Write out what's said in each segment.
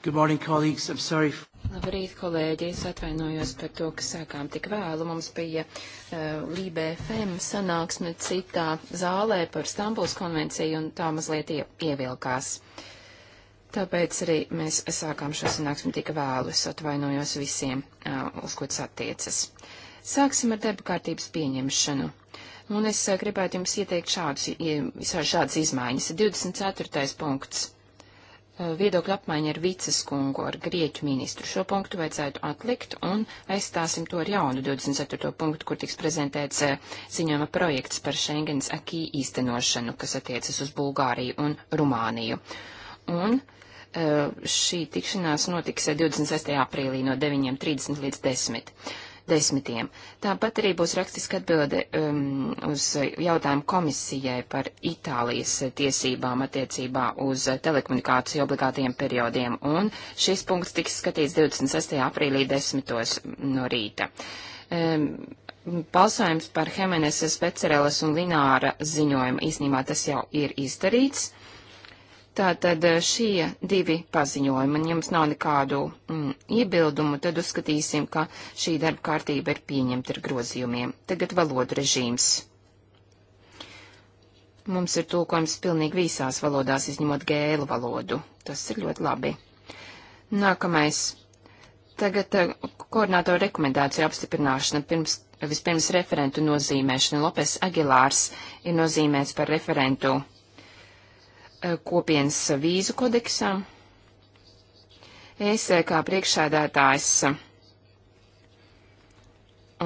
Good morning, colleagues. I'm sorry. Labrīt, kolēģi. Es atvainojos par to, ka sākām tik vēlu. Mums bija uh, Lībē FM sanāksme citā zālē par Stambuls konvenciju un tā mazliet ie, ievilkās. Tāpēc arī mēs sākām šo sanāksmi tik vēlu. Es atvainojos visiem, uh, uz ko tas attiecas. Sāksim ar darba kārtības pieņemšanu. Un es uh, gribētu jums ieteikt šādus, šādas izmaiņas. 24. punkts Eh, viedokļu apmaiņa ar viceskungu, ar grieķu ministru. Šo punktu vajadzētu atlikt un aizstāsim to ar jaunu 24. punktu, kur tiks prezentēts eh, ziņojuma projekts par Schengens akī īstenošanu, kas attiecas uz Bulgāriju un Rumāniju. Un eh, šī tikšanās notiks 26. aprīlī no 9.30 līdz 10 desmitiem. Tāpat arī būs rakstiska atbilde um, uz jautājumu komisijai par Itālijas tiesībām attiecībā uz telekomunikāciju obligātiem periodiem, un šis punkts tiks skatīts 26. aprīlī 10. no rīta. Um, Balsājums par Hemeneses, Pecereles un Lināra ziņojumu īsnībā tas jau ir izdarīts. Tātad eh, šie divi paziņojumi, un jums nav nekādu mm, iebildumu, tad uzskatīsim, ka šī darba kārtība ir pieņemta ar grozījumiem. Tagad valodu režīms. Mums ir tulkojums pilnīgi visās valodās, izņemot gēlu valodu. Tas ir ļoti labi. Nākamais. Tagad eh, koordinātoru rekomendāciju apstiprināšana pirms, vispirms referentu nozīmēšana. Lopes Agilārs ir nozīmēts par referentu Eh, kopienas vīzu kodeksam. Es eh, kā priekšsēdētājs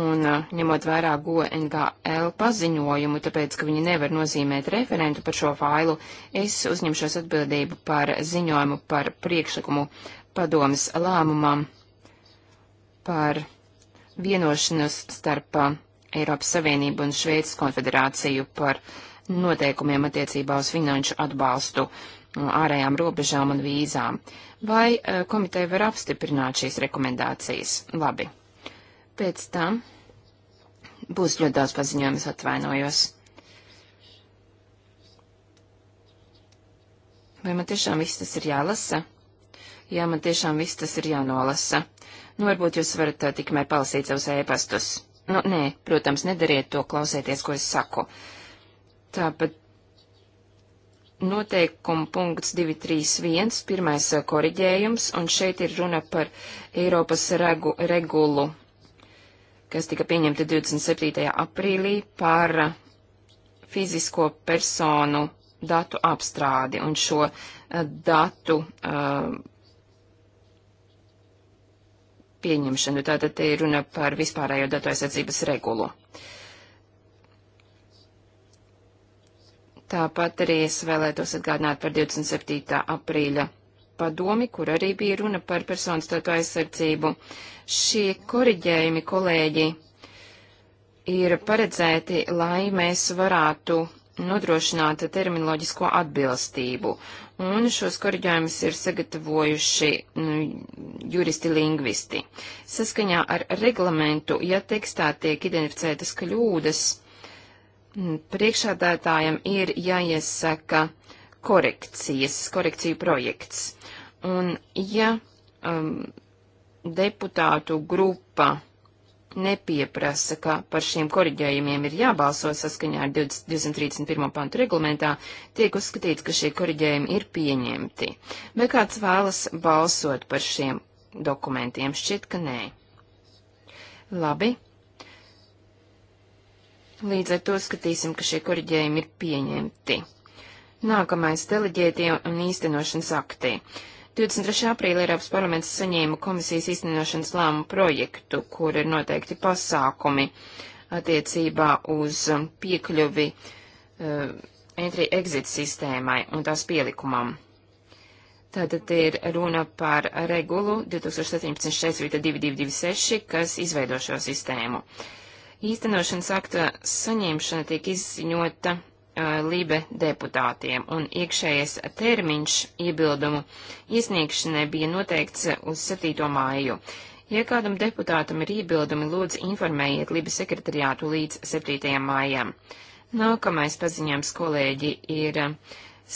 un eh, ņemot vērā GNGL paziņojumu, tāpēc, ka viņi nevar nozīmēt referentu par šo failu, es uzņemšos atbildību par ziņojumu par priekšlikumu padomas lēmumam par vienošanos starp Eiropas Savienību un Šveicas konfederāciju par uh, noteikumiem attiecībā uz finanšu atbalstu mm, ārējām robežām un vīzām. Vai eh, komiteja var apstiprināt šīs rekomendācijas? Labi. Pēc tam būs ļoti daudz paziņojumus, atvainojos. Vai man tiešām viss tas ir jālasa? Jā, man tiešām viss tas ir jānolasa. Nu, varbūt jūs varat eh, tikmēr palasīt savus ēpastus. Nu, nē, protams, nedariet to, klausieties, ko es saku. Uh, Tāpat noteikumu punkts 231, pirmais uh, koriģējums, un šeit ir runa par Eiropas regu, regulu, kas tika pieņemta 27. aprīlī par uh, fizisko personu datu apstrādi un šo uh, datu uh, pieņemšanu. Tātad te ir runa par vispārējo datu aizsardzības regulu. Uh, Tāpat arī es vēlētos atgādināt par 27. aprīļa padomi, kur arī bija runa par personas tātu aizsardzību. Šie koriģējumi, kolēģi, ir paredzēti, lai mēs varētu nodrošināt terminoloģisko atbilstību. Un šos koriģējumus ir sagatavojuši nu, juristi lingvisti. Saskaņā ar reglamentu, ja tekstā tiek identificētas kļūdas, priekšādātājam ir jāiesaka korekcijas, korekciju projekts. Un ja um, deputātu grupa nepieprasa, ka par šiem koriģējumiem ir jābalso saskaņā ar 20, 231. pantu reglamentā, tiek uzskatīts, ka šie koriģējumi ir pieņemti. Vai kāds vēlas balsot par šiem dokumentiem? Šķiet, ka nē. Labi, Līdz ar to skatīsim, ka šie koriģējumi ir pieņemti. Nākamais deleģētie un īstenošanas aktī. 23. aprīlī Eiropas parlaments saņēma komisijas īstenošanas lēmu projektu, kur ir noteikti pasākumi attiecībā uz piekļuvi uh, eh, entry-exit sistēmai un tās pielikumam. Tātad ir runa par regulu 2017.6.2226, kas izveido šo sistēmu. Uh, Īstenošanas akta saņemšana tiek izziņota uh, Libe deputātiem, un iekšējais termiņš iebildumu iesniegšanai bija noteikts uz 7. māju. Ja kādam deputātam ir iebildumi, lūdzu informējiet Libe sekretariātu līdz 7. mājām. Nākamais paziņojums, kolēģi, ir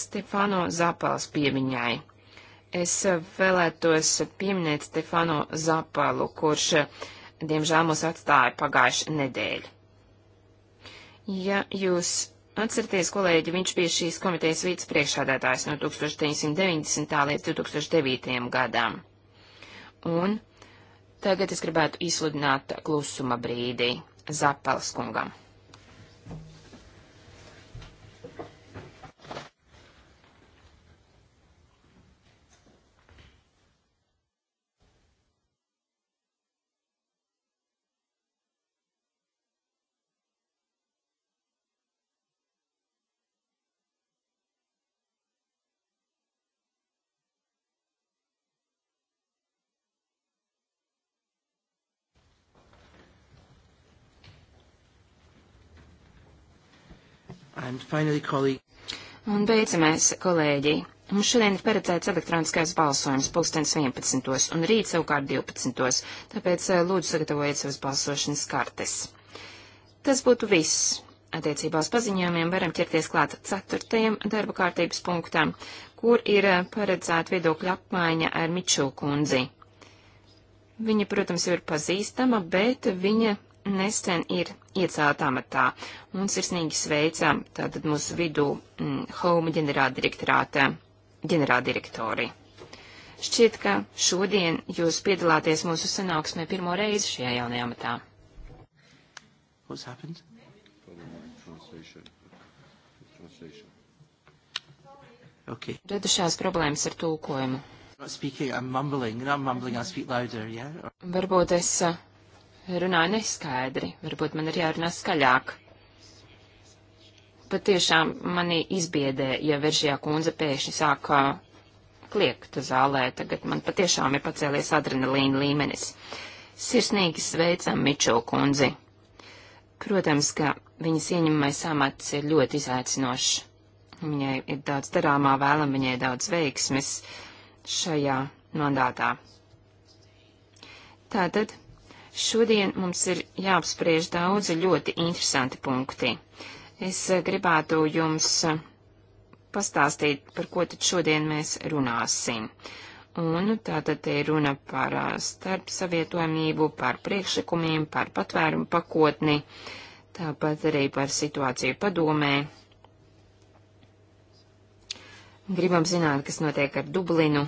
Stefano Zapals piemiņai. Es vēlētos pieminēt Stefano Zapalu, kurš diemžēl mūs atstāja pagājuši nedēļa. Ja jūs atceraties, kolēģi, viņš bija šīs komitejas vicepriekšādātājs no 1990. līdz 2009. gadam. Un tagad es gribētu izsludināt klusuma brīdī Zapelskungam. Finally, un beidzamais, kolēģi. Mums šodien ir paredzēts elektroniskais balsojums pulkstens 11. un rīt savukārt 12. Tāpēc eh, lūdzu sagatavojiet savas balsošanas kartes. Tas būtu viss. Attiecībā uz paziņojumiem varam ķerties klāt ceturtajam darba kārtības punktam, kur ir eh, paredzēta viedokļa apmaiņa ar Miču kundzi. Viņa, protams, jau ir pazīstama, bet viņa nesen ir iecelt amatā. Un sirsnīgi sveicam tātad mūsu vidū mm, Home ģenerāldirektorāta ģenerāldirektori. Šķiet, ka šodien jūs piedalāties mūsu sanāksmē pirmo reizi šajā jaunajā amatā. What's happened? Translation. Translation. Okay. Radušās problēmas ar tulkojumu. Speaking, I'm mumbling, I'm mumbling, I speak louder, yeah? Varbūt es uh, runāju neskaidri. Varbūt man ir jārunā skaļāk. Pat tiešām mani izbiedē, ja veržajā kundze pēkšņi sāk uh, kliegt zālē. Tagad man patiešām ir pacēlies adrenalīna līmenis. Sirsnīgi sveicam Mičo kundzi. Protams, ka viņas ieņemamais amats ir ļoti izaicinošs. Viņai ir daudz darāmā, vēlam viņai daudz veiksmes šajā mandātā. Tātad Šodien mums ir jāapspriež daudzi ļoti interesanti punkti. Es eh, gribētu jums eh, pastāstīt, par ko tad šodien mēs runāsim. Un tātad te ir runa par eh, starpsavietojamību, par priekšlikumiem, par patvērumu pakotni, tāpat arī par situāciju padomē. Gribam zināt, kas notiek ar Dublinu,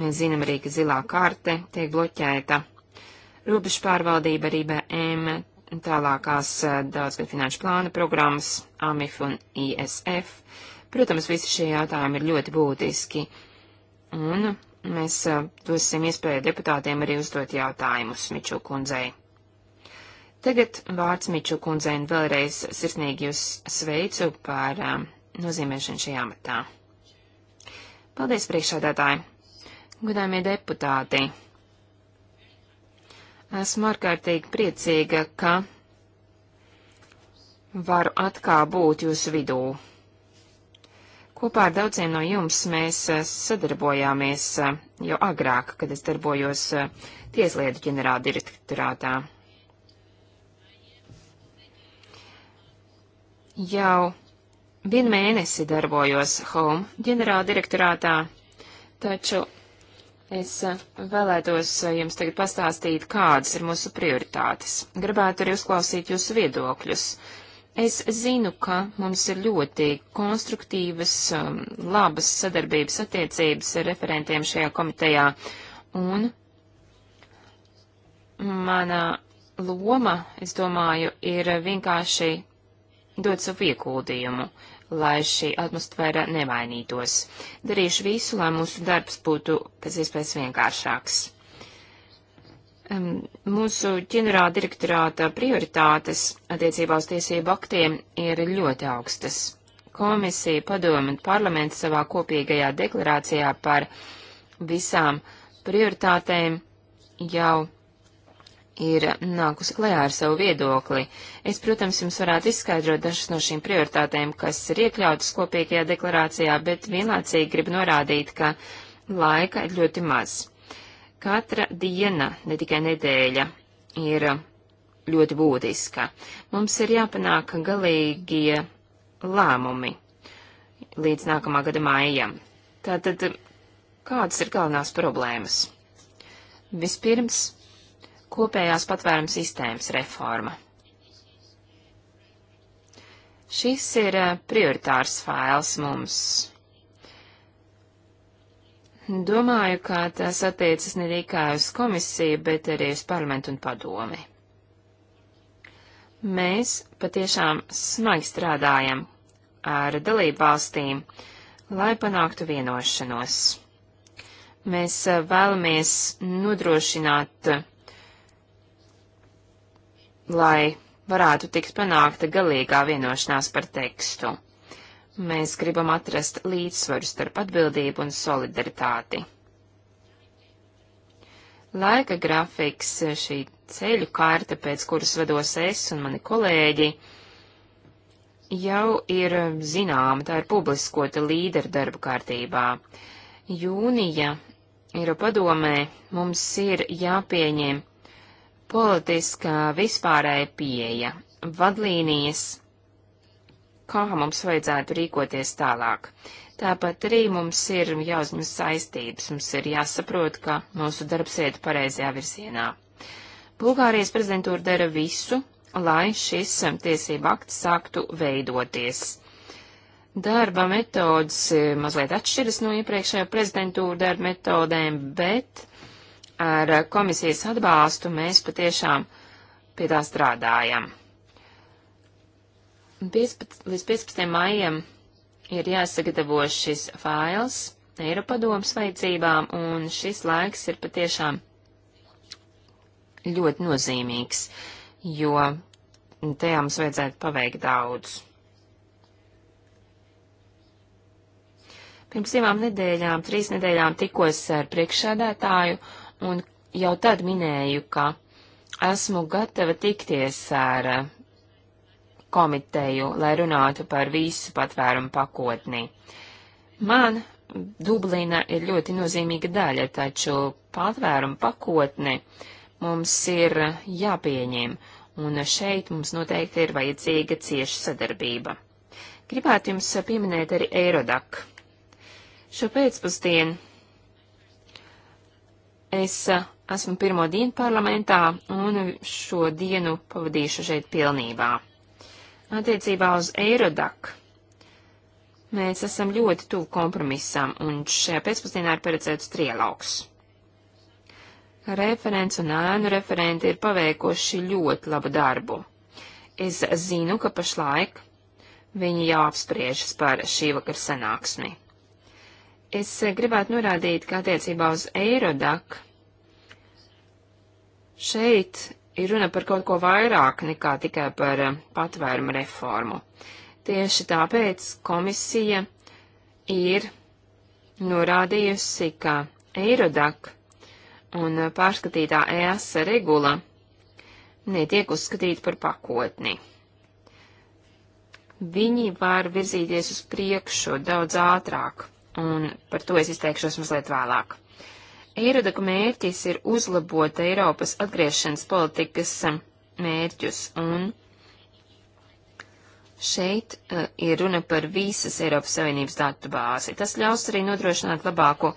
Mēs zinām arī, ka zilā karte tiek bloķēta. Robežu pārvaldība arī BM, tālākās eh, daudzgad finanšu plāna programmas, AMIF un ISF. Protams, visi šie jautājumi ir ļoti būtiski. Un mēs eh, dosim iespēju deputātiem arī uzdot jautājumus Miču kundzei. Tagad vārds Miču kundzei un vēlreiz sirsnīgi jūs sveicu par eh, nozīmēšanu šajā matā. Paldies, priekšādātāji! Godāmie deputāti, esmu ārkārtīgi priecīga, ka varu atkal būt jūsu vidū. Kopā ar daudziem no jums mēs eh, sadarbojāmies eh, jau agrāk, kad es darbojos eh, Tieslietu ģenerāla direktorātā. Jau vienu mēnesi darbojos Home ģenerāla direktorātā, taču Es eh, vēlētos eh, jums tagad pastāstīt, kādas ir mūsu prioritātes. Gribētu arī uzklausīt jūsu viedokļus. Es zinu, ka mums ir ļoti konstruktīvas, um, labas sadarbības attiecības ar referentiem šajā komitejā, un mana loma, es domāju, ir vienkārši dot savu ieguldījumu lai šī atmosfēra nemainītos. Darīšu visu, lai mūsu darbs būtu pēc iespējas vienkāršāks. Mūsu ģenerāla direktorāta prioritātes attiecībā uz tiesību aktiem ir ļoti augstas. Komisija, padomu un parlaments savā kopīgajā deklarācijā par visām prioritātēm jau ir nākusi klajā ar savu viedokli. Es, protams, jums varētu izskaidrot dažas no šīm prioritātēm, kas ir iekļautas kopīgajā deklarācijā, bet vienlaicīgi gribu norādīt, ka laika ir ļoti maz. Katra diena, ne tikai nedēļa, ir ļoti būtiska. Mums ir jāpanāk galīgie lēmumi līdz nākamā gada mājām. Tātad, kādas ir galvenās problēmas? Vispirms kopējās patvērums sistēmas reforma. Šis ir eh, prioritārs fails mums. Domāju, ka tas attiecas ne tikai uz komisiju, bet arī uz parlamentu un padomi. Mēs patiešām smagi strādājam ar dalību valstīm, lai panāktu vienošanos. Mēs eh, vēlamies nodrošināt lai varētu tikt panākta galīgā vienošanās par tekstu. Mēs gribam atrast līdzsvaru starp atbildību un solidaritāti. Laika grafiks, šī ceļu kārta, pēc kuras vados es un mani kolēģi, jau ir zināma, tā ir publiskota līderu darba kārtībā. Jūnija Eiropadomē mums ir jāpieņem politiskā vispārēja pieeja, vadlīnijas, kā mums vajadzētu rīkoties tālāk. Tāpat arī mums ir jāuzņem saistības, mums ir jāsaprot, ka mūsu darbs iet pareizajā virzienā. Bulgārijas prezidentūra dara visu, lai šis tiesība akts sāktu veidoties. Darba metodas eh, mazliet atšķiras no iepriekšējo prezidentūru darba metodēm, bet ar komisijas atbalstu mēs patiešām pie tā strādājam. 15, līdz 15. maijam ir jāsagatavo šis fails Eiropadomas vajadzībām, un šis laiks ir patiešām ļoti nozīmīgs, jo te mums vajadzētu paveikt daudz. Pirms divām nedēļām, trīs nedēļām tikos ar priekšsēdētāju, uh, un jau tad minēju, ka esmu gatava tikties ar komiteju, lai runātu par visu patvērumu pakotni. Man Dublīna ir ļoti nozīmīga daļa, taču patvērumu pakotni mums ir jāpieņem, un šeit mums noteikti ir vajadzīga cieša sadarbība. Gribētu jums pieminēt arī Eirodak. Šo pēcpusdienu Es esmu pirmo dienu parlamentā un šo dienu pavadīšu šeit pilnībā. Attiecībā uz Eirodak. Mēs esam ļoti tuvu kompromisam, un šajā pēcpusdienā ir paredzēts trialogs. Referents un ēnu referenti ir paveikuši ļoti labu darbu. Es zinu, ka pašlaik viņi jau apspriežas par šī vakar sanāksmi. Es gribētu norādīt, ka attiecībā uz Eirodak šeit ir runa par kaut ko vairāk nekā tikai par eh, patvērumu reformu. Tieši tāpēc komisija ir norādījusi, ka Eirodak un pārskatītā EAS regula netiek uzskatīta par pakotni. Viņi var virzīties uz priekšu daudz ātrāk un par to es izteikšos mazliet vēlāk. Eirodaka mērķis ir uzlabot Eiropas atgriešanas politikas um, mērķus, un šeit uh, ir runa par visas Eiropas Savienības datu bāzi. Tas ļaus arī nodrošināt labāko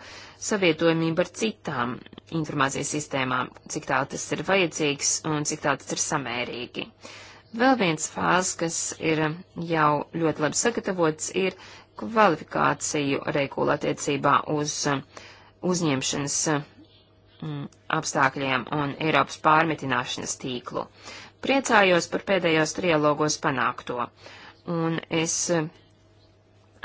savietojamību ar citām informācijas sistēmām, cik tā tas ir vajadzīgs un cik tā tas ir samērīgi. Vēl viens fāzes, kas ir jau ļoti labi sagatavots, ir kvalifikāciju regulu attiecībā uz uh, uzņemšanas uh, mm, apstākļiem un Eiropas pārmetināšanas tīklu. Priecājos par pēdējos trialogos panākto, un es uh,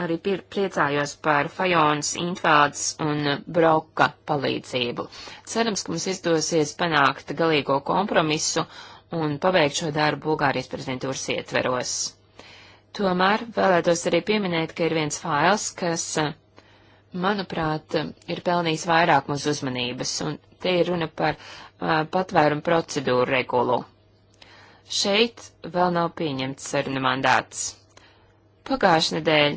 arī priecājos par Fajons, Intvēlds un Broka palīdzību. Cerams, ka mums izdosies panākt galīgo kompromisu un pabeigt šo darbu Bulgārijas prezidentūras ietveros. Tomēr vēlētos arī pieminēt, ka ir viens fails, kas, eh, manuprāt, ir pelnījis vairāk mūsu uzmanības, un te ir runa par uh, patvērumu procedūru regulu. Šeit vēl nav pieņemts saruna mandāts. Pagājušajā nedēļā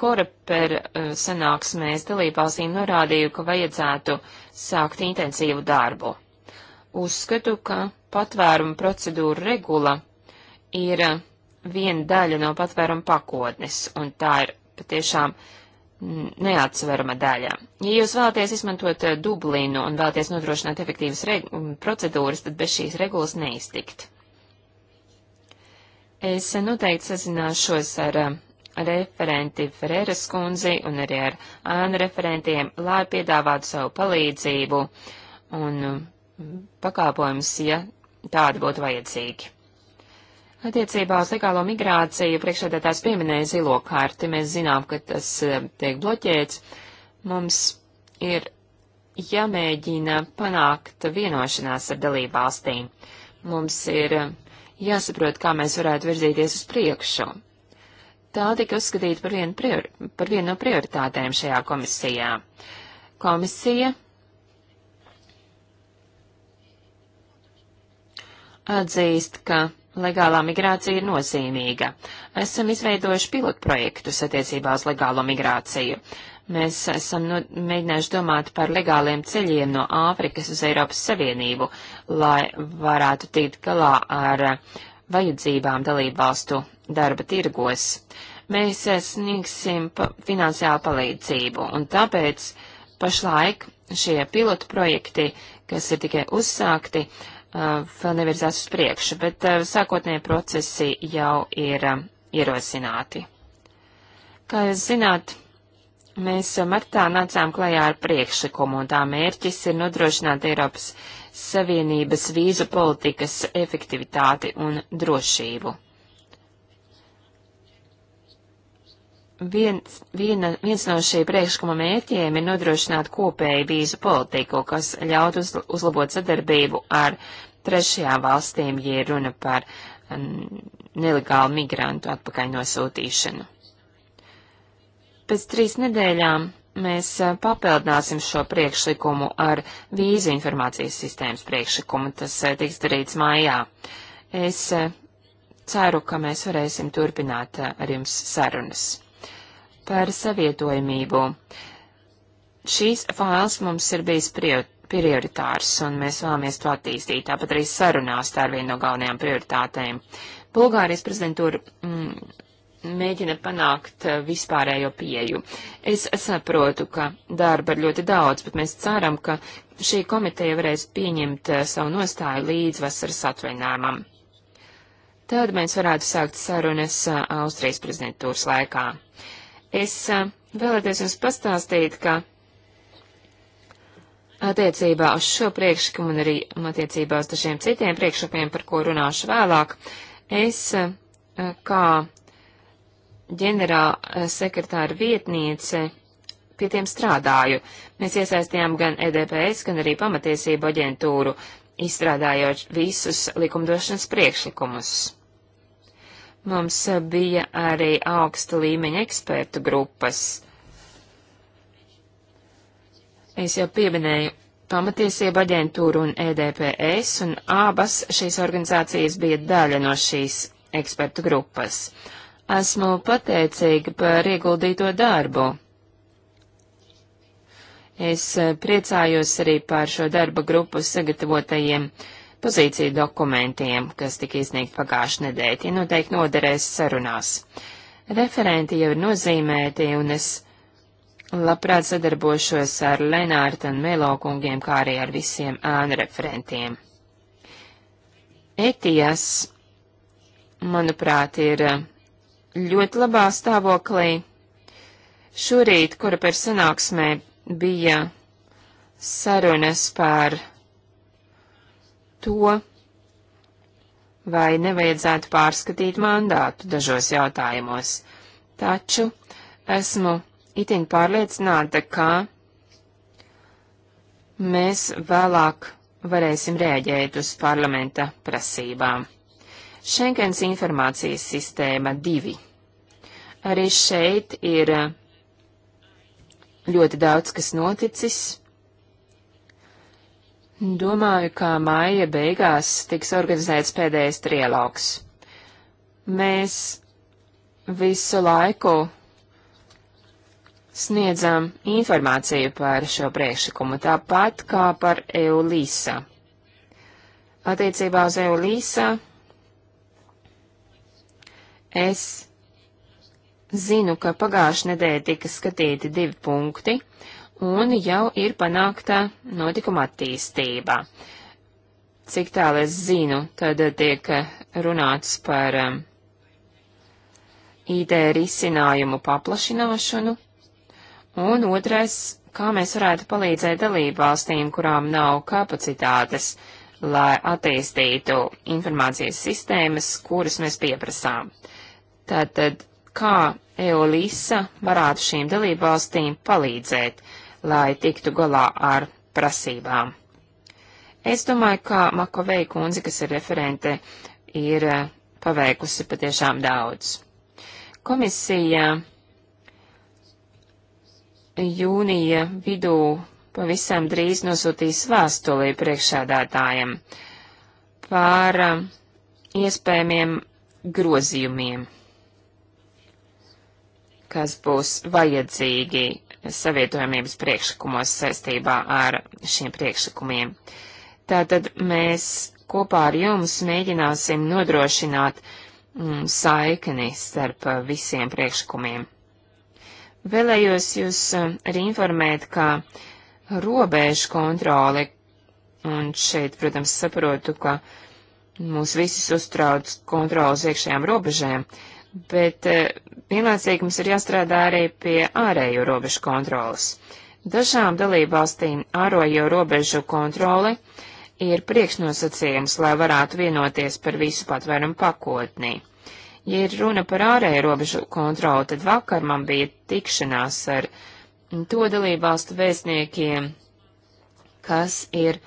Koreper eh, sanāksmēs dalībvalstīm norādīju, ka vajadzētu sākt intensīvu darbu. Uzskatu, ka patvērumu procedūra regula ir vienu daļu no patvērumu pakotnes, un tā ir patiešām neatsverama daļa. Ja jūs vēlaties izmantot eh, Dublinu un vēlaties nodrošināt efektīvas procedūras, tad bez šīs regulas neiztikt. Es eh, noteikti sazināšos ar eh, referenti Ferēras kundzi un arī ar ānu referentiem, lai piedāvātu savu palīdzību un mm, pakāpojumus, ja tādi būtu vajadzīgi. Attiecībā uz legālo migrāciju priekšsēdētājs pieminēja zilo karti. Mēs zinām, ka tas eh, tiek bloķēts. Mums ir jāmēģina panākt vienošanās ar dalībvalstīm. Mums ir eh, jāsaprot, kā mēs varētu virzīties uz priekšu. Tā tika uzskatīta par vienu, priori, par vienu no prioritātēm šajā komisijā. Komisija atzīst, ka legālā migrācija ir nozīmīga. Esam izveidojuši pilotprojektus attiecībā uz legālo migrāciju. Mēs esam nu, mēģinājuši domāt par legāliem ceļiem no Āfrikas uz Eiropas Savienību, lai varētu tikt galā ar vajadzībām dalībvalstu darba tirgos. Mēs sniegsim pa finansiālu palīdzību, un tāpēc pašlaik šie pilotu projekti, kas ir tikai uzsākti, uh, Uh, vēl nevirzās uz priekšu, bet uh, sākotnēji procesi jau ir um, ierosināti. Kā jūs zināt, mēs uh, martā nācām klajā ar priekšlikumu, un tā mērķis ir nodrošināt Eiropas Savienības vīzu politikas efektivitāti un drošību. Viens, viena, viens no šī priekšlikuma mērķiem ir nodrošināt kopēju vīzu politiku, kas ļaut uz, uzlabot sadarbību ar trešajām valstīm, ja runa par mm, nelegālu migrantu atpakaļ nosūtīšanu. Pēc trīs nedēļām mēs eh, papildināsim šo priekšlikumu ar vīzu informācijas sistēmas priekšlikumu. Tas eh, tiks darīts mājā. Es eh, ceru, ka mēs varēsim turpināt ar jums sarunas par savietojamību. Šīs fails mums ir bijis prioritārs, un mēs vēlamies to attīstīt, tāpat arī sarunās tā ir viena no galvenajām prioritātēm. Bulgārijas prezidentūra mm, mēģina panākt eh, vispārējo pieju. Es saprotu, ka darba ir ļoti daudz, bet mēs ceram, ka šī komiteja varēs pieņemt eh, savu nostāju līdz vasaras atvaļinājumam. Tad mēs varētu sākt sarunas eh, Austrijas prezidentūras laikā. Es vēlēties jums pastāstīt, ka attiecībā uz šo priekšlikumu un arī attiecībā uz dažiem citiem priekšlikumiem, par ko runāšu vēlāk, es kā ģenerāla sekretāra vietniece pie tiem strādāju. Mēs iesaistījām gan EDPS, gan arī pamatiesību aģentūru, izstrādājot visus likumdošanas priekšlikumus. Mums bija arī augsta līmeņa ekspertu grupas. Es jau pieminēju pamatiesību aģentūru un EDPS, un abas šīs organizācijas bija daļa no šīs ekspertu grupas. Esmu pateicīga par ieguldīto darbu. Es priecājos arī par šo darba grupu sagatavotajiem uh, pozīciju dokumentiem, kas tika izniegt pagājušajā nedēļā. Tie noteikti noderēs sarunās. Referenti jau ir nozīmēti, un es labprāt sadarbošos ar Lenārtu un Melokungiem, kā arī ar visiem ēnu referentiem. Etijas, manuprāt, ir ļoti labā stāvoklī. Šorīt, kura per sanāksmē bija sarunas par to, vai nevajadzētu pārskatīt mandātu dažos jautājumos. Taču esmu itin pārliecināta, ka mēs vēlāk varēsim rēģēt uz parlamenta prasībām. Šengens informācijas sistēma 2. Arī šeit ir ļoti daudz, kas noticis. Domāju, ka māja beigās tiks organizēts pēdējais trialogs. Mēs visu laiku sniedzam informāciju par šo priekšlikumu, tāpat kā par EULISA. Attiecībā uz EULISA es zinu, ka pagājušajā nedēļā tika skatīti divi punkti, un jau ir panākta notikuma attīstība. Cik tālu es zinu, tad tiek runāts par um, IT risinājumu paplašināšanu, un otrais, kā mēs varētu palīdzēt dalībvalstīm, kurām nav kapacitātes, lai attīstītu informācijas sistēmas, kuras mēs pieprasām. Tātad, kā EOLISA varētu šīm dalībvalstīm palīdzēt, lai tiktu galā ar prasībām. Es domāju, ka Makovei kundze, kas ir referente, ir eh, paveikusi patiešām daudz. Komisija jūnija vidū pavisam drīz nosūtīs vēstulī priekšādātājiem par eh, iespējamiem grozījumiem, kas būs vajadzīgi savietojamības priekšlikumos saistībā ar šiem priekšlikumiem. Tātad mēs kopā ar jums mēģināsim nodrošināt mm, saikni starp uh, visiem priekšlikumiem. Vēlējos jūs uh, arī informēt, ka robežu kontroli, un šeit, protams, saprotu, ka mūs visus uztrauc kontrolas iekšējām robežēm, uh, bet eh, vienlaicīgi mums ir jāstrādā arī pie ārējo robežu kontrolas. Dažām dalībvalstīm ārējo robežu kontroli ir priekšnosacījums, lai varētu vienoties par visu patvērumu pakotnī. Ja ir runa par ārēju robežu kontroli, tad vakar man bija tikšanās ar to dalībvalstu vēstniekiem, kas ir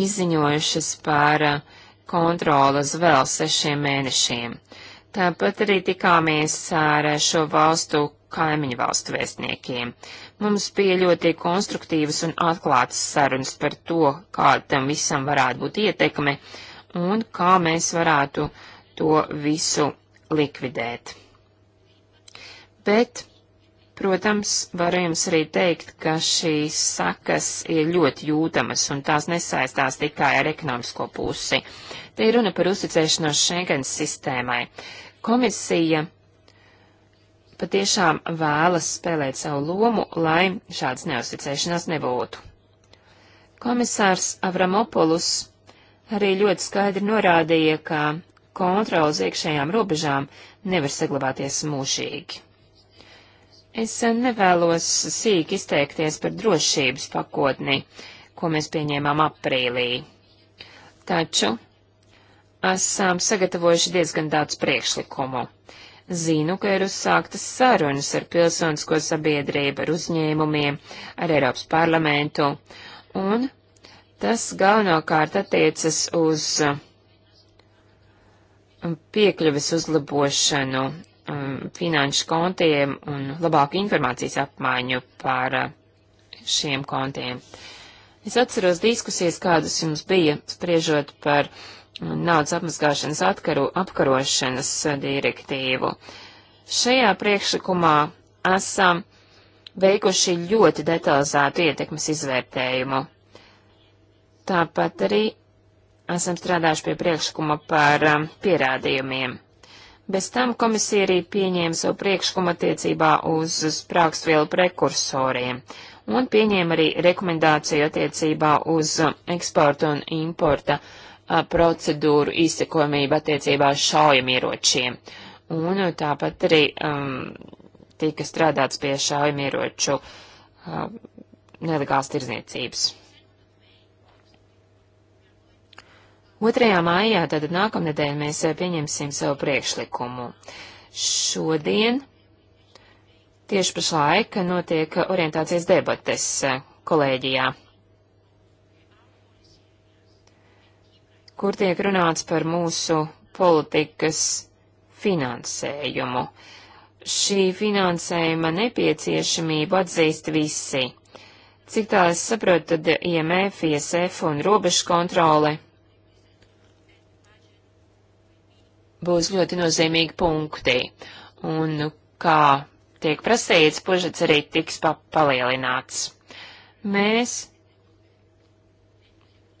izziņojušas par eh, kontrolas vēl sešiem mēnešiem. Uh, Tāpat arī tikāmies ar šo valstu kaimiņu valstu vēstniekiem. Mums bija ļoti konstruktīvas un atklātas sarunas par to, kāda tam visam varētu būt ietekme un kā mēs varētu to visu likvidēt. Bet Protams, varu jums arī teikt, ka šīs sakas ir ļoti jūtamas un tās nesaistās tikai ar ekonomisko pusi. Te ir runa par uzticēšanos Schengen sistēmai. Komisija patiešām vēlas spēlēt savu lomu, lai šādas neuzticēšanās nebūtu. Komisārs Avramopolus arī ļoti skaidri norādīja, ka kontrols iekšējām robežām nevar saglabāties mūžīgi. Es eh, nevēlos sīk izteikties par drošības pakotni, ko mēs pieņēmām aprīlī. Taču esam sagatavojuši diezgan daudz priekšlikumu. Zinu, ka ir uzsāktas sarunas ar pilsonisko sabiedrību, ar uzņēmumiem, ar Eiropas parlamentu, un tas galvenokārt attiecas uz eh, piekļuves uzlabošanu um, finanšu kontiem un labāku informācijas apmaiņu par uh, šiem kontiem. Es atceros diskusijas, kādas jums bija spriežot par um, naudas apmazgāšanas atkaru, apkarošanas uh, direktīvu. Šajā priekšlikumā esam veikuši ļoti detalizētu ietekmes izvērtējumu. Tāpat arī esam strādājuši pie priekšlikuma par um, pierādījumiem. Bez tam komisija arī pieņēma savu priekšlikumu attiecībā uz sprākstvielu prekursoriem un pieņēma arī rekomendāciju attiecībā uz eksporta un importa a, procedūru izsekojumību attiecībā uz šaujamieročiem. Un tāpat arī um, tika strādāts pie šaujamieroču um, nelegālas tirzniecības. 2. maijā, tātad nākamnedēļ, mēs eh, pieņemsim savu priekšlikumu. Šodien tieši pašlaik notiek orientācijas debates eh, kolēģijā, kur tiek runāts par mūsu politikas finansējumu. Šī finansējuma nepieciešamību atzīst visi. Cik tā es saprotu, tad IMF, ISF un robežu kontrole būs ļoti nozīmīgi punkti. Un, nu, kā tiek prasīts, budžets arī tiks pa palielināts. Mēs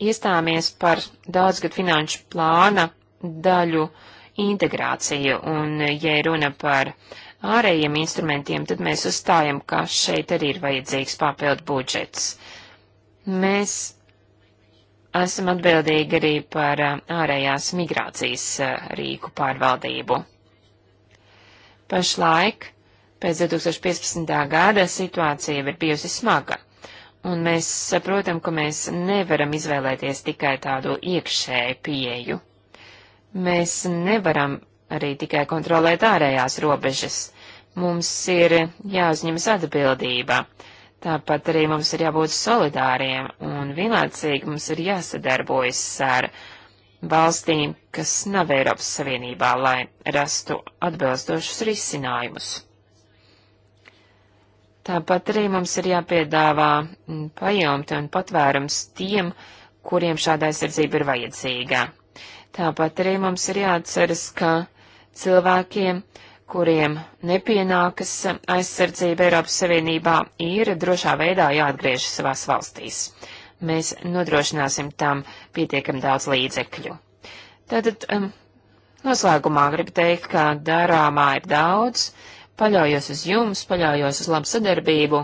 iestāmies par daudzgad finanšu plāna daļu integrāciju, un, ja runa par ārējiem instrumentiem, tad mēs uzstājam, ka šeit arī ir vajadzīgs papildu budžets. Mēs esam atbildīgi arī par uh, ārējās migrācijas uh, rīku pārvaldību. Pašlaik, pēc 2015. gada, situācija ir bijusi smaga, un mēs saprotam, ka mēs nevaram izvēlēties tikai tādu iekšēju pieeju. Mēs nevaram arī tikai kontrolēt ārējās robežas. Mums ir jāuzņemas atbildība Tāpat arī mums ir jābūt solidāriem un vienlaicīgi mums ir jāsadarbojas ar valstīm, kas nav Eiropas Savienībā, lai rastu atbilstošus risinājumus. Tāpat arī mums ir jāpiedāvā pajumti un patvērums tiem, kuriem šāda aizsardzība ir vajadzīga. Tāpat arī mums ir jāatceras, ka cilvēkiem kuriem nepienākas aizsardzība Eiropas Savienībā, ir drošā veidā jāatgriežas savās valstīs. Mēs nodrošināsim tam pietiekam daudz līdzekļu. Tātad, um, noslēgumā gribu teikt, ka darāmā ir daudz, paļaujos uz jums, paļaujos uz labu sadarbību,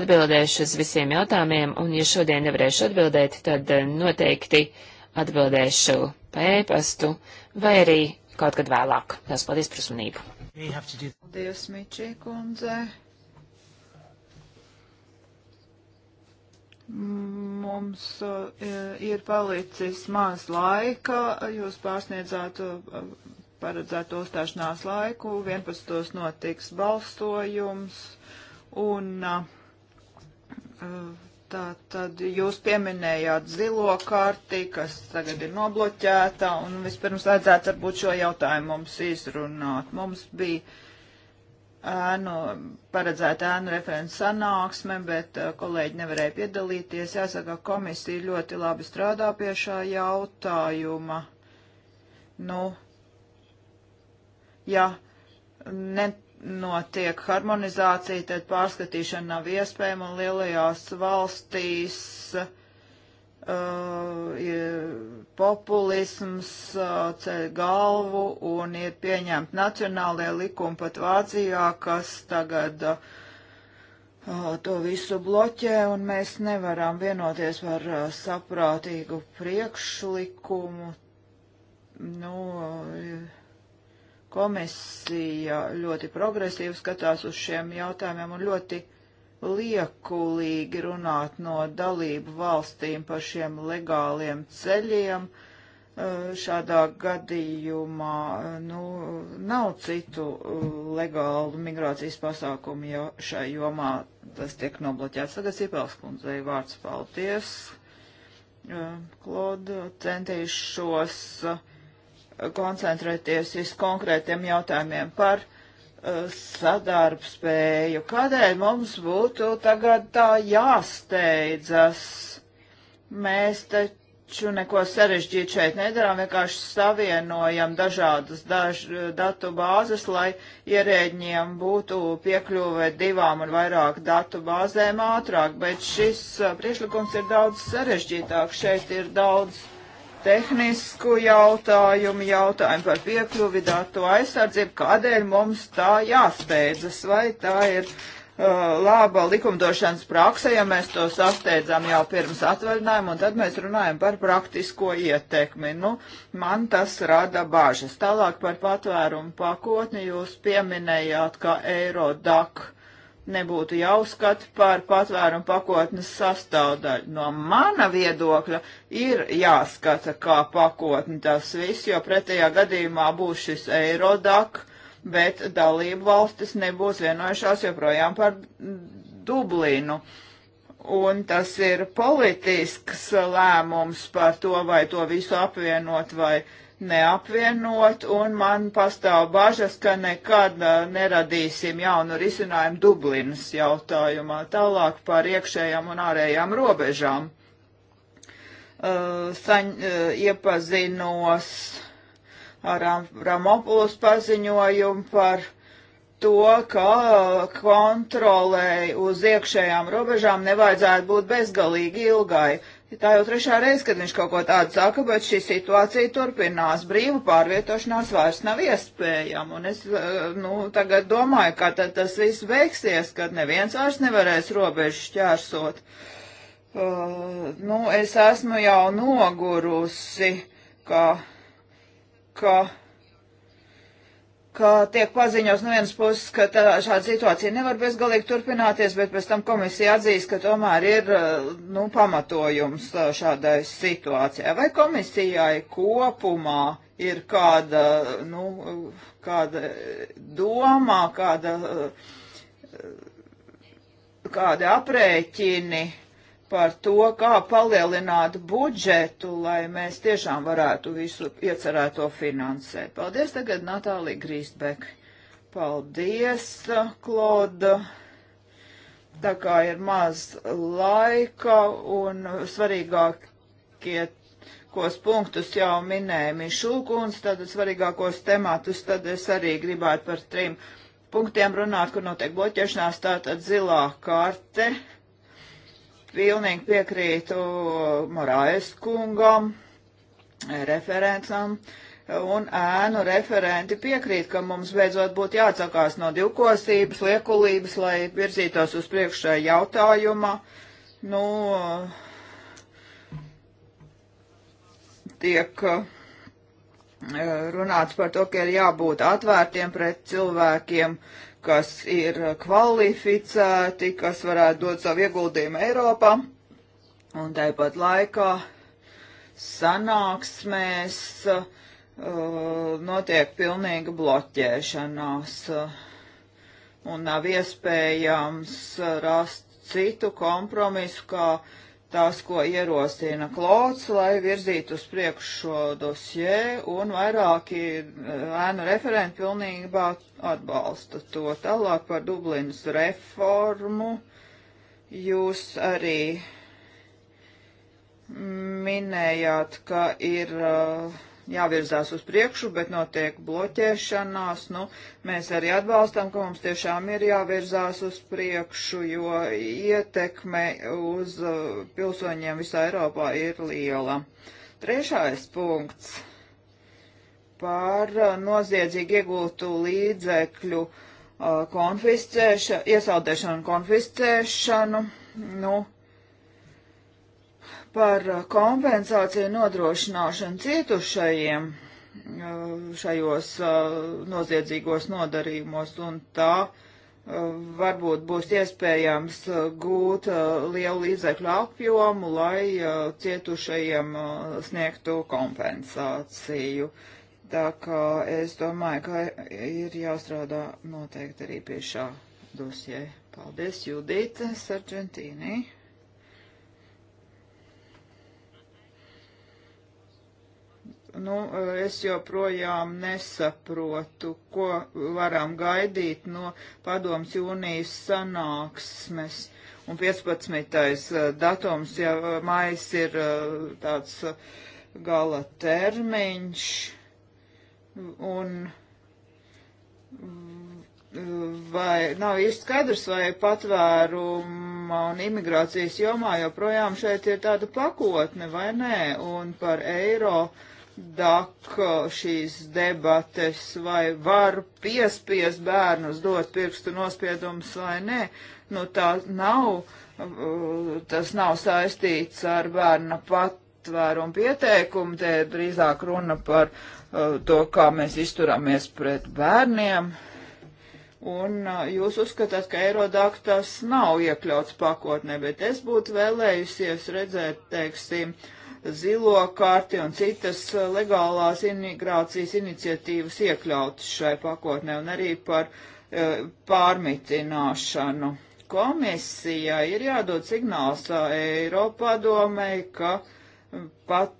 atbildēšu uz visiem jautājumiem, un ja šodien nevarēšu atbildēt, tad uh, noteikti atbildēšu pa ēpastu vai arī kaut kad vēlāk. Lielas paldies par uzmanību. Paldies, Mičī kundze. Mums uh, ir palicis maz laika, jūs pārsniedzāt uh, paredzēto uzstāšanās laiku, 11. notiks balsojums un uh, uh Tā tad jūs pieminējāt zilo karti, kas tagad ir nobloķēta, un vispirms vajadzētu varbūt šo jautājumu mums izrunāt. Mums bija ēnu, paredzēta ēnu referents sanāksme, bet kolēģi nevarēja piedalīties. Jāsaka, komisija ļoti labi strādā pie šā jautājuma. Nu, jā. Ja, ne, notiek harmonizācija, tad pārskatīšana nav iespējama un lielajās valstīs uh, populisms uh, ceļ galvu un ir pieņemt nacionālajie likumi pat Vācijā, kas tagad uh, uh, to visu bloķē un mēs nevaram vienoties par uh, saprātīgu priekšlikumu. Nu, uh, Komisija ļoti progresīvi skatās uz šiem jautājumiem un ļoti liekulīgi runāt no dalību valstīm par šiem legāliem ceļiem. Eh, šādā gadījumā eh, nu, nav citu eh, legālu migrācijas pasākumu jo šai jomā. Tas tiek nobloķēts. Tagad Sipels kundzei vārds paldies. Klod, centīšos uh, koncentrēties uz konkrētiem jautājumiem par uh, sadarbspēju. Kādēļ mums būtu tagad tā jāsteidzas? Mēs taču neko sarežģītu šeit nedarām, vienkārši savienojam dažādas daž, datu bāzes, lai ierēģiem būtu piekļuve divām un vairāk datu bāzēm ātrāk, bet šis uh, priekšlikums ir daudz sarežģītāk. Šeit ir daudz tehnisku jautājumu, jautājumu par piekļuvi datu aizsardzību, kādēļ mums tā jāsteidzas, vai tā ir uh, laba likumdošanas praksa, ja mēs to sasteidzam jau pirms atvaļinājuma, un tad mēs runājam par praktisko ietekmi. Nu, man tas rada bāžas. Tālāk par patvērumu pakotni jūs pieminējāt, ka Eirodak nebūtu jāuzskata par patvērumu pakotnes sastāvdaļu. No mana viedokļa ir jāskata kā pakotni tas viss, jo pretējā gadījumā būs šis Eirodak, bet dalību valstis nebūs vienojušās joprojām par Dublinu. Un tas ir politisks lēmums par to, vai to visu apvienot vai uh, neapvienot, un man pastāv bažas, ka nekad uh, neradīsim jaunu risinājumu Dublinas jautājumā, tālāk par iekšējām un ārējām robežām. Uh, saņ, uh, iepazinos ar Ramopulus paziņojumu par to, ka kontrolē uz iekšējām robežām nevajadzētu būt bezgalīgi ilgai. Tā jau trešā reize, kad viņš kaut ko tādu saka, bet šī situācija turpinās. Brīva pārvietošanās vairs nav iespējama. Un es eh, nu, tagad domāju, kā tad tas viss beigsies, kad neviens vairs nevarēs robežu šķērsot. Uh, nu, es esmu jau nogurusi, ka, ka ka tiek paziņos no vienas puses, ka tā, šāda situācija nevar bezgalīgi turpināties, bet pēc tam komisija atzīst, ka tomēr ir eh, nu, pamatojums eh, šādai situācijai. Vai komisijai kopumā ir kāda, eh, nu, kāda doma, kāda, kādi aprēķini? par to, kā palielināt budžetu, lai mēs tiešām varētu visu iecerēto finansēt. Paldies tagad Natālija Grīsbek. Paldies, Klauda. Tā kā ir maz laika un svarīgākie kos punktus jau minēja Mišulkuns, tad svarīgākos tematus, tad es arī gribētu par trim punktiem runāt, kur notiek bloķēšanās, tātad zilā karte pilnīgi piekrītu Morājas kungam, referentam, un ēnu referenti piekrīt, ka mums beidzot būtu jāatsakās no divkosības, liekulības, lai virzītos uz priekšā jautājumā. Nu, tiek uh, runāts par to, ka ir jābūt atvērtiem pret cilvēkiem, uh, kas ir kvalificēti, kas varētu dot savu ieguldījumu Eiropā. Un tāpat laikā sanāksmēs uh, notiek pilnīga bloķēšanās uh, un nav iespējams rast citu kompromisu, kā uh, tās, ko ierosina Klots, lai virzītu uz priekšu šo dosjē, un vairāki eh, ēnu referenti pilnībā atbalsta to. Tālāk par Dublinas reformu jūs arī minējāt, ka ir uh, jāvirzās uz priekšu, bet notiek bloķēšanās. Nu, mēs arī atbalstam, ka mums tiešām ir jāvirzās uz priekšu, jo ietekme uz uh, pilsoņiem visā Eiropā ir liela. Trešais punkts par uh, noziedzīgi iegūtu līdzekļu uh, konfiscēšanu, iesaldēšanu un konfiscēšanu. Nu, par uh, kompensāciju nodrošināšanu cietušajiem uh, šajos uh, noziedzīgos nodarījumos, un tā varbūt būs iespējams gūt lielu līdzekļu apjomu, lai cietušajiem sniegtu kompensāciju. Tā kā es domāju, ka ir jāstrādā noteikti arī pie šā dosjē. Paldies, Judīte Sargentīnī. nu, es joprojām nesaprotu, ko varam gaidīt no padoms jūnijas sanāksmes. Un 15. Eh, datums, ja mājas ir eh, tāds eh, gala termiņš, un mm, vai nav īsti skaidrs, vai patvēruma un imigrācijas jomā joprojām šeit ir tāda pakotne vai nē, un par eiro DAK šīs debates, vai var piespies bērnus dot pirkstu nospiedumus vai nē. Nu, tā nav, uh, tas nav saistīts ar bērna patvērumu pieteikumu, te drīzāk runa par uh, to, kā mēs izturamies pret bērniem. Un uh, jūs uzskatāt, ka Eirodāk tas nav iekļauts pakotnē, bet es būtu vēlējusies redzēt, teiksim, uh, zilo karti un citas eh, legālās imigrācijas iniciatīvas iekļautas šai pakotnē un arī par uh, eh, pārmitināšanu. Komisijai ir jādod signāls Eiropā domai, ka pat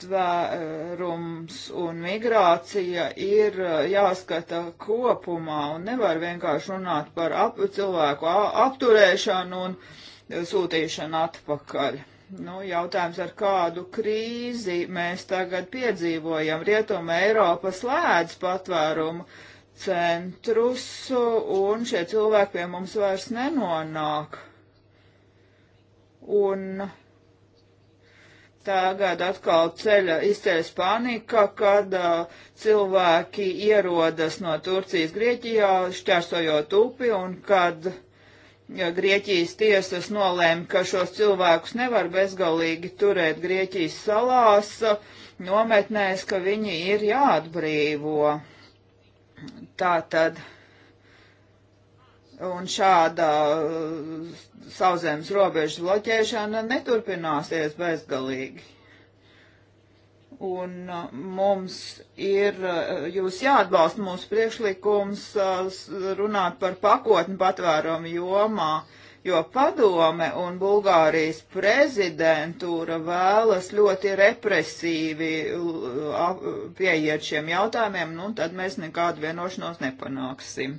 patvērums un migrācija ir eh, jāskata kopumā un nevar vienkārši runāt par ap, cilvēku apturēšanu un sūtīšanu atpakaļ. Nu, jautājums, ar kādu krīzi mēs tagad piedzīvojam. Rietuma Eiropa slēdz patvērumu centrus, un šie cilvēki pie mums vairs nenonāk. Un tagad atkal ceļa izceļas panika, kad uh, cilvēki ierodas no Turcijas Grieķijā, šķērsojot upi, un kad uh, Grieķijas tiesas nolēma, ka šos cilvēkus nevar bezgalīgi turēt Grieķijas salās nometnēs, ka viņi ir jāatbrīvo. Tā tad. Un šāda uh, sauszemes robežas bloķēšana neturpināsies bezgalīgi. Un uh, mums ir, uh, jūs jāatbalsta mūsu priekšlikums uh, runāt par pakotni patvērumu jomā, jo padome un Bulgārijas prezidentūra vēlas ļoti represīvi pieiet šiem jautājumiem, nu tad mēs nekādu vienošanos nepanāksim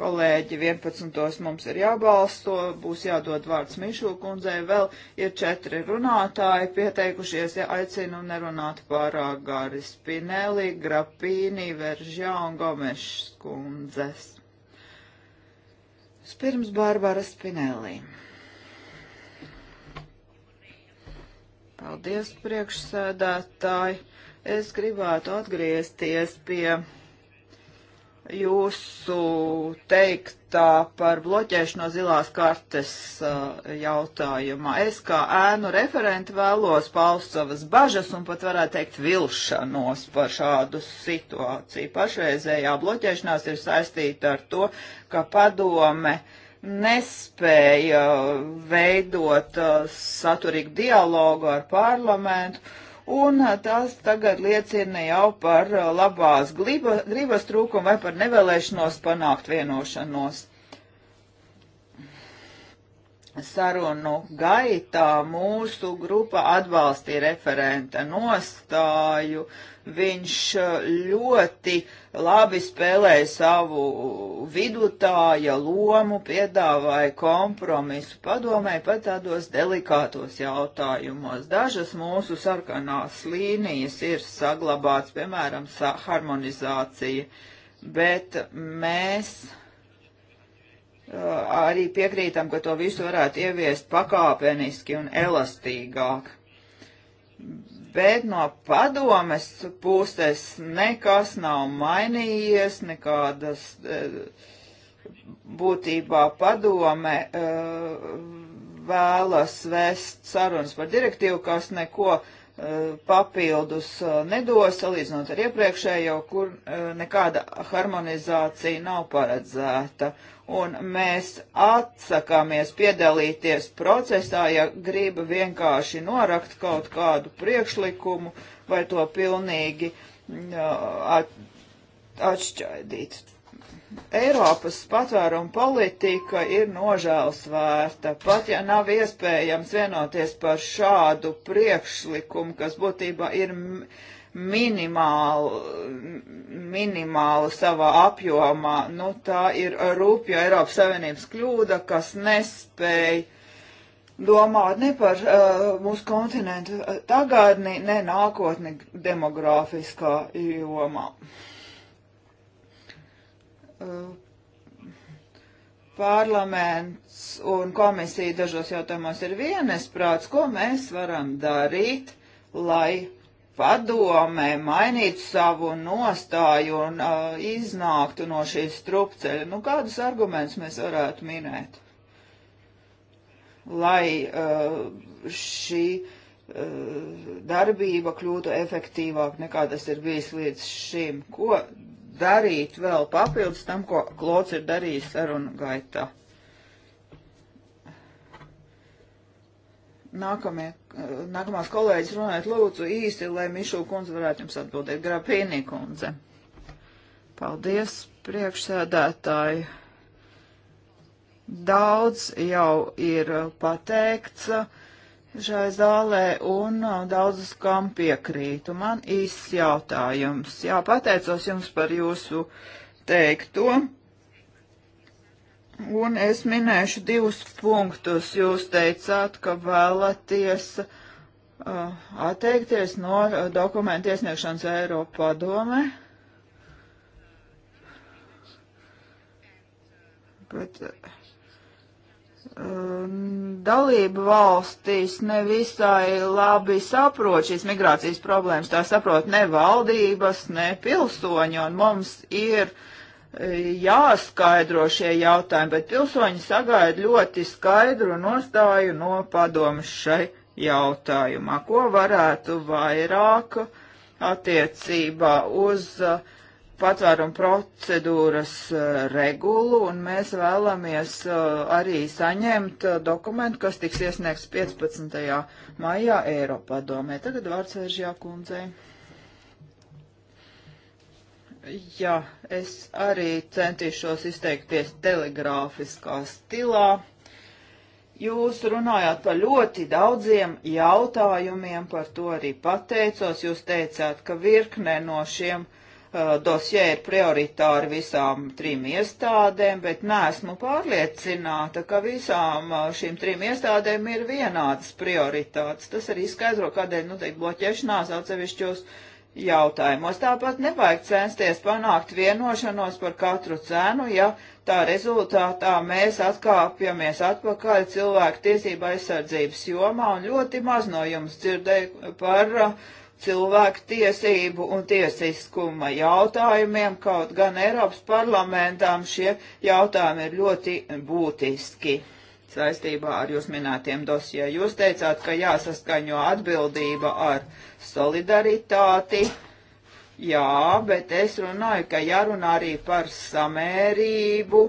kolēģi, 11. mums ir jābalsto, būs jādod vārds Mišu kundzei, vēl ir četri runātāji pieteikušies, ja aicinu nerunāt pārāk gari Spinelli, Grapīni, Veržā un Gomešs kundzes. Pirms Bārbara Spinelli. Paldies, priekšsēdētāji. Es gribētu atgriezties pie jūsu teiktā par bloķēšanu no zilās kartes uh, jautājumā. Es kā ēnu referenti vēlos paust savas bažas un pat varētu teikt vilšanos par šādu situāciju. Pašreizējā bloķēšanās ir saistīta ar to, ka padome nespēja veidot uh, saturīgu dialogu ar parlamentu un tas tagad liecina jau par labās griba, gribas trūkumu vai par nevēlēšanos panākt vienošanos. Sarunu gaitā mūsu grupa atbalstīja referenta nostāju. Viņš ļoti uh, labi spēlēja savu vidutāja lomu, piedāvāja kompromisu padomē pat tādos delikātos jautājumos. Dažas mūsu sarkanās līnijas ir saglabāts, piemēram, harmonizācija, bet mēs uh, arī piekrītam, ka to visu varētu ieviest pakāpeniski un elastīgāk bet no padomes puses nekas nav mainījies, nekādas e, būtībā padome e, vēlas vēst sarunas par direktīvu, kas neko papildus eh, nedos, salīdzinot ar iepriekšējo, kur eh, nekāda harmonizācija nav paredzēta. Un mēs atsakāmies piedalīties procesā, ja grib vienkārši norakt kaut kādu priekšlikumu vai to pilnīgi mm, at, atšķaidīt. Eiropas patvēruma politika ir nožēls vērta. Pat ja nav iespējams vienoties par šādu priekšlikumu, kas būtībā ir minimālu, minimālu savā apjomā, nu tā ir rūpja Eiropas Savienības kļūda, kas nespēja domāt ne par uh, mūsu kontinentu tagadni, ne nākotni demografiskā jomā. Eh, parlaments un komisija dažos jautājumos ir vienesprāts, ko mēs varam darīt, lai padomē mainītu savu nostāju un uh, iznāktu no šīs strupceļa. Nu, kādus argumentus mēs varētu minēt, lai uh, šī uh, darbība kļūtu efektīvāk nekā tas ir bijis līdz šim? Ko darīt vēl papildus tam, ko Klots ir darījis sarunu gaitā. Nākamie, nākamās kolēģis runājot lūdzu īsti, lai Mišu kundze varētu jums atbildēt. Grapīnī kundze. Paldies, priekšsēdētāji. Daudz jau ir pateikts. Uh, šai zālē un daudzus, kam piekrītu. Man īsts jautājums. Jā, pateicos jums par jūsu teikto. Un es minēšu divus punktus. Jūs teicāt, ka vēlaties uh, atteikties no dokumentu iesniegšanas Eiropa padome. Bet, uh, Ehm, dalību valstīs nevisai labi saprot šīs migrācijas problēmas. Tā saprot ne valdības, ne pilsoņi, un mums ir e, jāskaidro šie jautājumi, bet pilsoņi sagaida ļoti skaidru nostāju no padomas šai jautājumā, ko varētu vairāk attiecībā uz uh, patvērumu procedūras e, regulu, un mēs vēlamies e, arī saņemt e, dokumentu, kas tiks iesniegts 15. maijā Eiropā domē. Tagad vārds Vēržjā kundzei. Jā, es arī centīšos izteikties telegrāfiskā stilā. Jūs runājāt par ļoti daudziem jautājumiem, par to arī pateicos. Jūs teicāt, ka virknē no šiem jautājumiem Uh, dosie ir prioritāri visām trim iestādēm, bet neesmu pārliecināta, ka visām uh, šīm trim iestādēm ir vienādas prioritātes. Tas arī skaidro, kādēļ notiek nu, bloķēšanās atsevišķos jautājumos. Tāpat nevajag censties panākt vienošanos par katru cenu, ja tā rezultātā mēs atkāpjamies atpakaļ cilvēku tiesību aizsardzības jomā un ļoti maz no jums dzirdēju par uh, cilvēku tiesību un tiesiskuma jautājumiem, kaut gan Eiropas parlamentām šie jautājumi ir ļoti būtiski saistībā ar jūs minētiem dosijā. Jūs teicāt, ka jāsaskaņo atbildība ar solidaritāti. Jā, bet es runāju, ka jārunā arī par samērību,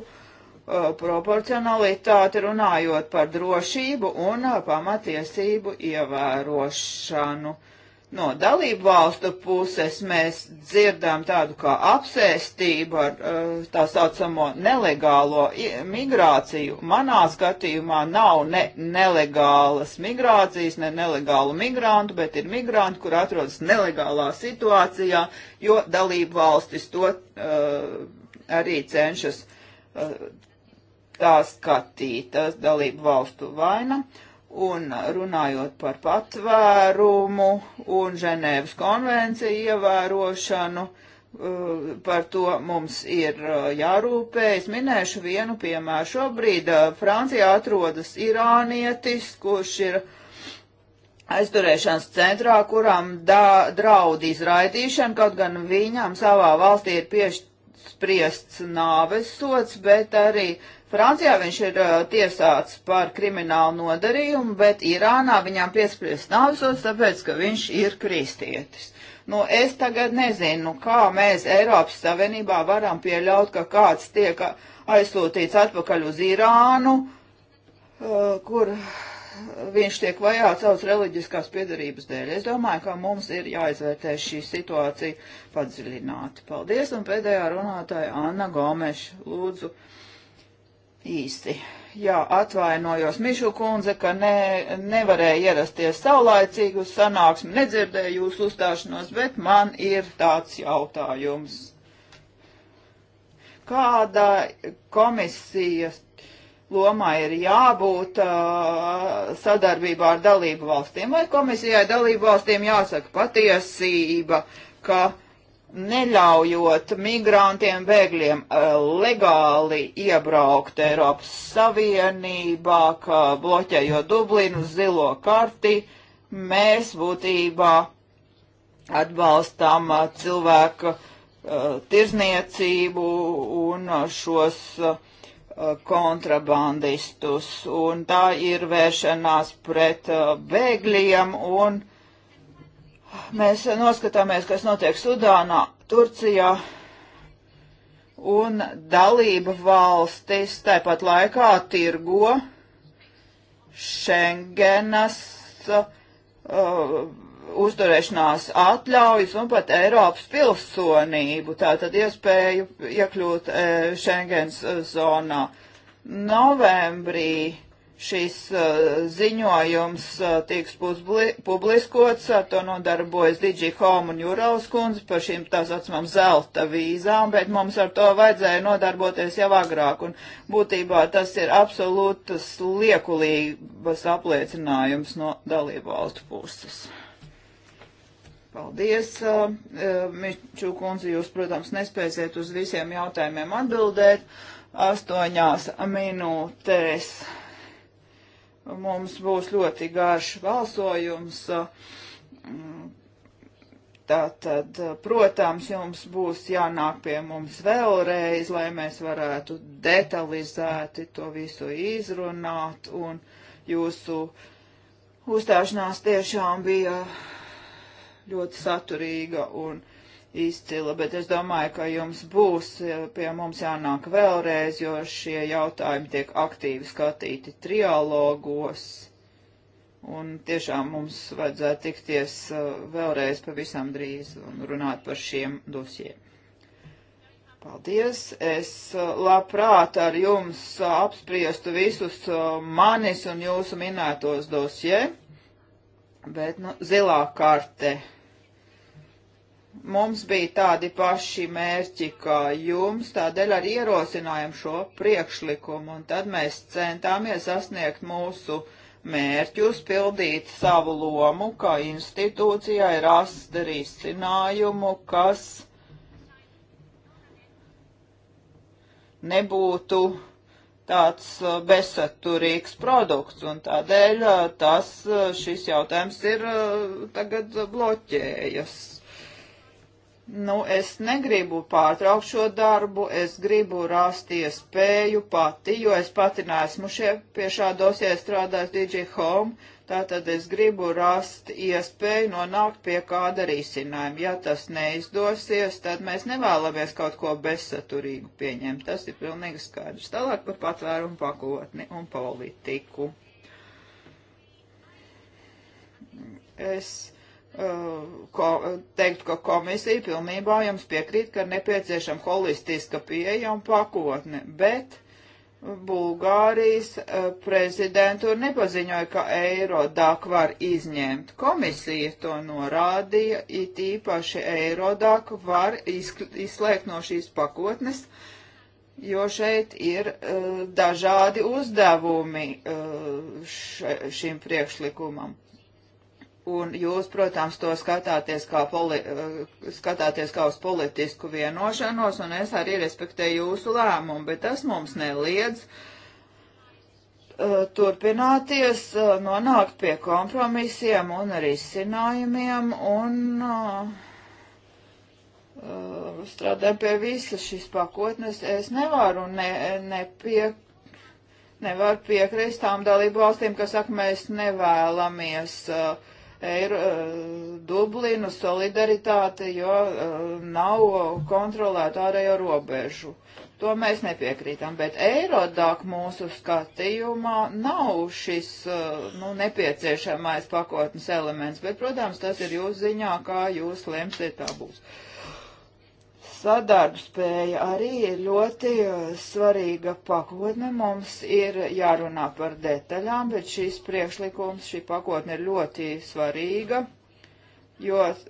proporcionalitāti, runājot par drošību un pamatiesību ievērošanu. Uh, no dalību valstu puses mēs dzirdām tādu kā apsēstību ar eh, tā saucamo nelegālo migrāciju. Manā skatījumā nav ne nelegālas migrācijas, ne nelegālu migrantu, bet ir migranti, kur atrodas nelegālā situācijā, jo dalību valstis to uh, arī cenšas uh, tā skatīt, tas dalību valstu vaina. Uh, un runājot par patvērumu un Ženēvas konvenciju ievērošanu, uh, par to mums ir uh, jārūpējas. Minēšu vienu piemēru. Šobrīd uh, Francijā atrodas irānietis, kurš ir aizturēšanas centrā, kuram da, draud izraidīšana, kaut gan viņam savā valstī ir piešķirts spriests nāves sots, bet arī Francijā viņš ir uh, tiesāts par kriminālu nodarījumu, bet Irānā viņām piespriest nāvsos, tāpēc, ka viņš ir kristietis. Nu, es tagad nezinu, kā mēs Eiropas Savienībā varam pieļaut, ka kāds tiek aizsūtīts atpakaļ uz Irānu, uh, kur viņš tiek vajāts savas reliģiskās piedarības dēļ. Es domāju, ka mums ir jāizvērtē šī situācija padziļināti. Paldies, un pēdējā runātāja Anna Gomeša, lūdzu īsi. Jā, atvainojos Mišu kundze, ka ne, nevarēju ierasties saulaicīgi uz sanāksmi, nedzirdēju jūsu uzstāšanos, bet man ir tāds jautājums. Kāda komisijas loma ir jābūt uh, sadarbībā ar dalību valstīm? Vai komisijai dalību valstīm jāsaka patiesība, ka neļaujot migrantiem, bēgļiem eh, legāli iebraukt Eiropas Savienībā, kā bloķējot Dublinu zilo karti, mēs būtībā atbalstām eh, cilvēku eh, tirzniecību un šos kontrabandistus. Un tā ir vēršanās pret bēgļiem un mēs noskatāmies, kas notiek Sudānā, Turcijā, un dalība valstis tāpat laikā tirgo Schengenas uh, uzturēšanās atļaujas un pat Eiropas pilsonību, tātad iespēju iekļūt uh, Schengens eh, zonā. Novembrī uh, šīs eh, ziņojums eh, tiks publiskots, to nodarbojas Digi Home un Jūraus kundze par šīm tā saucamām zelta vīzām, bet mums ar to vajadzēja nodarboties jau agrāk, un būtībā tas ir absolūtas liekulības apliecinājums no dalību valstu puses. Paldies, eh, Miču kundze, jūs, protams, nespēsiet uz visiem jautājumiem atbildēt astoņās minūtēs mums būs ļoti garš balsojums. Tātad, protams, jums būs jānāk pie mums vēlreiz, lai mēs varētu detalizēti to visu izrunāt, un jūsu uzstāšanās tiešām bija ļoti saturīga un izcila, bet es domāju, ka jums būs pie mums jānāk vēlreiz, jo šie jautājumi tiek aktīvi skatīti trialogos. Un tiešām mums vajadzētu tikties uh, vēlreiz pavisam drīz un runāt par šiem dosiem. Paldies! Es uh, labprāt ar jums uh, apspriestu visus manis un jūsu minētos dosie, bet nu, zilā karte Mums bija tādi paši mērķi kā jums, tādēļ arī ierosinājām šo priekšlikumu, un tad mēs centāmies sasniegt mūsu mērķus, pildīt savu lomu, kā institūcijai rast risinājumu, kas nebūtu tāds uh, bezsaturīgs produkts, un tādēļ uh, tas, uh, šis jautājums ir tagad bloķējas nu, es negribu pārtraukt šo darbu, es gribu rast iespēju pati, jo es pati neesmu šie pie šā dosie strādājis DJ Home, tātad es gribu rast iespēju nonākt pie kāda risinājuma. Ja tas neizdosies, tad mēs nevēlamies kaut ko bezsaturīgu pieņemt. Tas ir pilnīgi skaidrs. Tālāk par patvērumu pakotni un politiku. Es Eh, ko, teikt, ka komisija pilnībā jums piekrīt, ka ir nepieciešama holistiska pieeja un pakotne, bet Bulgārijas eh, prezidentūra nepaziņoja, ka Eirodak var izņemt. Komisija to norādīja, it īpaši Eirodak var izslēgt no šīs pakotnes, jo šeit ir uh, dažādi uzdevumi uh, š, šim priekšlikumam. Un jūs, protams, to skatāties kā, poli, eh, skatāties kā uz politisku vienošanos, un es arī respektēju jūsu lēmumu, bet tas mums neliedz uh, turpināties, uh, nonākt pie kompromisiem un risinājumiem un uh, strādāt pie visas šīs pakotnes. Es nevaru ne, nepiekāpt nevar piekrist tām dalību valstīm, kas saka, mēs nevēlamies uh, Eiro, e, Dublinu solidaritāte, jo e, nav kontrolēta ārējo robežu. To mēs nepiekrītam, bet Eirodāk mūsu skatījumā nav šis e, nu, nepieciešamais pakotnes elements, bet, protams, tas ir jūs ziņā, kā jūs lemsiet, tā būs. Uh, sadarbspēja arī ir ļoti eh, svarīga pakotne. Mums ir jārunā par detaļām, bet šīs priekšlikums, šī pakotne ir ļoti svarīga, jo uh,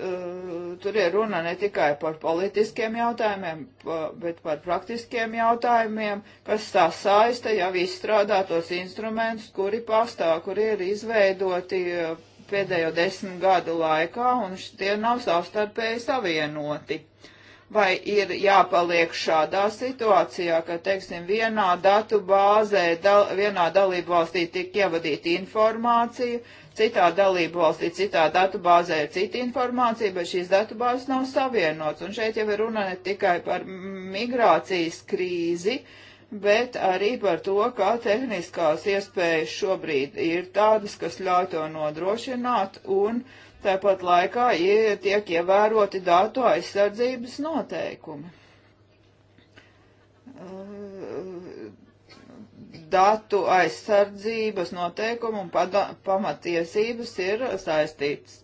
tur ir runa ne tikai par politiskiem jautājumiem, pa, bet par praktiskiem jautājumiem, kas sasaista jau izstrādātos instrumentus, kuri pastāv, kuri ir izveidoti uh, pēdējo desmit gadu laikā, un tie nav savstarpēji savienoti. Uh, vai ir jāpaliek šādā situācijā, ka, teiksim, vienā datu bāzē, dal, vienā dalību valstī tiek ievadīta informācija, citā dalību valstī, citā datu bāzē ir cita informācija, bet šīs datu bāzes nav savienots. Un šeit jau ir runa ne tikai par migrācijas krīzi, bet arī par to, kā tehniskās iespējas šobrīd ir tādas, kas ļauj to nodrošināt un uh, Tāpat laikā tiek ievēroti datu aizsardzības noteikumi. Uh, datu aizsardzības noteikumi un pamatiesības ir saistītas.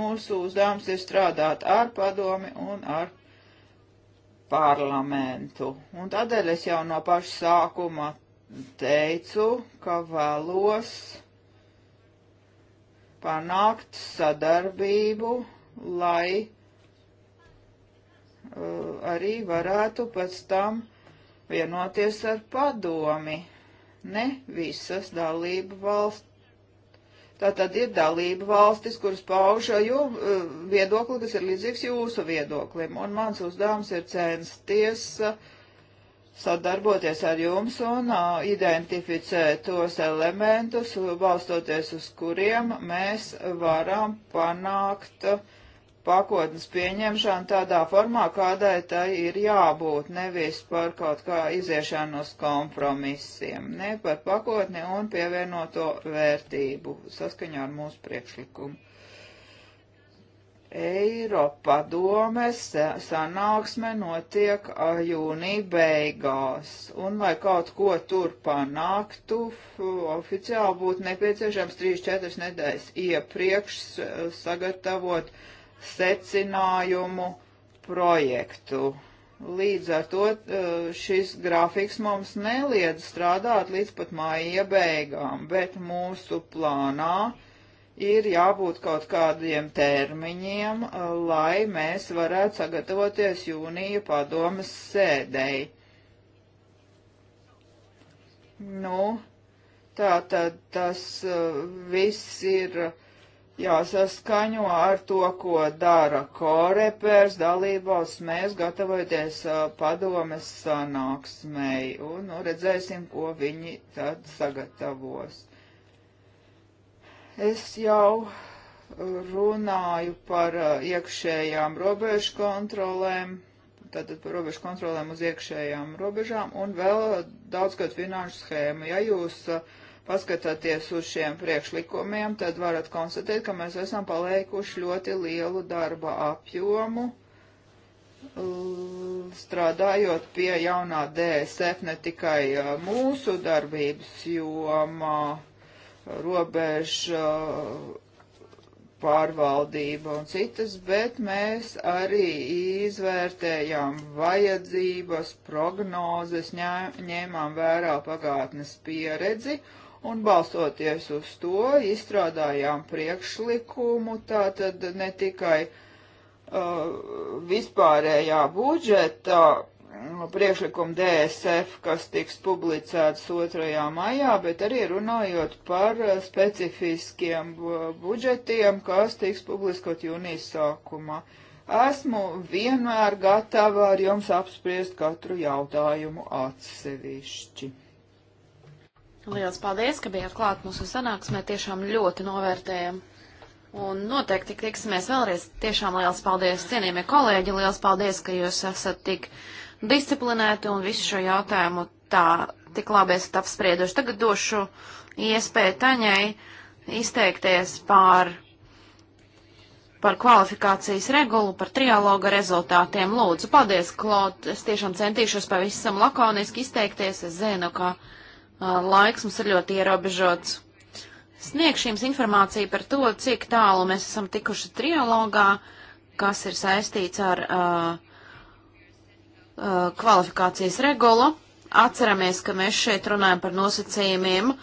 Mūsu uzdevums ir strādāt ar padomi un ar parlamentu. Un tādēļ es jau no paša sākuma teicu, ka vēlos panākt sadarbību, lai uh, arī varētu pēc tam vienoties ar padomi. Ne visas dalību valsts. Tā tad ir dalība valstis, kuras pauž jau uh, viedokli, kas ir līdzīgs jūsu viedoklim, un mans uzdevums ir censties uh, sadarboties ar jums un uh, identificēt tos elementus, balstoties uz kuriem mēs varam panākt pakotnes pieņemšanu tādā formā, kādai tai ir jābūt, nevis par kaut kā iziešanu uz kompromisiem, ne par pakotni un pievienoto vērtību saskaņā ar mūsu priekšlikumu. Eiropa domes sanāksme notiek jūnija beigās, un lai kaut ko tur panāktu, oficiāli būtu nepieciešams 3-4 nedēļas iepriekš sagatavot secinājumu projektu. Līdz ar to šis grafiks mums neliedz strādāt līdz pat māja beigām, bet mūsu plānā ir jābūt kaut kādiem termiņiem, lai mēs varētu sagatavoties jūnija padomas sēdēji. Nu, tā tad tas uh, viss ir uh, jāsaskaņo ar to, ko dara korepērs dalībās. Mēs gatavoties uh, padomes sanāksmēji un nu, redzēsim, ko viņi tad sagatavos. Es jau runāju par uh, iekšējām robežu kontrolēm, tātad par robežu kontrolēm uz iekšējām robežām un vēl uh, daudzgad finanšu schēmu. Ja jūs uh, paskatāties uz šiem priekšlikumiem, tad varat konstatēt, ka mēs esam palēkuši ļoti lielu darba apjomu strādājot pie jaunā DSF ne tikai mūsu darbības jomā, robeža pārvaldība un citas, bet mēs arī izvērtējām vajadzības, prognozes, ņēmām vērā pagātnes pieredzi un balstoties uz to izstrādājām priekšlikumu, tātad ne tikai uh, vispārējā budžeta Nu, priekšlikumu DSF, kas tiks publicēts 2. maijā, bet arī runājot par eh, specifiskiem budžetiem, kas tiks publiskot jūnijas sākumā. Esmu vienmēr gatava ar jums apspriest katru jautājumu atsevišķi. Lielas paldies, ka bijāt klāt mūsu sanāksmē, tiešām ļoti novērtējam. Un noteikti tiksimies vēlreiz. Tiešām liels paldies, cienījamie kolēģi, liels paldies, ka jūs esat tik disciplinēti un visu šo jautājumu tā tik labi esat apsprieduši. Tagad došu iespēju Taņai izteikties pār, par kvalifikācijas regulu, par trialoga rezultātiem. Lūdzu, paldies, Klot, es tiešām centīšos pavisam lakoniski izteikties. Es zinu, ka uh, laiks mums ir ļoti ierobežots. Sniegšu jums informāciju par to, cik tālu mēs esam tikuši trialogā, kas ir saistīts ar uh, Eh, kvalifikācijas regulu. Atceramies, ka mēs šeit runājam par nosacījumiem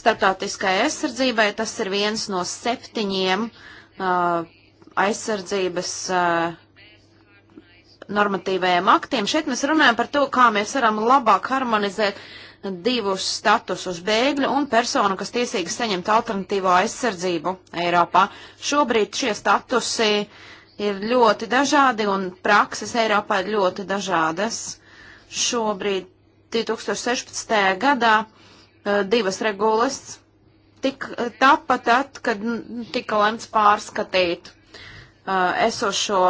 starptautiskai aizsardzībai. Tas ir viens no septiņiem uh, aizsardzības uh, normatīvajiem aktiem. Šeit mēs runājam par to, kā mēs varam labāk harmonizēt divus statusus - bēgļu un personu, kas tiesīgi saņemt alternatīvo aizsardzību Eiropā. Šobrīd šie statusi uh, ir ļoti dažādi un prakses Eiropā ir ļoti dažādas. Šobrīd 2016. gadā eh, divas regulas tik eh, tapa tad, kad tika lemts pārskatīt eh, esošo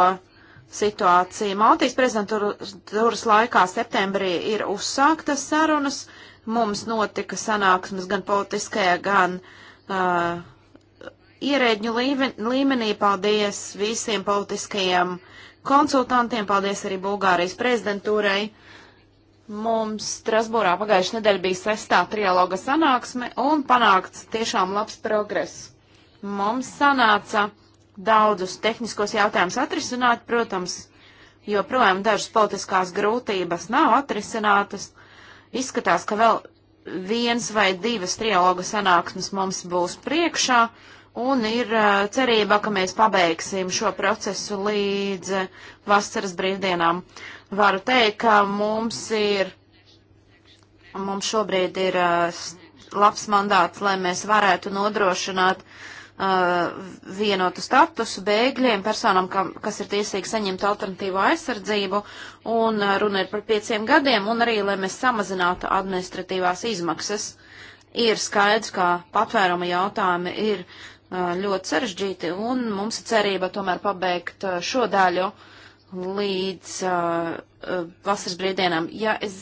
situāciju. Maltijas prezidentūras laikā septembrī ir uzsāktas sarunas. Mums notika sanāksmes gan politiskajā, gan uh, ierēģu līmenī. Paldies visiem politiskajiem konsultantiem, paldies arī Bulgārijas prezidentūrai. Mums Strasbūrā pagājušajā nedēļā bija sestā trialoga sanāksme un panākts tiešām labs progress. Mums sanāca daudzus tehniskos jautājumus atrisināt, protams, joprojām dažas politiskās grūtības nav atrisinātas. Izskatās, ka vēl viens vai divas trialoga sanāksmes mums būs priekšā, Un ir cerība, ka mēs pabeigsim šo procesu līdz vasaras brīvdienām. Varu teikt, ka mums ir, mums šobrīd ir labs mandāts, lai mēs varētu nodrošināt uh, vienotu statusu bēgļiem, personam, kam, kas ir tiesīgi saņemt alternatīvo aizsardzību, un runa ir par pieciem gadiem, un arī, lai mēs samazinātu administratīvās izmaksas. Ir skaidrs, ka patvēruma jautājumi ir ļoti sarežģīti, un mums ir cerība tomēr pabeigt šo daļu līdz uh, vasaras brīvdienām. Ja es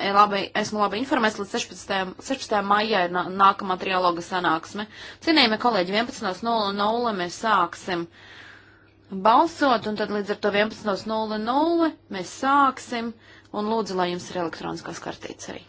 e, labi, esmu labi informēts, līdz 16. 16. maijā ir nākamā trialoga sanāksme. Cienījamie kolēģi, 11.00 mēs sāksim balsot, un tad līdz ar to 11.00 mēs sāksim, un lūdzu, lai jums ir elektroniskās kartītes arī.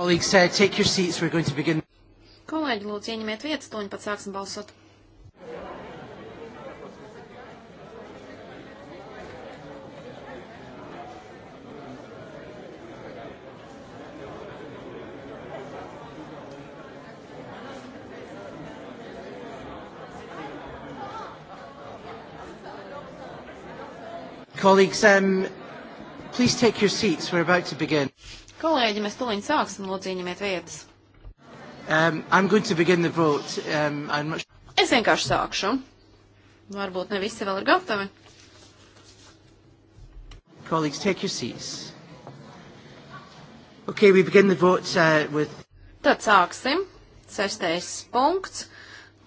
Colleagues, uh, take your seats. We're going to begin. Kolēģi, lūdzu, ieņemiet vietas, toņi pat sāksim balsot. Colleagues, um, please take your seats. We're about to begin. Kolēģi, mēs tuliņ sāksim, lūdzu, ieņemiet vietas. Um, um, much... Es vienkārši sākšu. Varbūt ne visi vēl ir gatavi. Colleagues, take your seats. Okay, we begin the vote uh, with... Tad sāksim. Sestais punkts,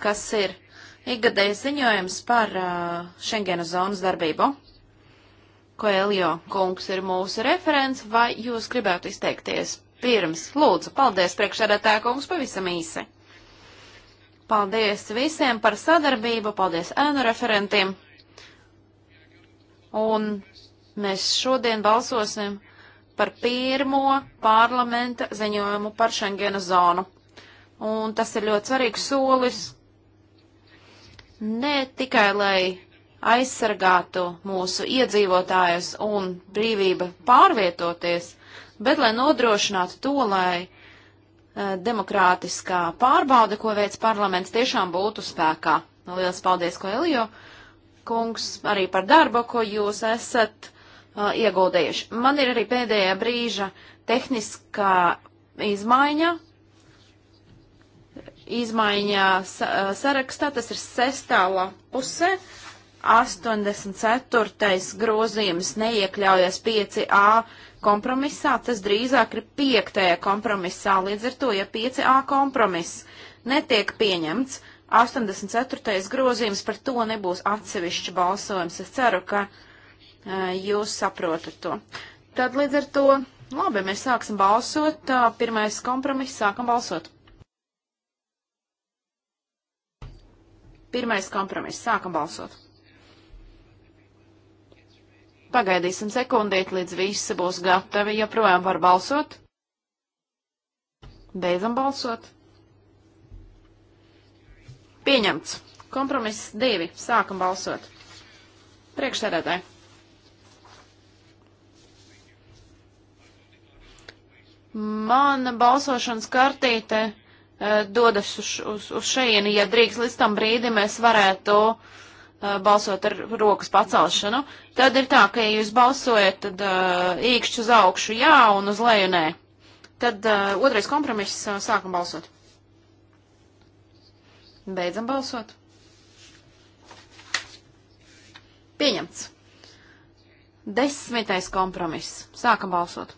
kas ir ikgadējs ziņojums par uh, Schengena zonas darbību. Koeljo kungs ir mūsu referents, vai jūs gribētu izteikties pirms? Lūdzu, paldies priekšsēdētā kungs pavisam īsi. Paldies visiem par sadarbību, paldies ēnu referentiem. Un mēs šodien balsosim par pirmo parlamenta ziņojumu par Schengena zonu. Un tas ir ļoti svarīgs solis ne tikai, lai aizsargātu mūsu iedzīvotājus un brīvība pārvietoties, bet lai nodrošinātu to, lai uh, demokrātiskā pārbauda, ko veids parlaments, tiešām būtu spēkā. Nu, Lielas paldies, ko Elio kungs, arī par darbu, ko jūs esat uh, ieguldījuši. Man ir arī pēdējā brīža tehniskā izmaiņa, izmaiņā sarakstā, tas ir sestā lapusē, 84. grozījums neiekļaujas 5A kompromisā, tas drīzāk ir 5. kompromisā, līdz ar to, ja 5A kompromiss netiek pieņemts, 84. grozījums par to nebūs atsevišķi balsojums. Es ceru, ka uh, jūs saprotat to. Tad līdz ar to, labi, mēs sāksim balsot, uh, pirmais kompromiss, sākam balsot. Pirmais kompromiss, sākam balsot. Pagaidīsim sekundīt, līdz visi būs gatavi. Joprojām var balsot. Beidzam balsot. Pieņemts. Kompromiss divi. Sākam balsot. Priekšsēdētāji. Mana balsošanas kartīte uh, dodas uz, uz, uz šejienu, ja drīkst līdz tam brīdim es varētu uh, Uh, balsot ar rokas pacelšanu, tad ir tā, ka ja jūs balsojat, tad uh, īkšķi uz augšu jā un uz leju nē. Tad uh, otrais kompromiss uh, sākam balsot. Beidzam balsot. Pieņemts. Desmitais kompromiss. Sākam balsot.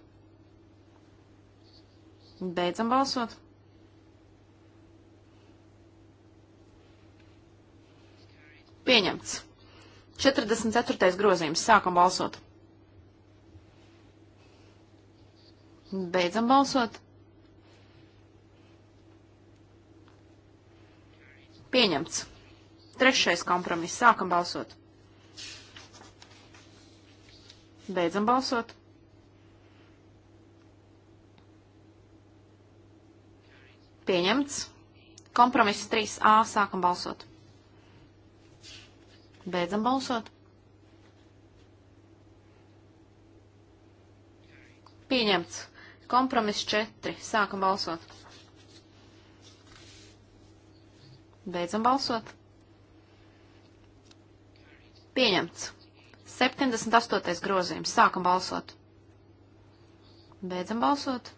Beidzam balsot. Pieņemts. 44. grozījums. Sākam balsot. Beidzam balsot. Pieņemts. Trešais kompromiss. Sākam balsot. Beidzam balsot. Pieņemts. Kompromiss 3A. Sākam balsot. Beidzam balsot. Pieņemts. Kompromiss 4. Sākam balsot. Beidzam balsot. Pieņemts. 78. grozījums. Sākam balsot. Beidzam balsot.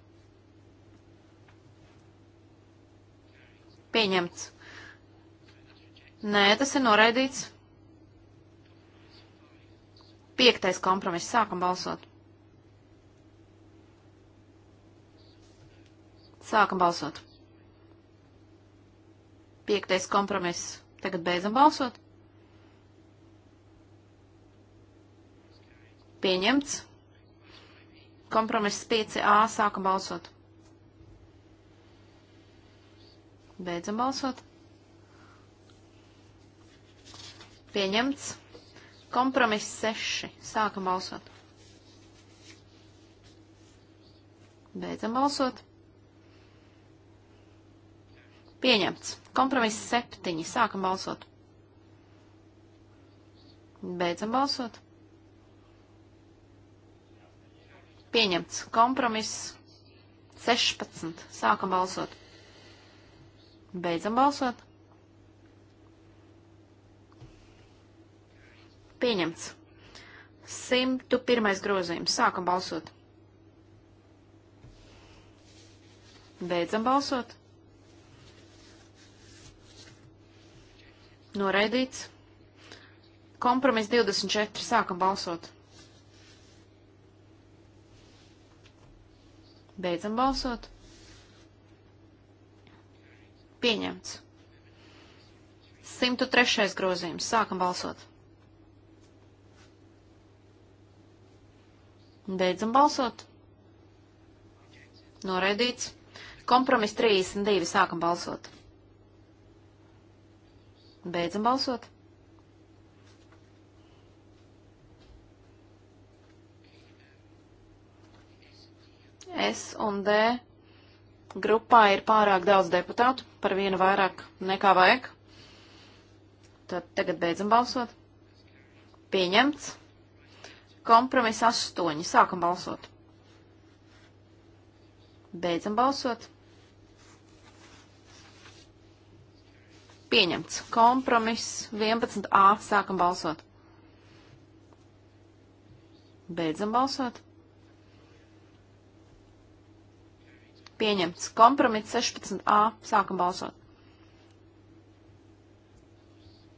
Pieņemts. Nē, tas ir noraidīts. Piektais kompromiss. Sākam balsot. Sākam balsot. Piektais kompromiss. Tagad beidzam balsot. Pieņemts. Kompromiss 5A. Sākam balsot. Beidzam balsot. Pieņemts. Kompromiss 6. Sākam balsot. Beidzam balsot. Pieņemts. Kompromiss 7. Sākam balsot. Beidzam balsot. Pieņemts. Kompromiss 16. Sākam balsot. Beidzam balsot. Pieņemts. 101. grozījums. Sākam balsot. Beidzam balsot. Noraidīts. Kompromiss 24. Sākam balsot. Beidzam balsot. Pieņemts. 103. grozījums. Sākam balsot. Beidzam balsot. Noraidīts. Kompromis 32. Sākam balsot. Beidzam balsot. S un D grupā ir pārāk daudz deputātu, par vienu vairāk nekā vajag. Tad tagad beidzam balsot. Pieņemts. Kompromiss 8. Sākam balsot. Beidzam balsot. Pieņemts. Kompromiss 11a. Sākam balsot. Beidzam balsot. Pieņemts. Kompromiss 16a. Sākam balsot.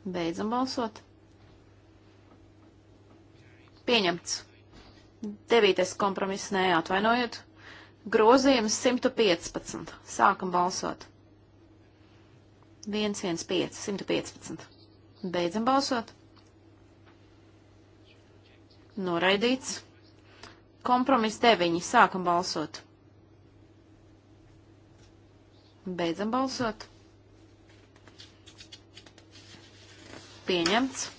Beidzam balsot. Pieņemts. Devītais kompromiss neatvainojiet. Grozījums 115. Sākam balsot. 115, 115. Beidzam balsot. Noraidīts. Kompromiss 9. Sākam balsot. Beidzam balsot. Pieņemts.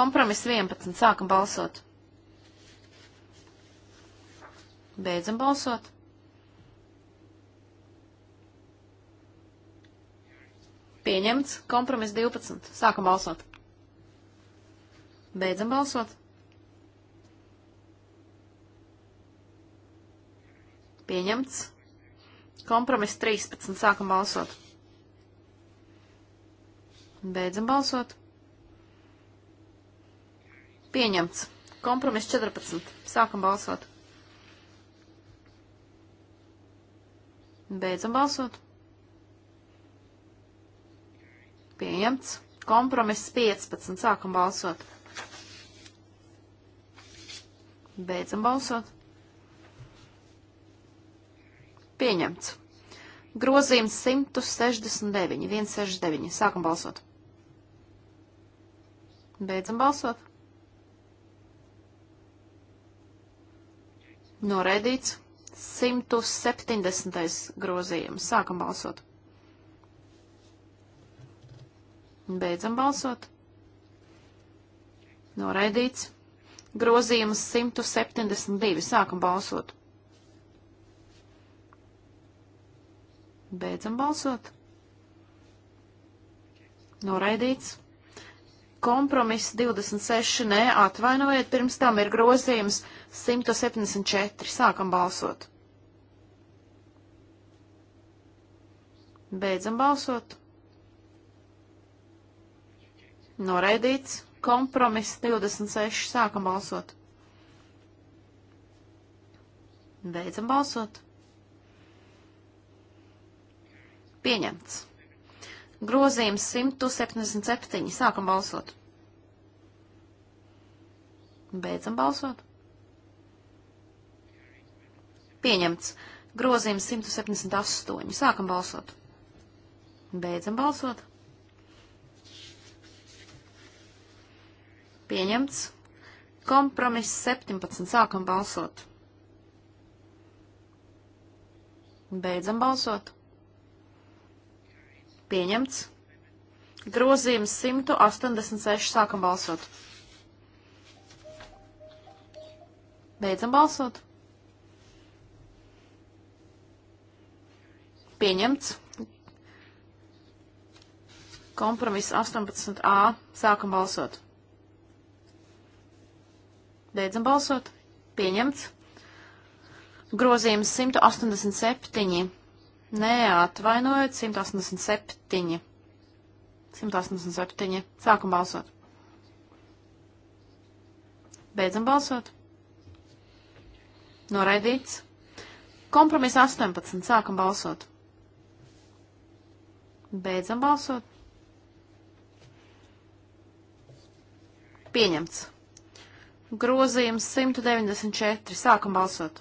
Kompromiss 11. Sākam balsot. Beidzam balsot. Pieņemts kompromiss 12. Sākam balsot. Beidzam balsot. Pieņemts kompromiss 13. Sākam balsot. Beidzam balsot. Pieņemts kompromiss 14. Sākam balsot. Beidzam balsot. Pieņemts. Kompromiss 15. Sākam balsot. Beidzam balsot. Pieņemts. Grozījums 169, 169. Sākam balsot. Beidzam balsot. Noraidīts. 170. grozījums. Sākam balsot. Beidzam balsot. Noraidīts. Grozījums 172. Sākam balsot. Beidzam balsot. Noraidīts. Kompromiss 26. Nē, atvainojiet, pirms tam ir grozījums 174. Sākam balsot. Beidzam balsot. Noraidīts. Kompromiss 26. Sākam balsot. Beidzam balsot. Pieņemts. Grozījums 177. Sākam balsot. Beidzam balsot. Pieņemts. Grozījums 178. Sākam balsot. Beidzam balsot. Pieņemts. Kompromiss 17. Sākam balsot. Beidzam balsot. Pieņemts. Grozījums 186. Sākam balsot. Beidzam balsot. Pieņemts. Kompromiss 18a. Sākam balsot. Beidzam balsot. Pieņemts. Grozījums 187. Nē, atvainojiet, 187. 187. Sākam balsot. Beidzam balsot. Noraidīts. Kompromiss 18. Sākam balsot. Beidzam balsot. Pieņemts. Grozījums 194. Sākam balsot.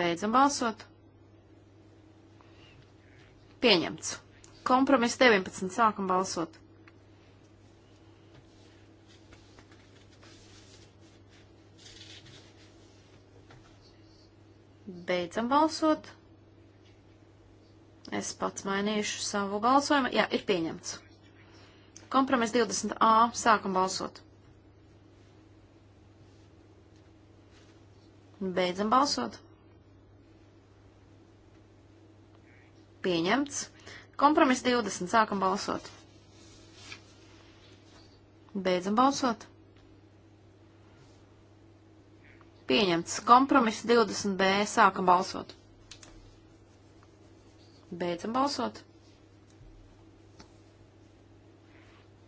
Beidzam balsot. Pieņemts. Kompromiss 19. Sākam balsot. Beidzam balsot. Es pats mainīšu savu balsojumu. Jā, ir pieņemts. Kompromiss 20a. Sākam balsot. Beidzam balsot. Pieņemts. Kompromiss 20. Sākam balsot. Beidzam balsot. Pieņemts. Kompromiss 20b. Sākam balsot. Beidzam balsot.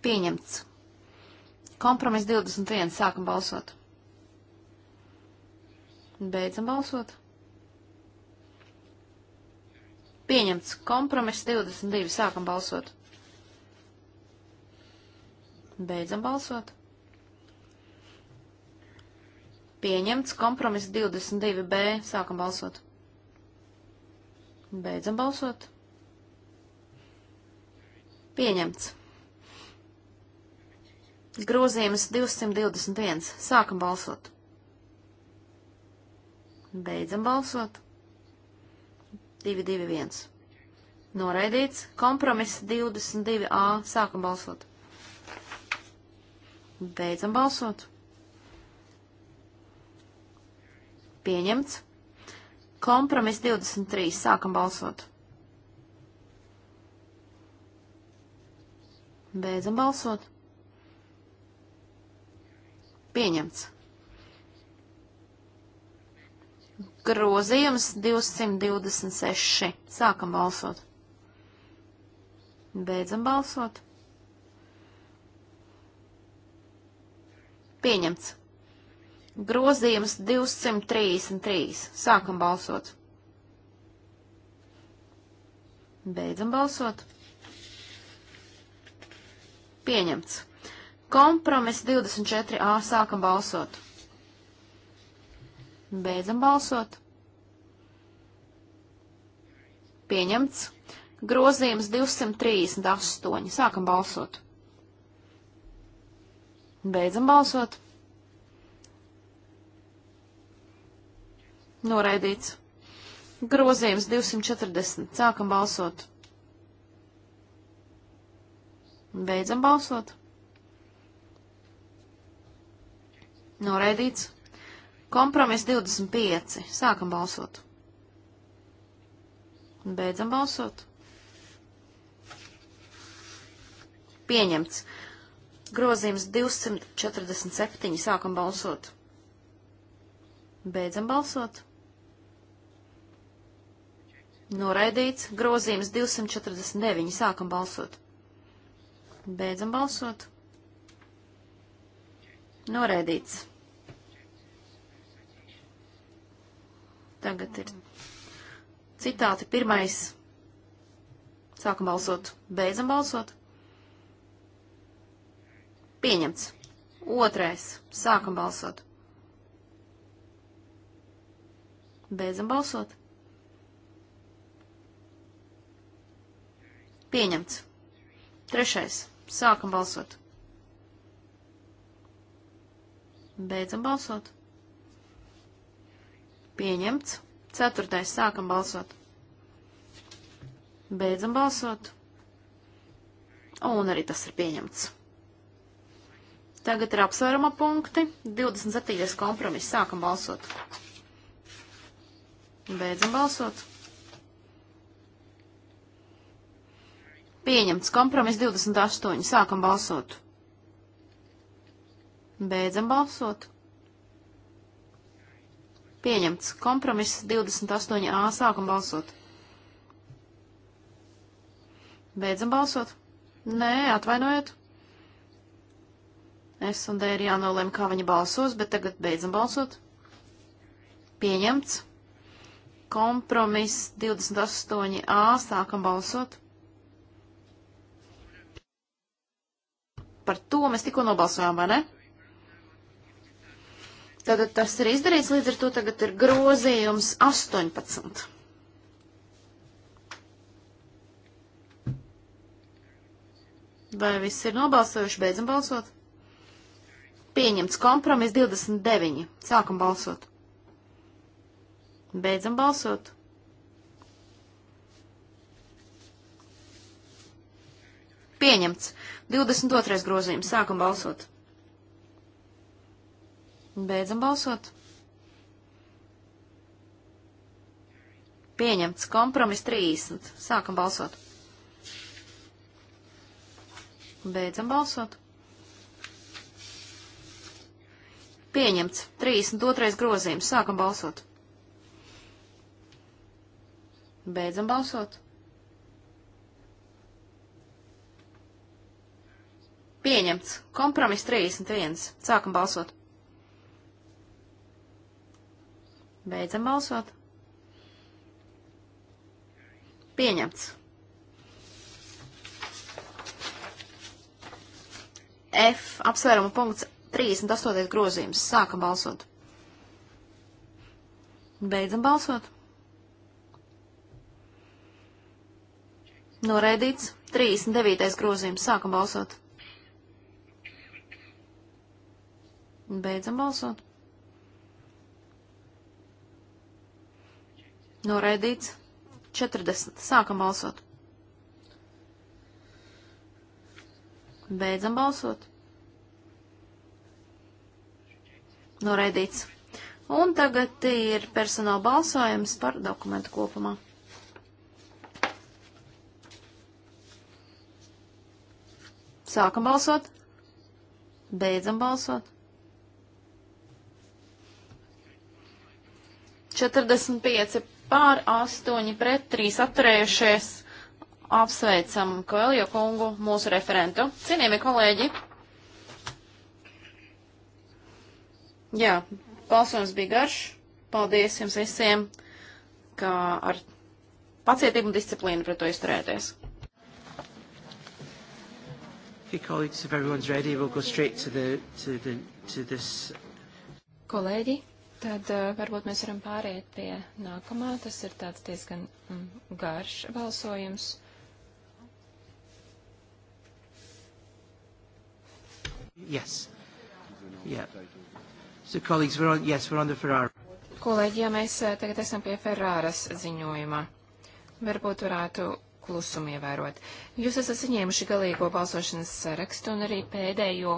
Pieņemts. Kompromiss 21. Sākam balsot. Beidzam balsot. Pieņemts. Kompromiss 22. Sākam balsot. Beidzam balsot. Pieņemts. Kompromiss 22b. Sākam balsot. Beidzam balsot. Pieņemts. Grozījums 221. Sākam balsot. Beidzam balsot. 221. Noraidīts. Kompromiss 22a. Sākam balsot. Beidzam balsot. Pieņemts. Kompromis 23. Sākam balsot. Beidzam balsot. Pieņemts. Grozījums 226. Sākam balsot. Beidzam balsot. Pieņemts. Grozījums 233. Sākam balsot. Beidzam balsot. Pieņemts. Kompromis 24a. Sākam balsot. Beidzam balsot. Pieņemts. Grozījums 238. Sākam balsot. Beidzam balsot. Noraidīts. Grozījums 240. Sākam balsot. Beidzam balsot. Noraidīts. Kompromiss 25. Sākam balsot. Beidzam balsot. Pieņemts. Grozījums 247. Sākam balsot. Beidzam balsot. Noraidīts. Grozījums 249. Sākam balsot. Beidzam balsot. Noraidīts. Tagad ir citāti. Pirmais. Sākam balsot. Beidzam balsot. Pieņemts. Otrais. Sākam balsot. Beidzam balsot. Pieņemts. Trešais. Sākam balsot. Beidzam balsot. Pieņemts. Ceturtais. Sākam balsot. Beidzam balsot. Un arī tas ir pieņemts. Tagad ir apsvērama punkti. 27. kompromiss. Sākam balsot. Beidzam balsot. Pieņemts kompromiss 28. Sākam balsot. Beidzam balsot. Pieņemts kompromiss 28a. Sākam balsot. Beidzam balsot. Nē, atvainojiet. Es un D ir jānolēm, kā viņi balsos, bet tagad beidzam balsot. Pieņemts. Kompromiss 28a. Sākam balsot. Par to mēs tikko nobalsojām, vai ne? Tātad tas ir izdarīts, līdz ar to tagad ir grozījums 18. Vai viss ir nobalsojuši? Beidzam balsot. Pieņemts kompromis 29. Sākam balsot. Beidzam balsot. Pieņemts. 22. grozījums. Sākam balsot. Beidzam balsot. Pieņemts kompromis 30. Sākam balsot. Beidzam balsot. Pieņemts 32. grozījums. Sākam balsot. Beidzam balsot. Pieņemts. Kompromiss 31. Sākam balsot. Beidzam balsot. Pieņemts. F apsvērumu punkts 38. grozījums. Sākam balsot. Beidzam balsot. Noraidīts. 39. grozījums. Sākam balsot. Beidzam balsot. Noraidīts. 40. Sākam balsot. Beidzam balsot. Noraidīts. Un tagad ir personāla balsojums par dokumentu kopumā. Sākam balsot. Beidzam balsot. 45 pār 8 pret 3 atturējušies. Apsveicam Koeljo kungu, mūsu referentu. Cienījamie kolēģi! Jā, balsojums bija garš. Paldies jums visiem, ka ar pacietību un disciplīnu pret to izturēties. Kolēģi, Tad eh, varbūt mēs varam pāriet pie nākamā. Tas ir tāds diezgan mm, garš balsojums. Yes. Yeah. So colleagues, we're on, yes, we're on the Ferrari. Kolēģi, ja mēs eh, tagad esam pie Ferrāras ziņojumā, varbūt varētu klusumu ievērot. Jūs esat saņēmuši galīgo balsošanas sarakstu un arī pēdējo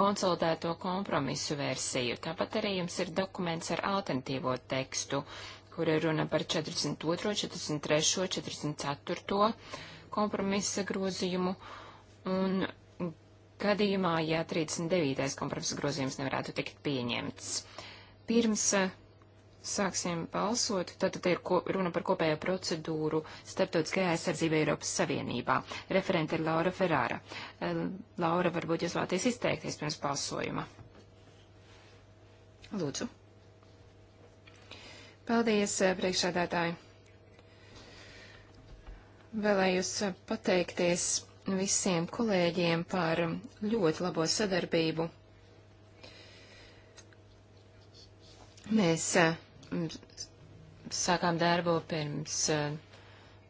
konsolidēto kompromisu versiju. Tāpat arī jums ir dokuments ar alternatīvo tekstu, kur ir runa par 42., 43., 44. kompromisa grozījumu. Un gadījumā, ja 39. kompromisa grozījums nevarētu tikt pieņemts. Pirms sāksim balsot, tad te ir ko, runa par kopējo procedūru starptautiskajā aizsardzībā Eiropas Savienībā. Referente ir Laura Ferrara. Eh, Laura, varbūt jūs vēlaties izteikties pirms balsojuma. Lūdzu. Paldies, eh, priekšādātāji. Vēlējos eh, pateikties visiem kolēģiem par mm, ļoti labo sadarbību. Mēs Mm, sākām darbu pirms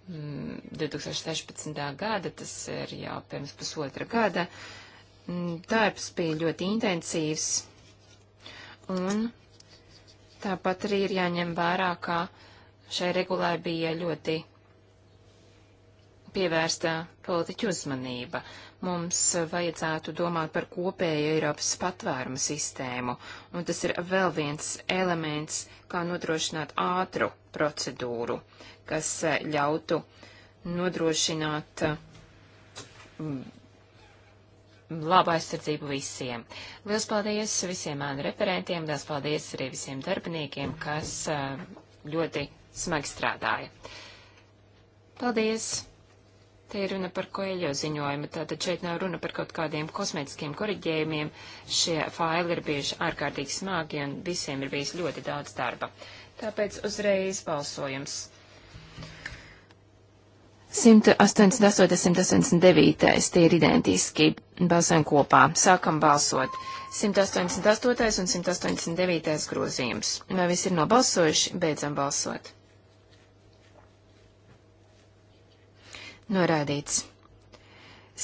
2016. Eh, mm, gada, tas ir jau pirms pusotra gada. Mm, darbs bija ļoti intensīvs, un tāpat arī ir jāņem vērā, ka šai regulai bija ļoti pievērsta politiķu uzmanība. Mums vajadzētu domāt par kopēju Eiropas patvērumu sistēmu, un tas ir vēl viens elements, kā nodrošināt ātru procedūru, kas eh, ļautu nodrošināt mm, labu aizsardzību visiem. Lielas paldies visiem mani referentiem, lielas paldies arī visiem darbiniekiem, kas eh, ļoti smagi strādāja. Paldies! Te ir runa par koeļo ziņojumu, tātad šeit nav runa par kaut kādiem kosmētiskiem koriģējumiem. Šie faili ir bijuši ārkārtīgi smagi un visiem ir bijis ļoti daudz darba. Tāpēc uzreiz balsojums. 188, 189, tie ir identiski, balsojam kopā. Sākam balsot. 188 un 189 grozījums. Vai visi ir nobalsojuši? Beidzam balsot. Norādīts.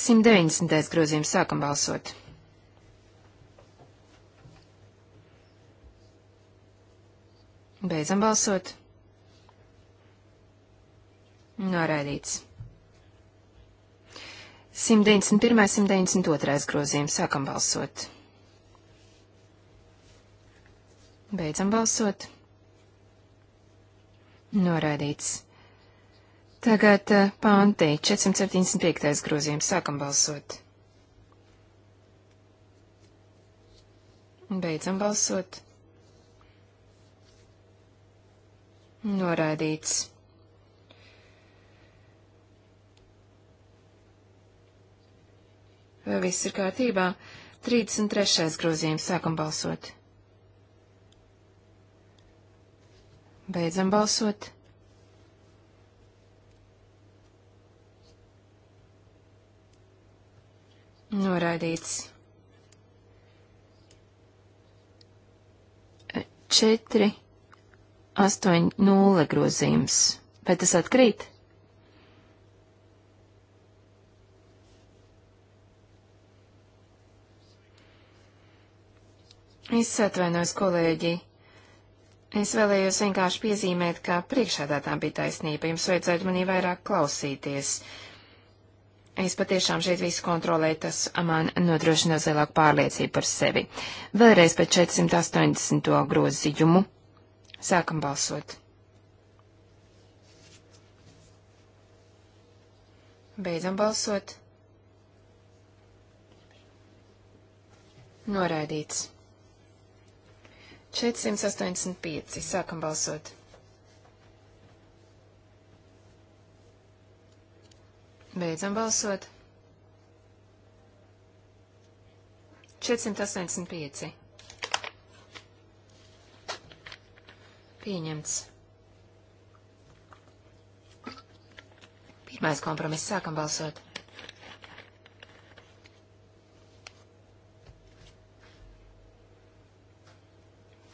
190. grozījums sākam balsot. Beidzam balsot. Norādīts. 191. 192. grozījums sākam balsot. Beidzam balsot. Norādīts. Tagad eh, pāntī 475. grozījums. Sākam balsot. Beidzam balsot. Noraidīts. Vai viss ir kārtībā? 33. grozījums. Sākam balsot. Beidzam balsot. Noraidīts. 4, 8, 0 grozījums. Vai tas atkrīt? Es atvainojos, kolēģi. Es vēlējos vienkārši piezīmēt, ka priekšādātām bija taisnība. Jums vajadzētu manī vairāk klausīties. Uh, Es patiešām šeit visu kontrolēju, tas man nodrošina lielāku pārliecību par sevi. Vēlreiz pēc 480. grozījumu. Sākam balsot. Beidzam balsot. Noraidīts. 485. Sākam balsot. Beidzam balsot. 485. Pieņemts. Pirmais kompromiss. Sākam balsot.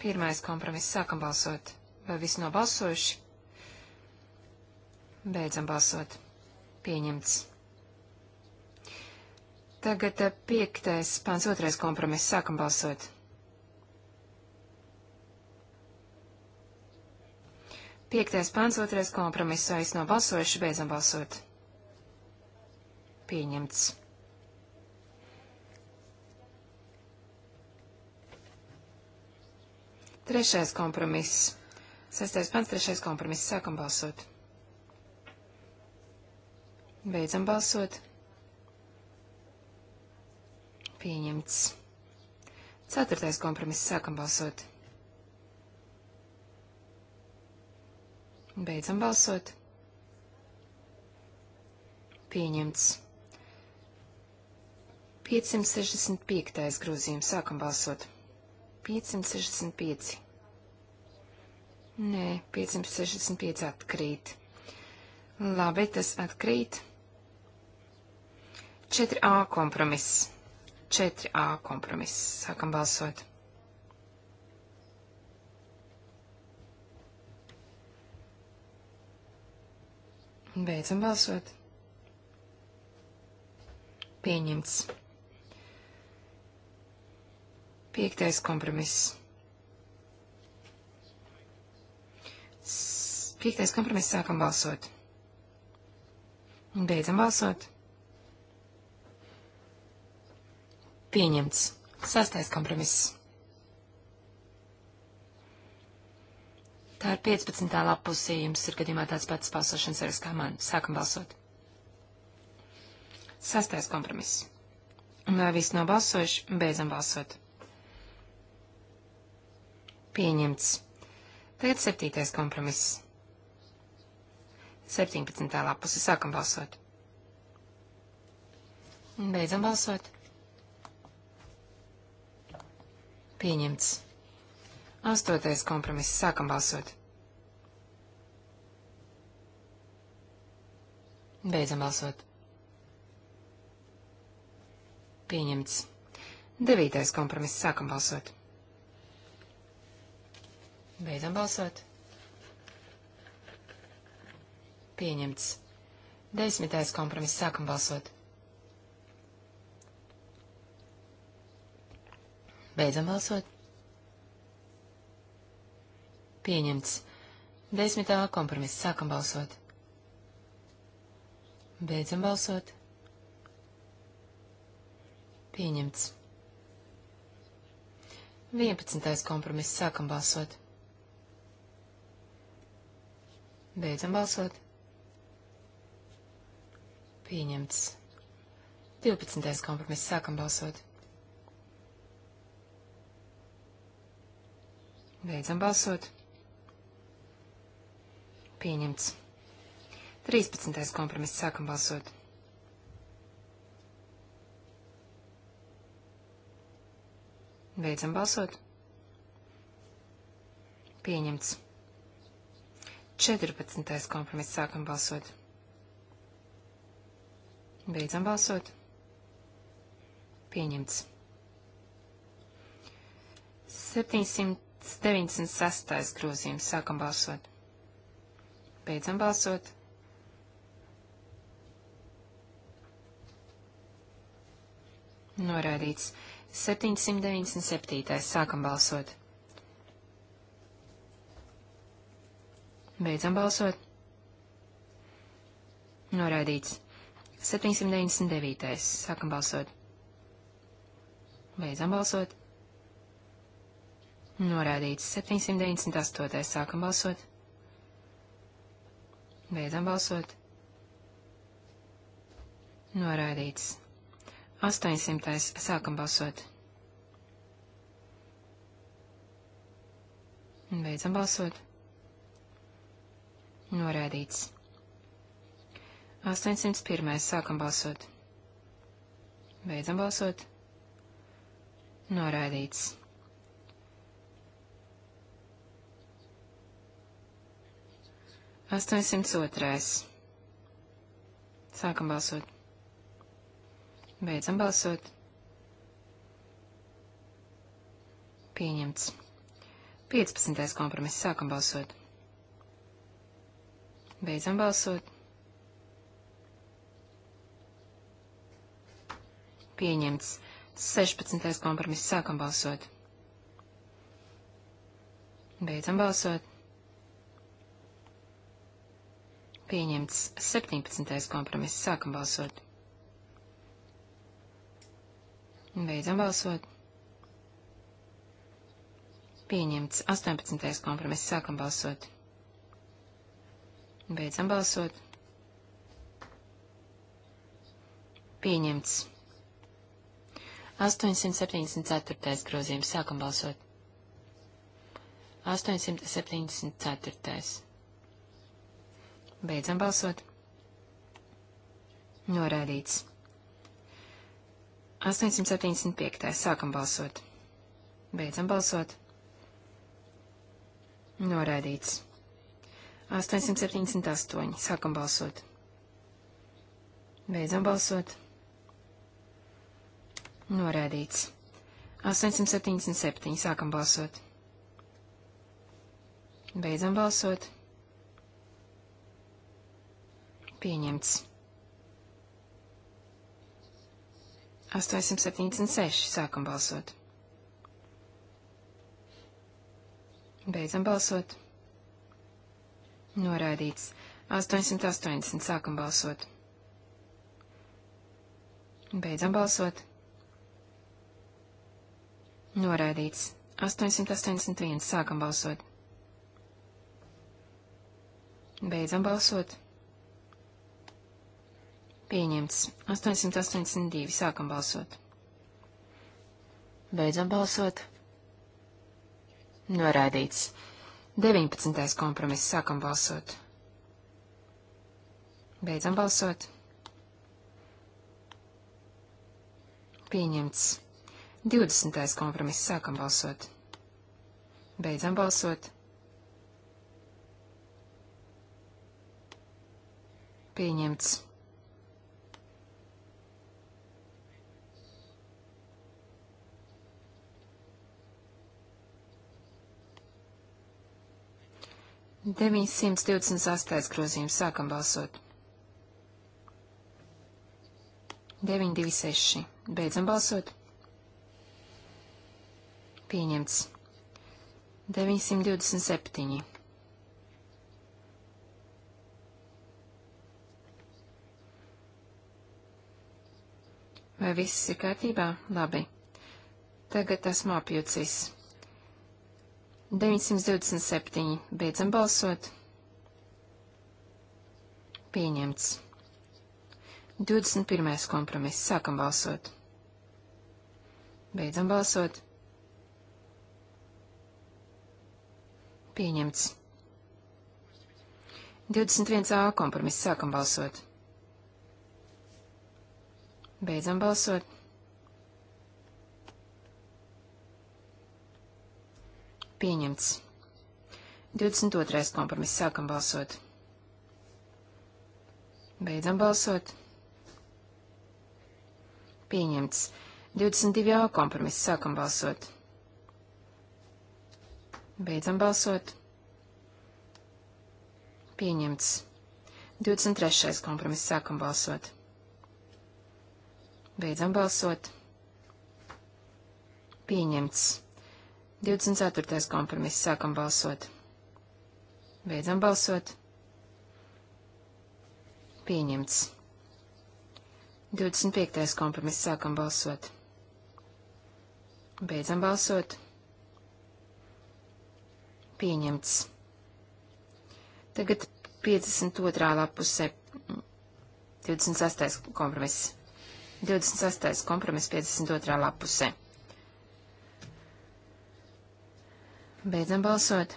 Pirmais kompromiss. Sākam balsot. Vai visi nobalsojuši? Beidzam balsot. Pieņemts. Tagad eh, piektais pāns otrais kompromiss. Sākam balsot. Piektais pāns otrais kompromiss. Aiz no balsojuši beidzam balsot. Pieņemts. Trešais kompromiss. Sestais pants, trešais kompromiss. Sākam balsot. Beidzam balsot. Pieņemts. Ceturtais kompromiss. Sākam balsot. Beidzam balsot. Pieņemts. 565. grozījums. Sākam balsot. 565. Nē, 565 atkrīt. Labi, tas atkrīt. 4A kompromiss. 4A kompromiss. Sākam balsot. Beidzam balsot. Pieņemts. Piektais kompromiss. Piektais kompromiss sākam balsot. Beidzam balsot. Pieņemts. Sastais kompromiss. Tā ir 15. lapusī, jums ir gadījumā tāds pats balsošanas saraksts kā man. Sākam balsot. Sastais kompromiss. Vai viss nav balsojuši? Beidzam balsot. Pieņemts. Tagad septītais kompromiss. 17. lapusi. Sākam balsot. Beidzam balsot. Pieņemts. Astotais kompromiss. Sākam balsot. Beidzam balsot. Pieņemts. Devītais kompromiss. Sākam balsot. Beidzam balsot. Pieņemts. Desmitais kompromiss. Sākam balsot. Beidzam balsot. Pieņemts. Desmitā kompromiss. Sākam balsot. Beidzam balsot. Pieņemts. 11. kompromiss. Sākam balsot. Beidzam balsot. Pieņemts. 12. kompromiss. Sākam balsot. Beidzam balsot. Pieņemts. 13. kompromiss. Sākam balsot. Beidzam balsot. Pieņemts. 14. kompromiss. Sākam balsot. Beidzam balsot. Pieņemts. 700 pieņemts. 96. grozījums. Sākam balsot. Beidzam balsot. Noraidīts. 797. Sākam balsot. Beidzam balsot. Noraidīts. 799. Sākam balsot. Beidzam balsot. Norādīts 798. Sākam balsot. Beidzam balsot. Norādīts 800. Sākam balsot. Beidzam balsot. Norādīts 801. Sākam balsot. Beidzam balsot. Norādīts 802. Sākam balsot. Beidzam balsot. Pieņemts. 15. kompromiss. Sākam balsot. Beidzam balsot. Pieņemts. 16. kompromiss. Sākam balsot. Beidzam balsot. Pieņemts 17. kompromiss. Sākam balsot. Beidzam balsot. Pieņemts 18. kompromiss. Sākam balsot. Beidzam balsot. Pieņemts 874. grozījums. Sākam balsot. 874. Beidzam balsot. Norādīts. 875. Sākam balsot. Beidzam balsot. Norādīts. 878. Sākam balsot. Beidzam balsot. Norādīts. 877. Sākam balsot. Beidzam balsot. Pieņemts. 876. Sākam balsot. Beidzam balsot. Noraidīts. 880. Sākam balsot. Beidzam balsot. Noraidīts. 881. Sākam balsot. Beidzam balsot. Pieņemts. 882. Sākam balsot. Beidzam balsot. Noraidīts. 19. kompromiss. Sākam balsot. Beidzam balsot. Pieņemts. 20. kompromiss. Sākam balsot. Beidzam balsot. Pieņemts. 928. grozījums. Sākam balsot. 926. Beidzam balsot. Pieņemts. 927. Vai viss ir kārtībā? Labi. Tagad esmu apjucis. 927. Beidzam balsot. Pieņemts. 21. kompromiss. Sākam balsot. Beidzam balsot. Pieņemts. 21a kompromiss. Sākam balsot. Beidzam balsot. Pieņemts. 22. kompromiss. Sākam balsot. Beidzam balsot. Pieņemts. 22. A kompromiss. Sākam balsot. Beidzam balsot. Pieņemts. 23. kompromiss. Sākam balsot. Beidzam balsot. Pieņemts. 24. kompromiss. Sākam balsot. Beidzam balsot. Pieņemts. 25. kompromiss. Sākam balsot. Beidzam balsot. Pieņemts. Tagad 52. lapuse 26. kompromiss. 26. kompromiss 52. lapuse. Beidzam balsot.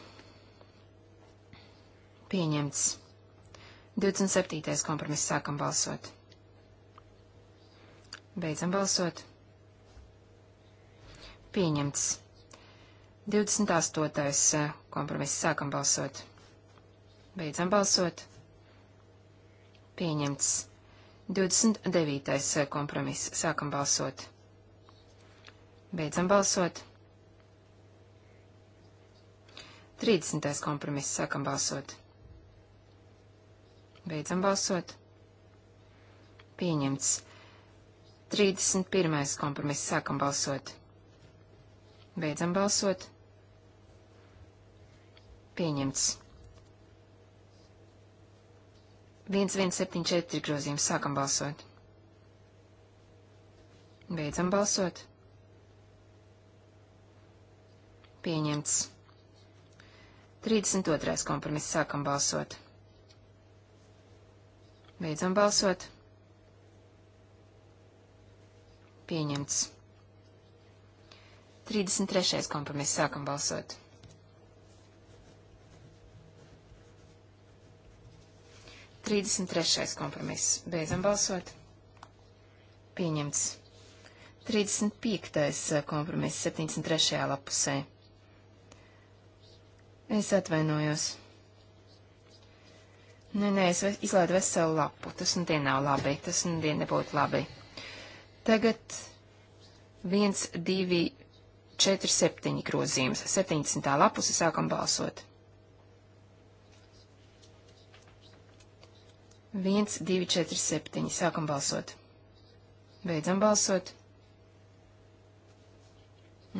Pieņemts. 27. kompromiss sākam balsot. Beidzam balsot. Pieņemts. 28. Eh, kompromiss sākam balsot. Beidzam balsot. Pieņemts. 29. Eh, kompromiss sākam balsot. Beidzam balsot. 30. kompromiss. Sākam balsot. Beidzam balsot. Pieņemts. 31. kompromiss. Sākam balsot. Beidzam balsot. Pieņemts. 1174 grozījums. Sākam balsot. Beidzam balsot. Pieņemts. 32. kompromiss sākam balsot. Beidzam balsot. Pieņemts. 33. kompromiss sākam balsot. Trīsdesmit trešais kompromiss. Beidzam balsot. Pieņemts. Trīsdesmit piektais kompromiss septiņdesmit trešajā lapusē. Es atvainojos. Nē, nē, es izlaidu veselu lapu. Tas nu dien nav labi. Tas nu dien nebūtu labi. Tagad 1, 2, 4, 7 grozījums. 17. lapus sākam balsot. 1, 2, 4, 7. Sākam balsot. Beidzam balsot.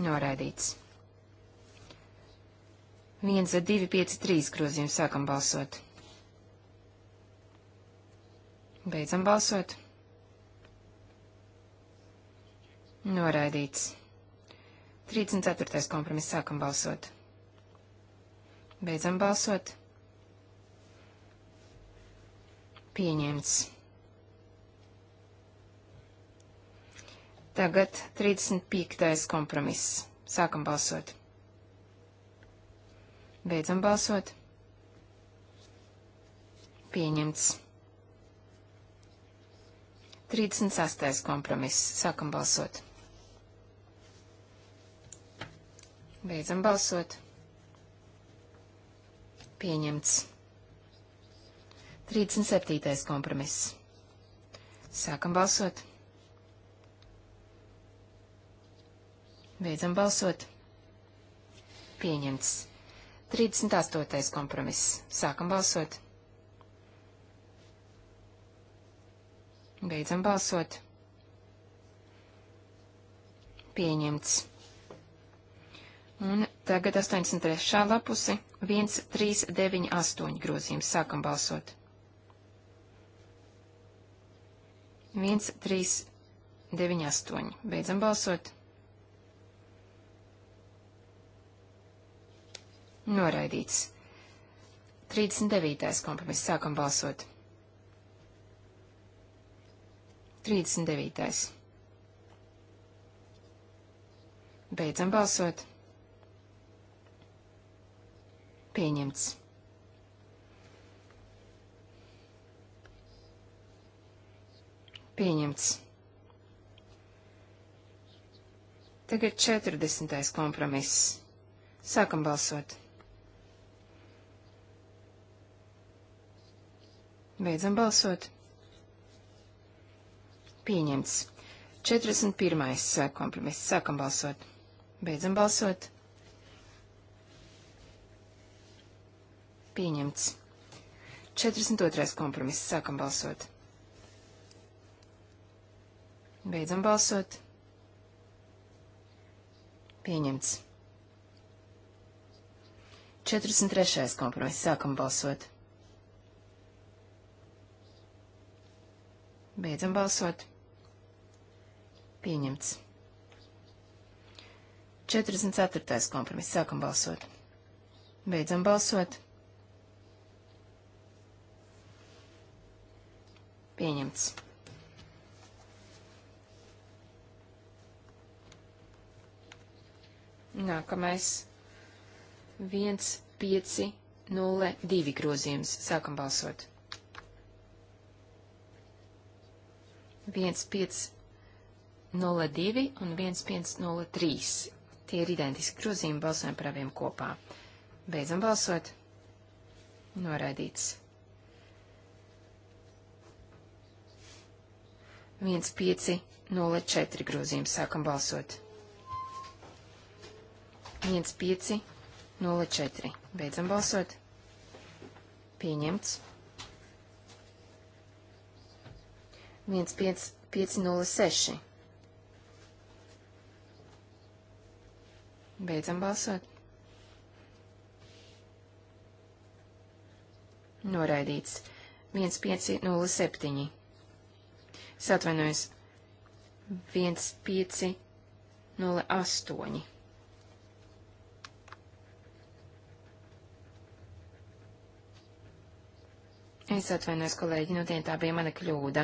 Noraidīts. 1, 2, 5, 3 grozījums sākam balsot. Beidzam balsot. Noraidīts. 34. kompromiss sākam balsot. Beidzam balsot. Pieņemts. Tagad 35. kompromiss. Sākam balsot. Beidzam balsot. Pieņemts. 36. kompromiss. Sākam balsot. Beidzam balsot. Pieņemts. 37. kompromiss. Sākam balsot. Beidzam balsot. Pieņemts. 38. kompromiss. Sākam balsot. Beidzam balsot. Pieņemts. Un tagad 83. lapusi 1398 grozījums. Sākam balsot. 1398. Beidzam balsot. Noraidīts. 39. kompromiss. Sākam balsot. 39. Beidzam balsot. Pieņemts. Pieņemts. Tagad 40. kompromiss. Sākam balsot. Beidzam balsot. Pieņemts. 41. Eh, kompromiss. Sākam balsot. Beidzam balsot. Pieņemts. 42. kompromiss. Sākam balsot. Beidzam balsot. Pieņemts. 43. kompromiss. Sākam balsot. Beidzam balsot. Pieņemts. 44. kompromiss. Sākam balsot. Beidzam balsot. Pieņemts. Nākamais. 1, 5, 0, 2 grozījums. Sākam balsot. 1502 un 1503. Tie ir identiski grozījumi, balsojam par abiem kopā. Beidzam balsot. Noraidīts. 1504 grozījums sākam balsot. 1504. Beidzam balsot. Pieņemts. 1506. Beidzam balsot. Noraidīts. 1507. Es atvainojos. 1508. Es atvainojos, kolēģi, nu no tā bija mana kļūda.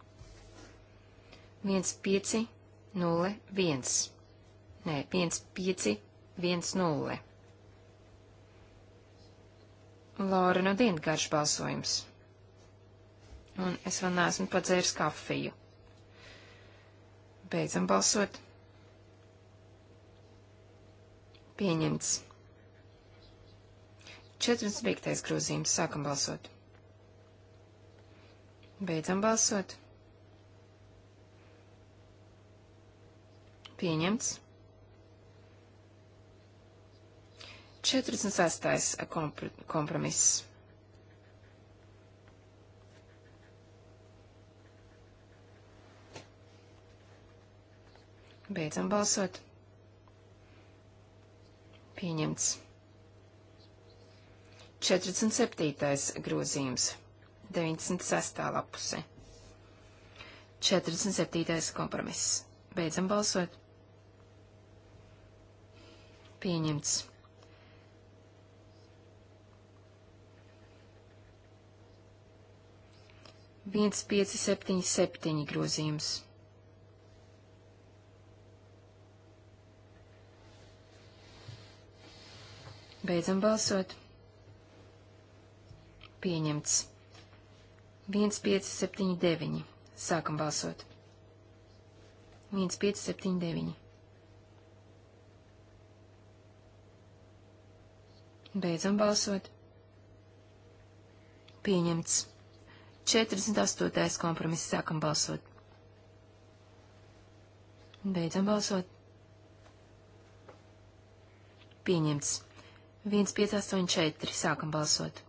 1501. Nē, 1510. Laura no dienu garš balsojums. Un es vēl neesmu padzēris kafiju. Beidzam balsot. Pieņemts. 45. grozījums. Sākam balsot. Beidzam balsot. Pieņemts. 46. Kompr kompromiss. Beidzam balsot. Pieņemts. 47. grozījums. 96. lapuse. 47. kompromiss. Beidzam balsot. Pieņemts. viens pieci septiņi septiņi grozījums. Beidzam balsot. Pieņemts. 1579. Sākam balsot. 1579. Beidzam balsot. Pieņemts. 48. kompromiss. Sākam balsot. Beidzam balsot. Pieņemts. 1584. Sākam balsot.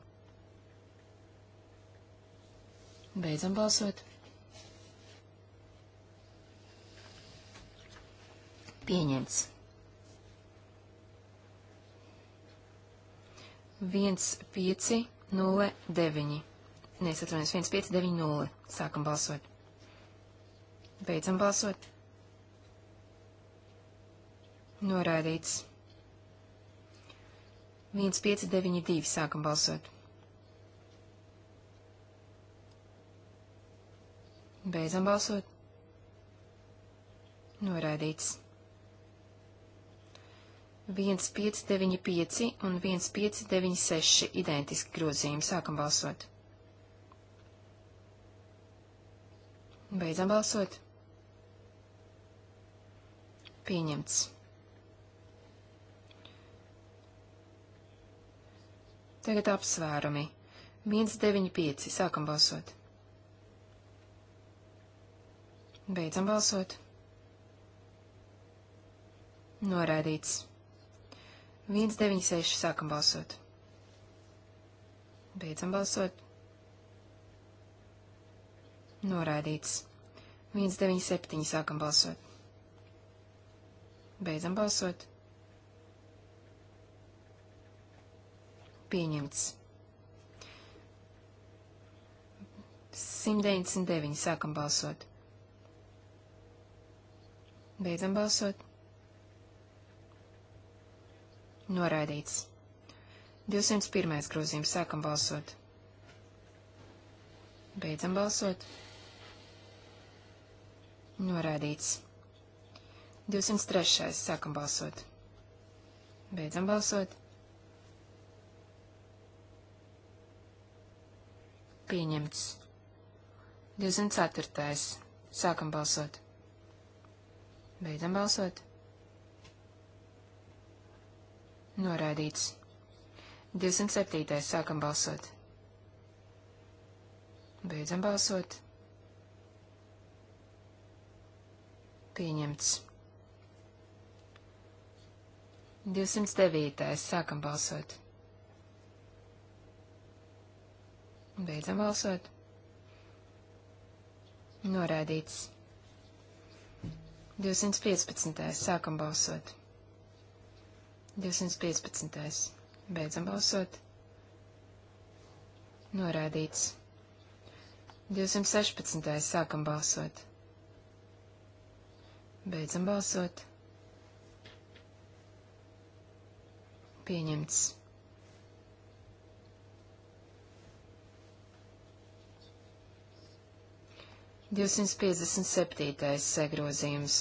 Beidzam balsot. Pieņemts. 1509. Nē, es atvainojos, 1590. Sākam balsot. Beidzam balsot. Noraidīts. 1592. Sākam balsot. Beidzam balsot. Noraidīts. 1595 un 1596 identiski grozījumi. Sākam balsot. Beidzam balsot. Pieņemts. Tagad apsvērumi. 195. Sākam balsot. Beidzam balsot. Noraidīts. 196 sākam balsot. Beidzam balsot. Noraidīts. 197 sākam balsot. Beidzam balsot. Pieņemts. 199 sākam balsot. Beidzam balsot. Noraidīts. 201. grozījums. Sākam balsot. Beidzam balsot. Noraidīts. 203. Sākam balsot. Beidzam balsot. Pieņemts. 204. Sākam balsot. Beidzam balsot. Noraidīts. 207. Sākam balsot. Beidzam balsot. Pieņemts. 209. Sākam balsot. Beidzam balsot. Norādīts. 215. Sākam balsot. 215. Beidzam balsot. Norādīts. 216. Sākam balsot. Beidzam balsot. Pieņemts. 257. grozījums.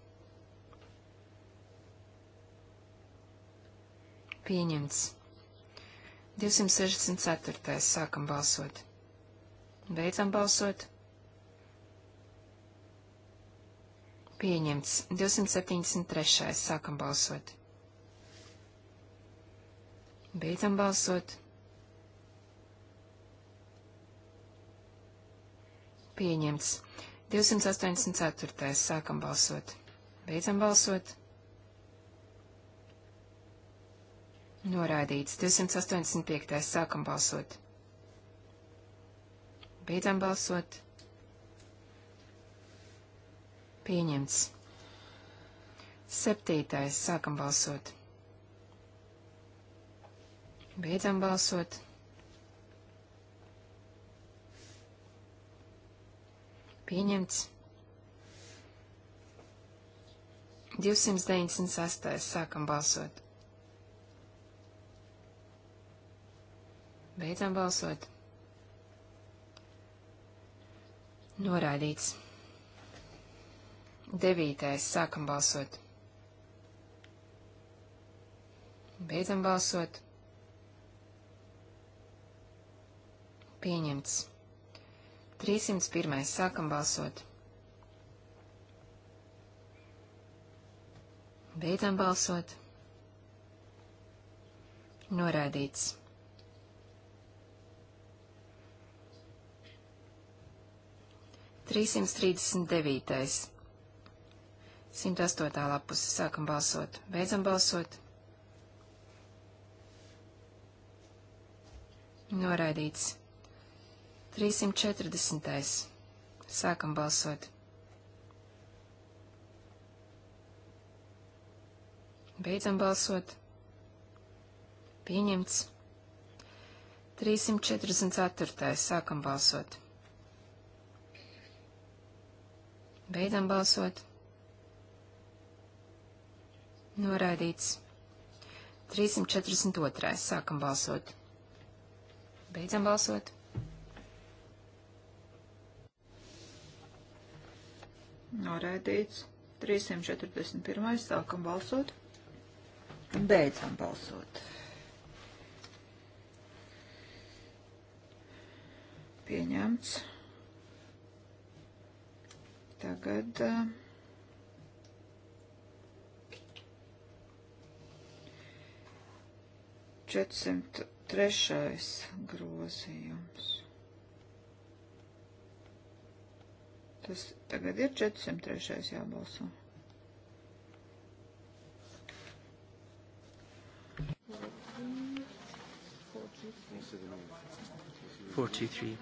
Pieņemts. 264. Sākam balsot. Beidzam balsot. Pieņemts. 273. Sākam balsot. Beidzam balsot. Pieņemts. 284. Sākam balsot. Beidzam balsot. Noraidīts. 285. Sākam balsot. Beidzam balsot. Pieņemts. Septītais. Sākam balsot. Beidzam balsot. Pieņemts. 298. Sākam balsot. Beidzam balsot. Noraidīts. Devītais. Sākam balsot. Beidzam balsot. Pieņemts. 301. Sākam balsot. Beidzam balsot. Noraidīts. 339. 108. lapus. Sākam balsot. Beidzam balsot. Noraidīts. 340. Sākam balsot. Beidzam balsot. Pieņemts. 344. Sākam balsot. Beidzam balsot. Noraidīts. 342. Sākam balsot. Beidzam balsot. Noraidīts. 341. Sākam balsot. Beidzam balsot. Pieņemts. Tagad. Četrsimt trešais grozījums. Tas tagad ir 403. jābalso. Forty-three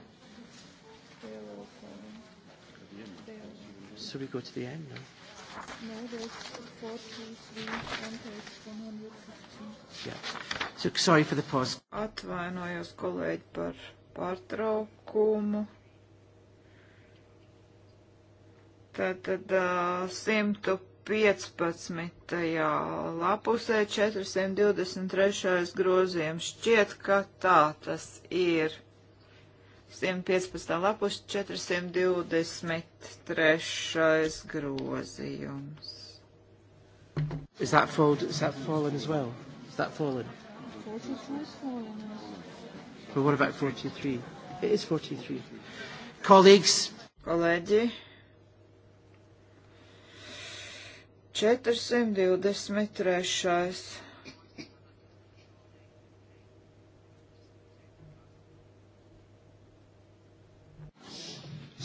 so we go to the end now. No, there's 4, 2, 3, on page 115. Yeah. So, sorry for the pause. Atvainojos, kolēģi, par pārtraukumu. Tātad uh, 115. lapusē 423. grozījums. Šķiet, ka tā tas ir. 115. lapus 423. grozījums. Is that, fold, is that fallen as well? Is that fallen? 42 is fallen. But what about 43? It is 43. Colleagues. Kolēģi. 423.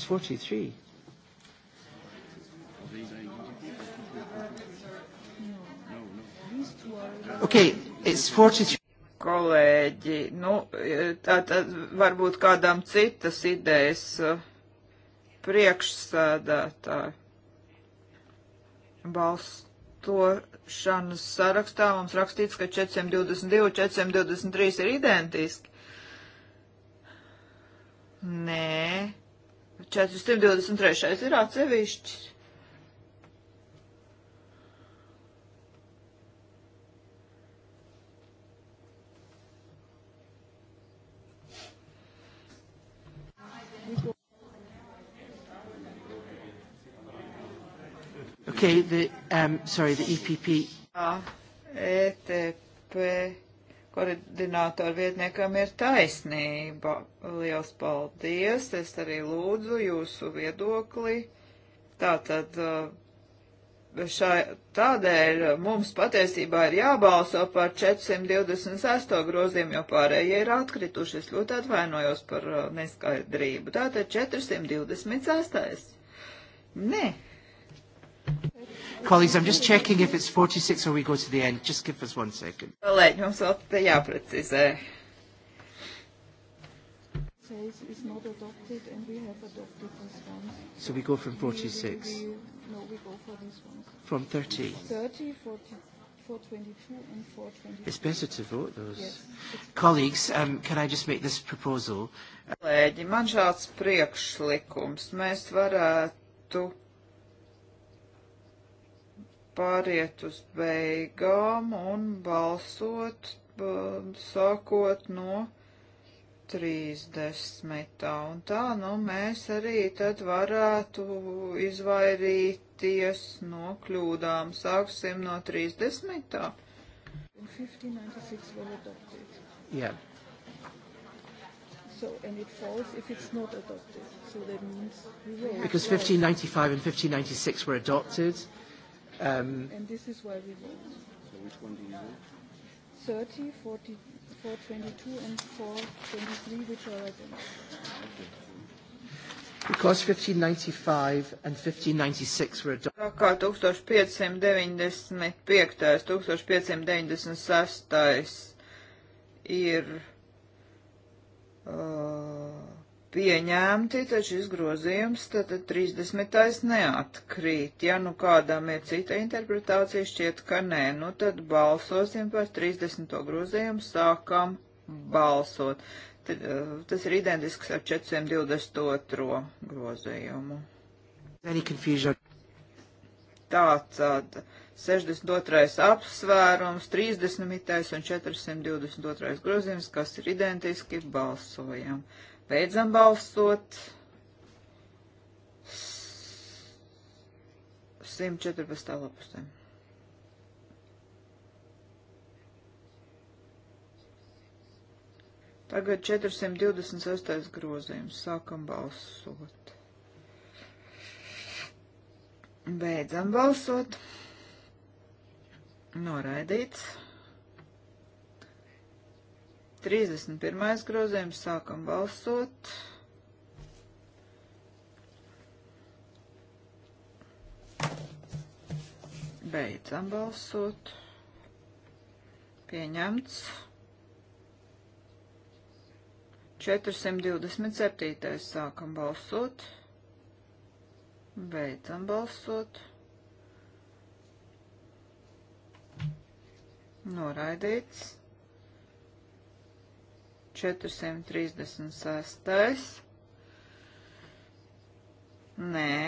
That's 43. Okay, it's 43 kolēģi, nu, tā tad varbūt kādām citas idejas uh, priekšsēdētāji. Balstošanas sarakstā mums rakstīts, ka 422, 423 ir identiski. Nē, 423. ir atsevišķis. Okay, the, um, sorry, the EPP. Jā, ETP koordinātoru vietniekam ir taisnība. Liels paldies! Es arī lūdzu jūsu viedokli. Tātad eh, šai, tādēļ mums patiesībā ir jābalso par 428 grozījumu, jo pārējie ir atkrituši. Es ļoti atvainojos par eh, neskaidrību. Tātad 426. Nē. Ne. Colleagues, I'm just checking if it's 46 or we go to the end. Just give us one second. Kolēģi, mums vēl te jāprecizē. Says it's not adopted and we have adopted this one. So we go from 46? We, we, we, no, we go for this one. From 30? 30, 40. 422 and 423. It's better to vote those. Yes. Colleagues, um, can I just make this proposal? Kolēģi, man šāds priekšlikums. Mēs varētu pāriet uz beigām un balsot sākot no 30. Un tā, nu, mēs arī tad varētu izvairīties no kļūdām. Sāksim no 30. In 1596 when adopted. Yeah. So, and it falls if it's not adopted. So that means we will. Because 1595 and 1596 were adopted. Yeah Um, and this is why we vote. So which one do you vote? 30, 40, 422 and 423, which are identical. Because 1595 and 1596 were adopted. Kā 1595, 1596 ir uh, pieņemti, taču šis grozījums, tad 30. neatkrīt. Ja nu kādam ir cita interpretācija, šķiet, ka nē, nu tad balsosim par 30. grozījumu, sākam balsot. Tad, eh, tas ir identisks ar 422. grozījumu. Tātad 62. apsvērums, 30. un 422. grozījums, kas ir identiski, balsojam. Beidzam balsot. 114. lapusē. Tagad 426. grozījums. Sākam balsot. Beidzam balsot. Noraidīts. 31. grozījums sākam balsot. Beidzam balsot. Pieņemts. 427. sākam balsot. Beidzam balsot. Noraidīts. 436. Nē.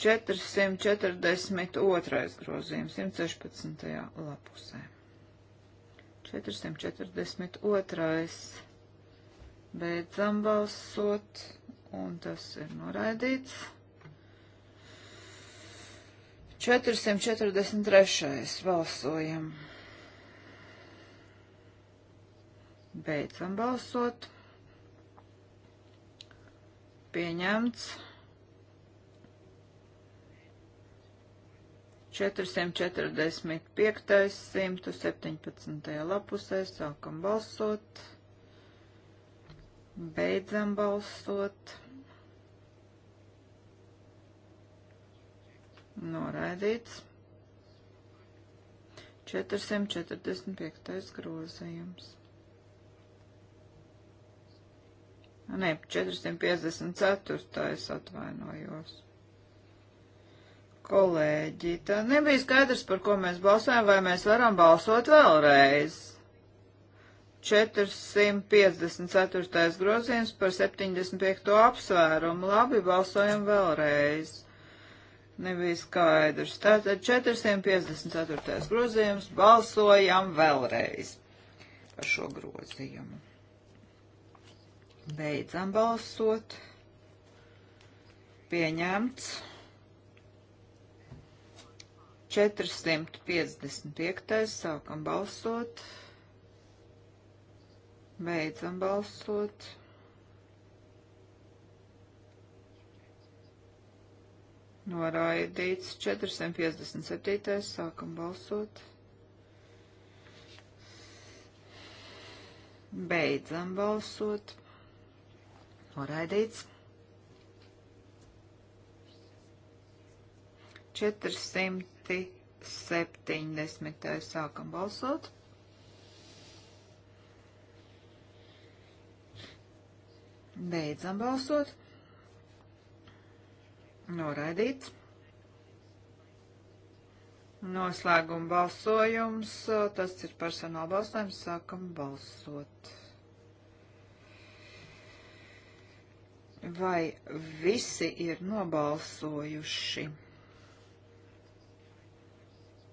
442. grozījums 116. lapusē. 442. Beidzam balsot, un tas ir noraidīts. 443. balsojam. Beidzam balsot. Pieņemts. 445. 117. lapusē sākam balsot. Beidzam balsot. Noraidīts. 445. grozījums. Nē, 454. atvainojos. Kolēģi, tā nebija skaidrs, par ko mēs balsojam, vai mēs varam balsot vēlreiz. 454. grozījums par 75. apsvērumu. Labi, balsojam vēlreiz. Nebija skaidrs. Tātad 454. grozījums. Balsojam vēlreiz par šo grozījumu. Beidzam balsot. Pieņemts. 455. Sākam balsot. Beidzam balsot. Noraidīts 457. Sākam balsot. Beidzam balsot. Noraidīts. 470. Sākam balsot. Beidzam balsot. Noraidīts. Noslēguma balsojums, tas ir personāla balsojums, sākam balsot. Vai visi ir nobalsojuši?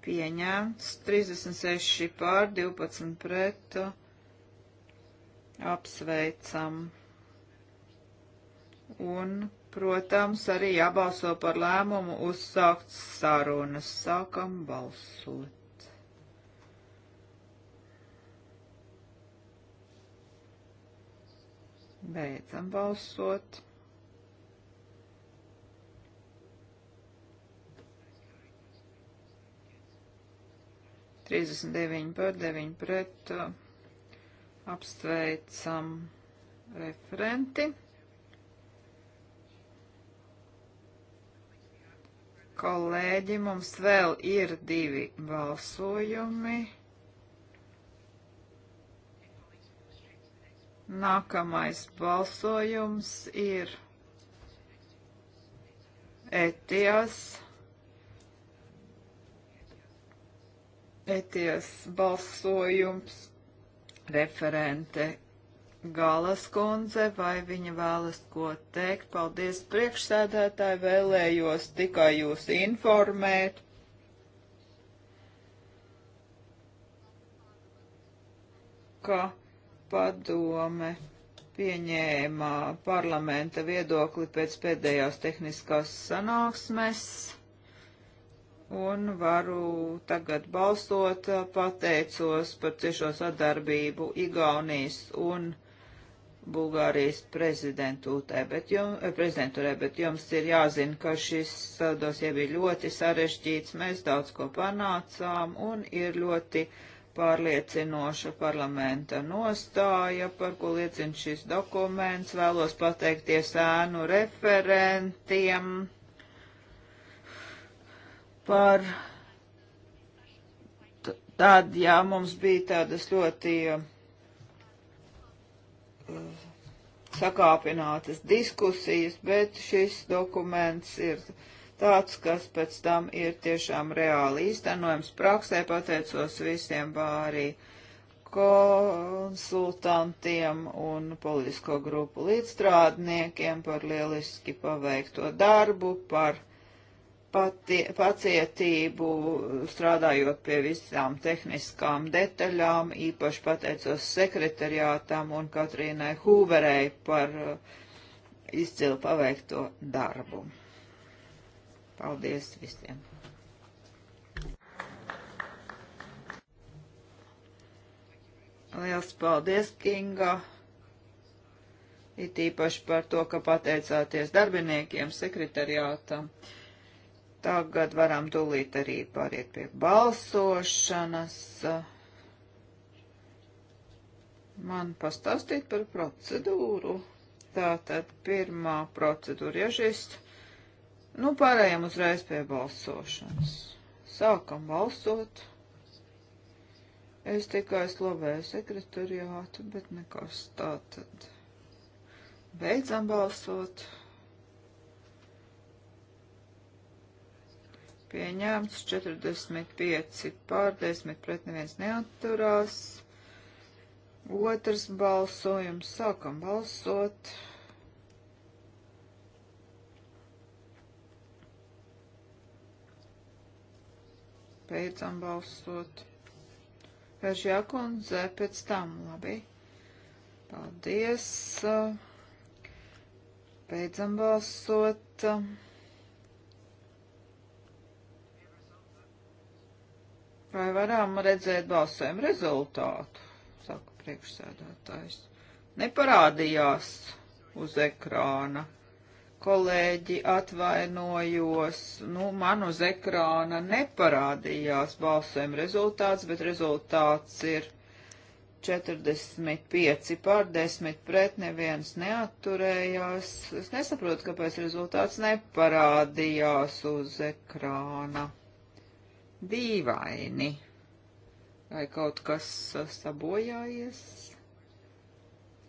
Pieņemts 36 pār 12 pret. Apsveicam. Un, protams, arī jābalso par lēmumu uzsākt sarunas. Sākam balsot. Beidzam balsot. Trīsdesmit deviņi par, deviņi pret. Apsveicam referenti. Kolēģi, mums vēl ir divi balsojumi. Nākamais balsojums ir Etijas. Etijas balsojums referente Galas kundze, vai viņa vēlas ko teikt? Paldies priekšsēdētāji, vēlējos tikai jūs informēt. ka padome pieņēma parlamenta viedokli pēc pēdējās tehniskās sanāksmes. Un varu tagad balstot pateicos par ciešo sadarbību Igaunijas un Bulgārijas prezidentūtē, bet jums, eh, prezidentūrē, bet jums ir jāzina, ka šis eh, dosie bija ļoti sarežģīts, mēs daudz ko panācām un ir ļoti uh, pārliecinoša parlamenta nostāja, par ko liecina šis dokuments. Vēlos pateikties ēnu referentiem par tad, jā, mums bija tādas ļoti uh, sakāpinātas diskusijas, bet šis dokuments ir tāds, kas pēc tam ir tiešām reāli īstenojams praksē, pateicos visiem bārī konsultantiem un politisko grupu līdzstrādniekiem par lieliski paveikto darbu, par pati, pacietību, strādājot pie visām tehniskām detaļām, īpaši pateicos sekretariātam un Katrīnai Hūverei par izcilu paveikto darbu. Paldies visiem! Liels paldies, Kinga! It īpaši par to, ka pateicāties darbiniekiem, sekretariātam. Tagad varam tūlīt arī pāriet pie balsošanas. Man pastāstīt par procedūru. Tātad pirmā procedūra, ja šis Nu, pārējām uzreiz pie balsošanas. Sākam balsot. Es tikai slavēju sekretariātu, bet nekas tā tad. Beidzam balsot. Pieņemts 45 pār 10 pret neviens neatturās. Otrs balsojums. Sākam balsot. Balsot. Beidzam balsot. Veržjā kundze pēc tam. Labi. Paldies. Beidzam balsot. Vai varam redzēt balsojumu rezultātu? Saka priekšsēdētājs. Neparādījās uz ekrāna kolēģi atvainojos, nu, man uz ekrāna neparādījās balsēm rezultāts, bet rezultāts ir 45 pār 10 pret, neviens neatturējās. Es nesaprotu, kāpēc rezultāts neparādījās uz ekrāna. Dīvaini. Vai kaut kas sabojājies?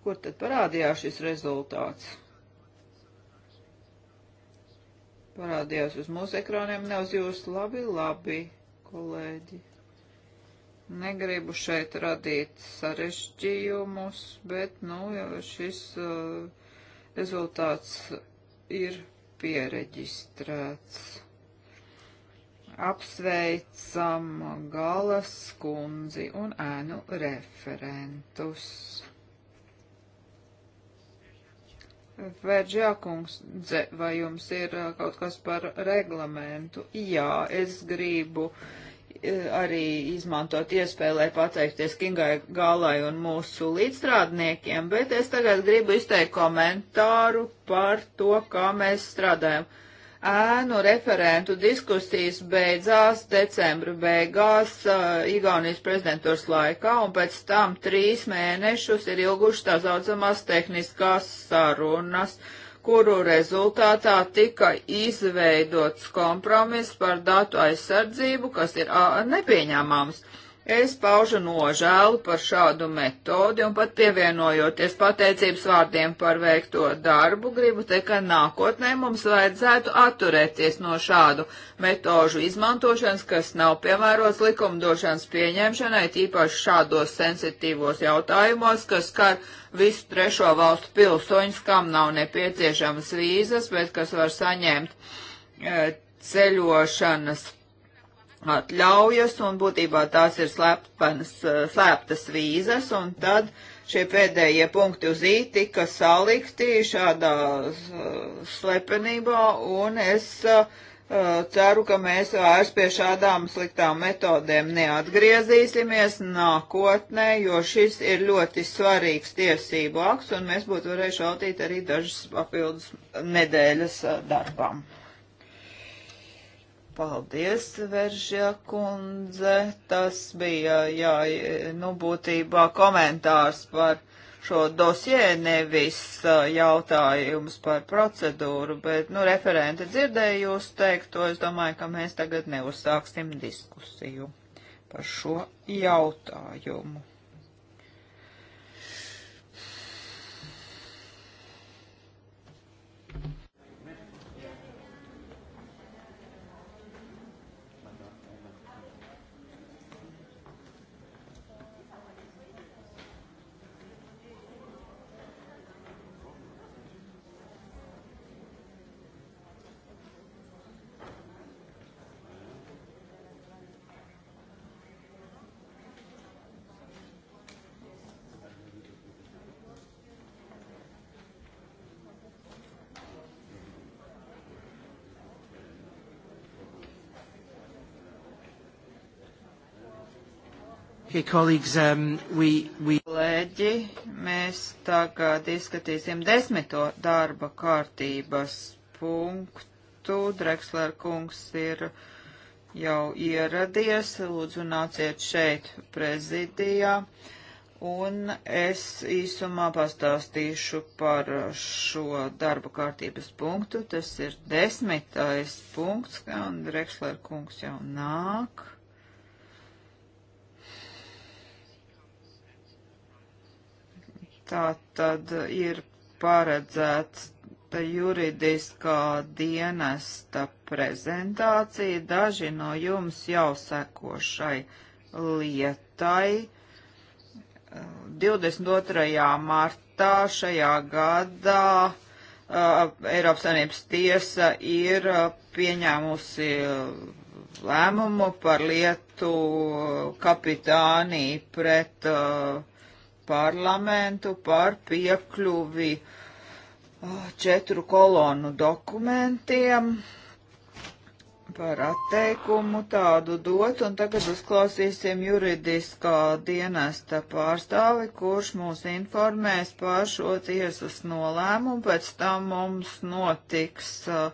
Kur tad parādījās šis rezultāts? parādījās uz mūsu ekrāniem, ne uz jūsu labi, labi, kolēģi. Negribu šeit radīt sarežģījumus, bet, nu, šis uh, rezultāts ir piereģistrēts. Apsveicam galas kundzi un ēnu referentus. Veržjā kungs, vai jums ir uh, kaut kas par reglamentu? Jā, es gribu uh, arī izmantot iespēju, lai pateikties Kingai Gālai un mūsu līdzstrādniekiem, bet es tagad gribu izteikt komentāru par to, kā mēs strādājam. Uh, ēnu referentu diskusijas beidzās decembra beigās uh, Igaunijas prezidentūras laikā, un pēc tam trīs mēnešus ir ilgušas tā saucamās tehniskās sarunas, kuru rezultātā tika izveidots kompromiss par datu aizsardzību, kas ir uh, nepieņēmams. Uh, Es paužu nožēlu par šādu metodi un pat pievienojoties pateicības vārdiem par veikto darbu, gribu teikt, ka nākotnē mums vajadzētu atturēties no šādu metožu izmantošanas, kas nav piemērots likumdošanas pieņemšanai, tīpaši šādos sensitīvos jautājumos, kas skar visu trešo valstu pilsoņus, kam nav nepieciešamas vīzas, bet kas var saņemt e, ceļošanas atļaujas, un būtībā tās ir slēptanas, eh, slēptas vīzas, un tad šie pēdējie punkti uz ī tika salikti šādā eh, slepenībā, un es eh, ceru, ka mēs vairs pie šādām sliktām metodēm neatgriezīsimies nākotnē, jo šis ir ļoti svarīgs tiesību akts, un mēs būtu varējuši veltīt arī dažas papildus nedēļas darbām. Paldies, Veržja kundze. Tas bija, jā, nu, būtībā komentārs par šo dosie, nevis jautājums par procedūru, bet, nu, referente dzirdēju jūs teikt, to es domāju, ka mēs tagad neuzsāksim diskusiju par šo jautājumu. Okay, colleagues, um, we, we... Kolēģi, mēs tagad izskatīsim desmito darba kārtības punktu. Drekslēr kungs ir jau ieradies, lūdzu nāciet šeit prezidijā. Un es īsumā pastāstīšu par šo darba kārtības punktu. Tas ir desmitais punkts, un Drekslēr kungs jau nāk. Tā tad ir paredzēts juridiskā dienesta prezentācija. Daži no jums jau seko šai lietai. 22. martā šajā gadā Uh, Eiropas Savienības tiesa ir uh, pieņēmusi uh, lēmumu par lietu kapitānī pret uh, parlamentu par piekļuvi četru kolonu dokumentiem, par atteikumu tādu dot, un tagad uzklausīsim juridiskā dienesta pārstāvi, kurš mūs informēs par šo tiesas nolēmumu, pēc tam mums notiks uh,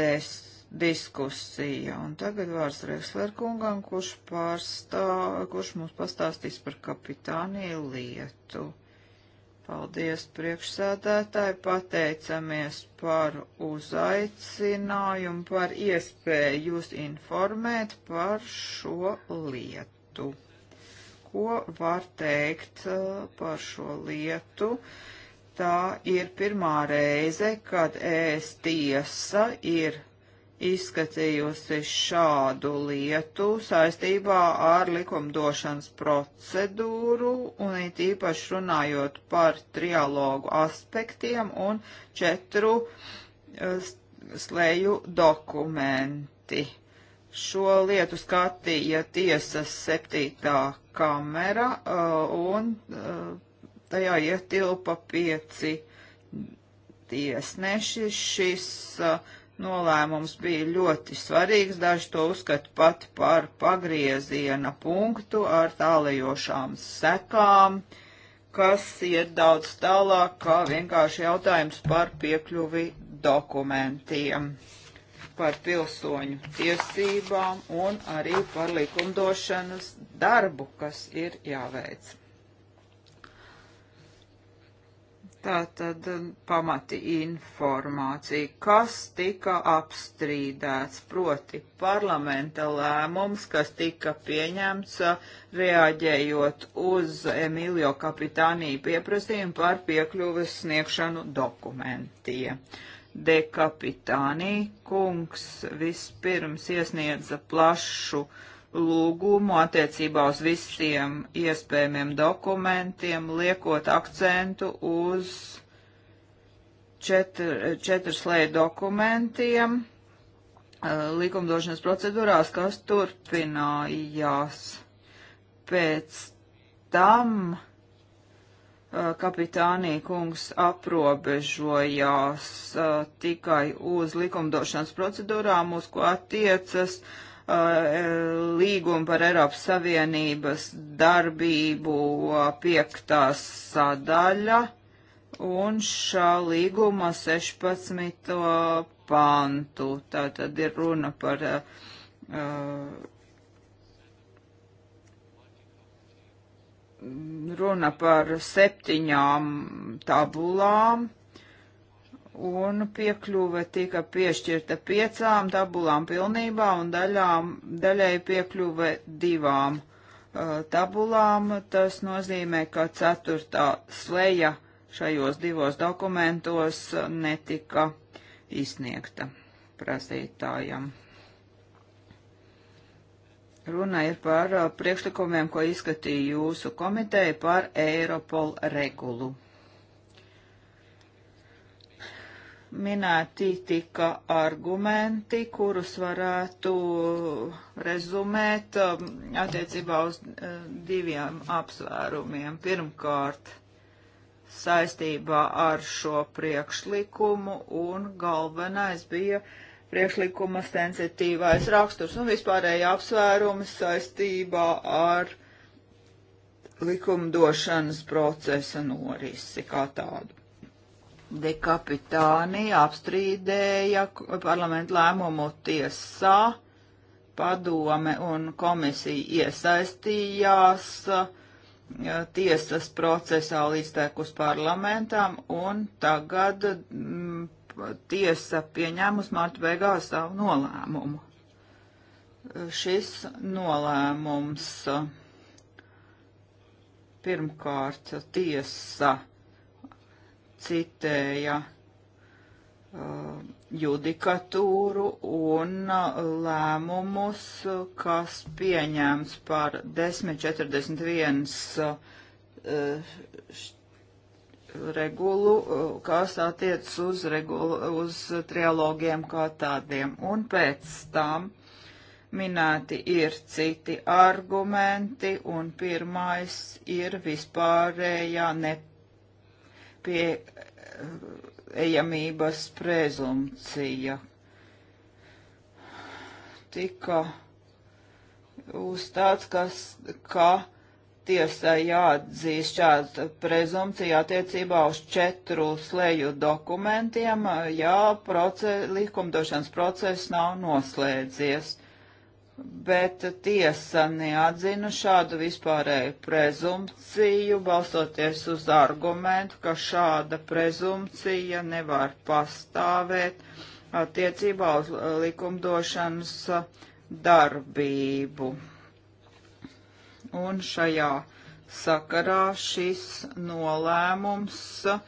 des diskusija. Un tagad vārds Reksler kungam, kurš, pārstā, kurš mums pastāstīs par kapitāniju lietu. Paldies priekšsēdētāji, pateicamies par uzaicinājumu, par iespēju jūs informēt par šo lietu. Ko var teikt uh, par šo lietu? Tā ir pirmā reize, kad ēst tiesa ir izskatījusi šādu lietu saistībā ar likumdošanas procedūru un it īpaši runājot par trialogu aspektiem un četru eh, slēju dokumenti. Šo lietu skatīja tiesas septītā kamera eh, un eh, tajā ietilpa pieci tiesneši. Šis uh, nolēmums bija ļoti svarīgs, daži to uzskata pat par pagrieziena punktu ar tālajošām sekām, kas iet daudz tālāk kā vienkārši jautājums par piekļuvi dokumentiem, par pilsoņu tiesībām un arī par likumdošanas darbu, kas ir jāveic. Tā tad um, pamati informācija, kas tika apstrīdēts, proti parlamenta lēmums, kas tika pieņemts uh, reaģējot uz Emilio Kapitānī pieprasījumu par piekļuves sniegšanu dokumentiem. De Kapitānī kungs vispirms iesniedza plašu uh, lūgumu attiecībā uz visiem iespējamiem dokumentiem, liekot akcentu uz četr, četru slēju dokumentiem eh, likumdošanas procedūrās, kas turpinājās pēc tam. Eh, kapitānī kungs aprobežojās eh, tikai uz likumdošanas procedūrām, uz ko attiecas uh, Uh, līguma par Eiropas Savienības darbību uh, piektā sadaļa un šā līguma 16. pantu. Tā tad ir runa par uh, uh runa par septiņām tabulām un piekļuve tika piešķirta piecām tabulām pilnībā un daļām, daļai piekļuve divām uh, tabulām. Tas nozīmē, ka ceturtā sleja šajos divos dokumentos netika izsniegta prasītājam. Runa ir par uh, priekšlikumiem, ko izskatīja jūsu komiteja par Eiropol regulu. minēti tika argumenti, kurus varētu rezumēt um, attiecībā uz uh, diviem apsvērumiem. Pirmkārt, saistībā ar šo priekšlikumu un galvenais bija priekšlikuma sensitīvais raksturs un vispārēja apsvērumi saistībā ar likumdošanas procesa norisi kā tādu de Kapitāni apstrīdēja parlamentu lēmumu tiesā, padome un komisija iesaistījās tiesas procesā līdztekus parlamentām, un tagad m, mm, tiesa pieņēmus marta beigās savu nolēmumu. Šis nolēmums pirmkārt tiesa citēja uh, judikatūru un uh, lēmumus, uh, kas pieņēms par 1041 regulu, kas attiec uz, regulu, uz trialogiem kā tādiem. Un pēc tam minēti ir citi argumenti, un pirmais ir vispārējā nepārtraukta pieejamības prezumcija tika uzstāts, kas, ka tiesai jāatzīst šāda prezumcija attiecībā uz četru slēju dokumentiem, ja proces, likumdošanas process nav noslēdzies bet tiesa neatzina šādu vispārēju prezumpciju, balstoties uz argumentu, ka šāda prezumpcija nevar pastāvēt attiecībā uz uh, likumdošanas uh, darbību. Un šajā sakarā šis nolēmums uh,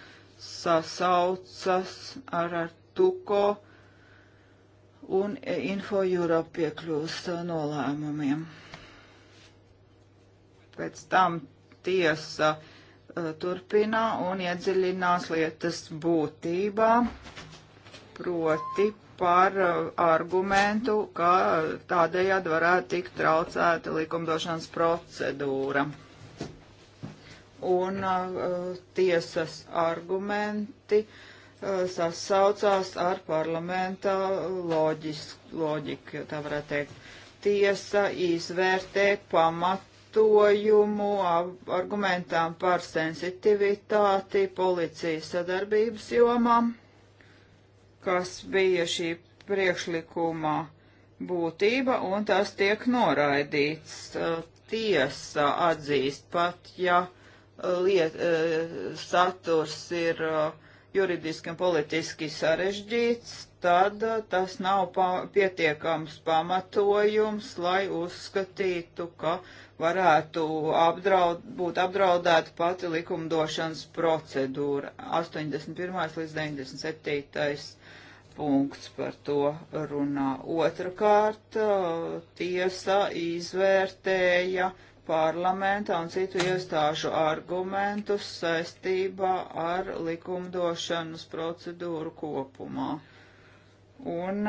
sasaucas ar, ar tuko un Info Europe piekļūst uh, nolēmumiem. Pēc tam tiesa uh, turpinā un iedziļinās lietas būtībā, proti par uh, argumentu, ka tādējādi varētu tikt traucēta likumdošanas procedūra. Un uh, tiesas argumenti uh, sasaucās ar parlamentā loģisku, loģiku, ja tā varētu teikt. Tiesa izvērtē pamatojumu argumentām par sensitivitāti policijas sadarbības jomām, kas bija šī priekšlikuma būtība, un tas tiek noraidīts. Tiesa atzīst pat, ja liet, eh, saturs ir uh, juridiski un politiski sarežģīts, tad uh, tas nav pa pietiekams pamatojums, lai uzskatītu, ka varētu apdraud, būt apdraudēta pati likumdošanas procedūra. 81. līdz 97. punkts par to runā. Otrakārt, uh, tiesa izvērtēja parlamenta un citu iestāžu argumentus saistībā ar likumdošanas procedūru kopumā. Un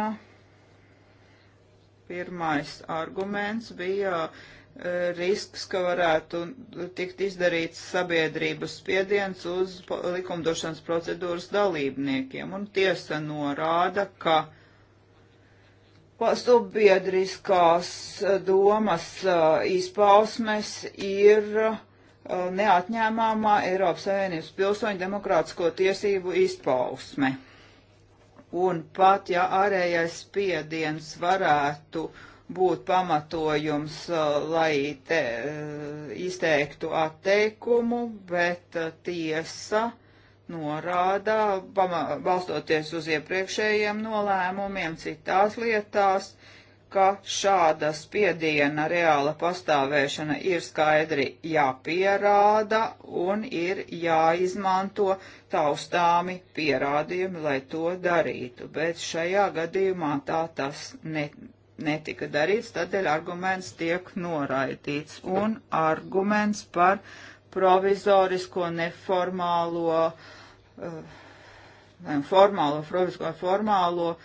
pirmais arguments bija e, risks, ka varētu tikt izdarīts sabiedrības spiediens uz likumdošanas procedūras dalībniekiem. Un tiesa norāda, ka Sabiedriskās eh, domas eh, izpausmes ir eh, neatņēmāmā Eiropas Savienības pilsoņu demokrātisko tiesību izpausme. Un pat, ja ārējais spiediens varētu būt pamatojums, lai te, izteiktu atteikumu, bet tiesa norāda, balstoties uz iepriekšējiem nolēmumiem citās lietās, ka šāda spiediena reāla pastāvēšana ir skaidri jāpierāda un ir jāizmanto taustāmi pierādījumi, lai to darītu, bet šajā gadījumā tā tas ne, netika darīts, tādēļ arguments tiek noraidīts un arguments par provizorisko neformālo uh, formālo, provisko formālo e,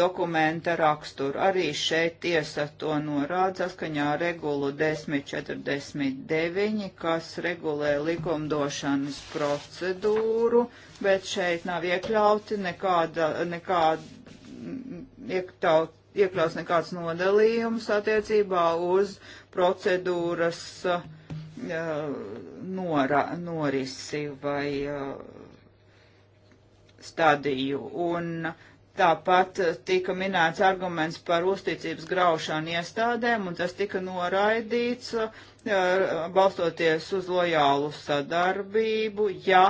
dokumenta raksturu. Arī šeit tiesa to norāda saskaņā regulu 1049, kas regulē likumdošanas procedūru, bet šeit nav iekļauti nekāda, nekāda iekļaut, iekļauts nekāds nodalījums attiecībā uz procedūras uh, nora, norisi vai uh, stadiju. Un tāpat tika minēts arguments par uzticības graušanu iestādēm, un tas tika noraidīts uh, balstoties uz lojālu sadarbību, ja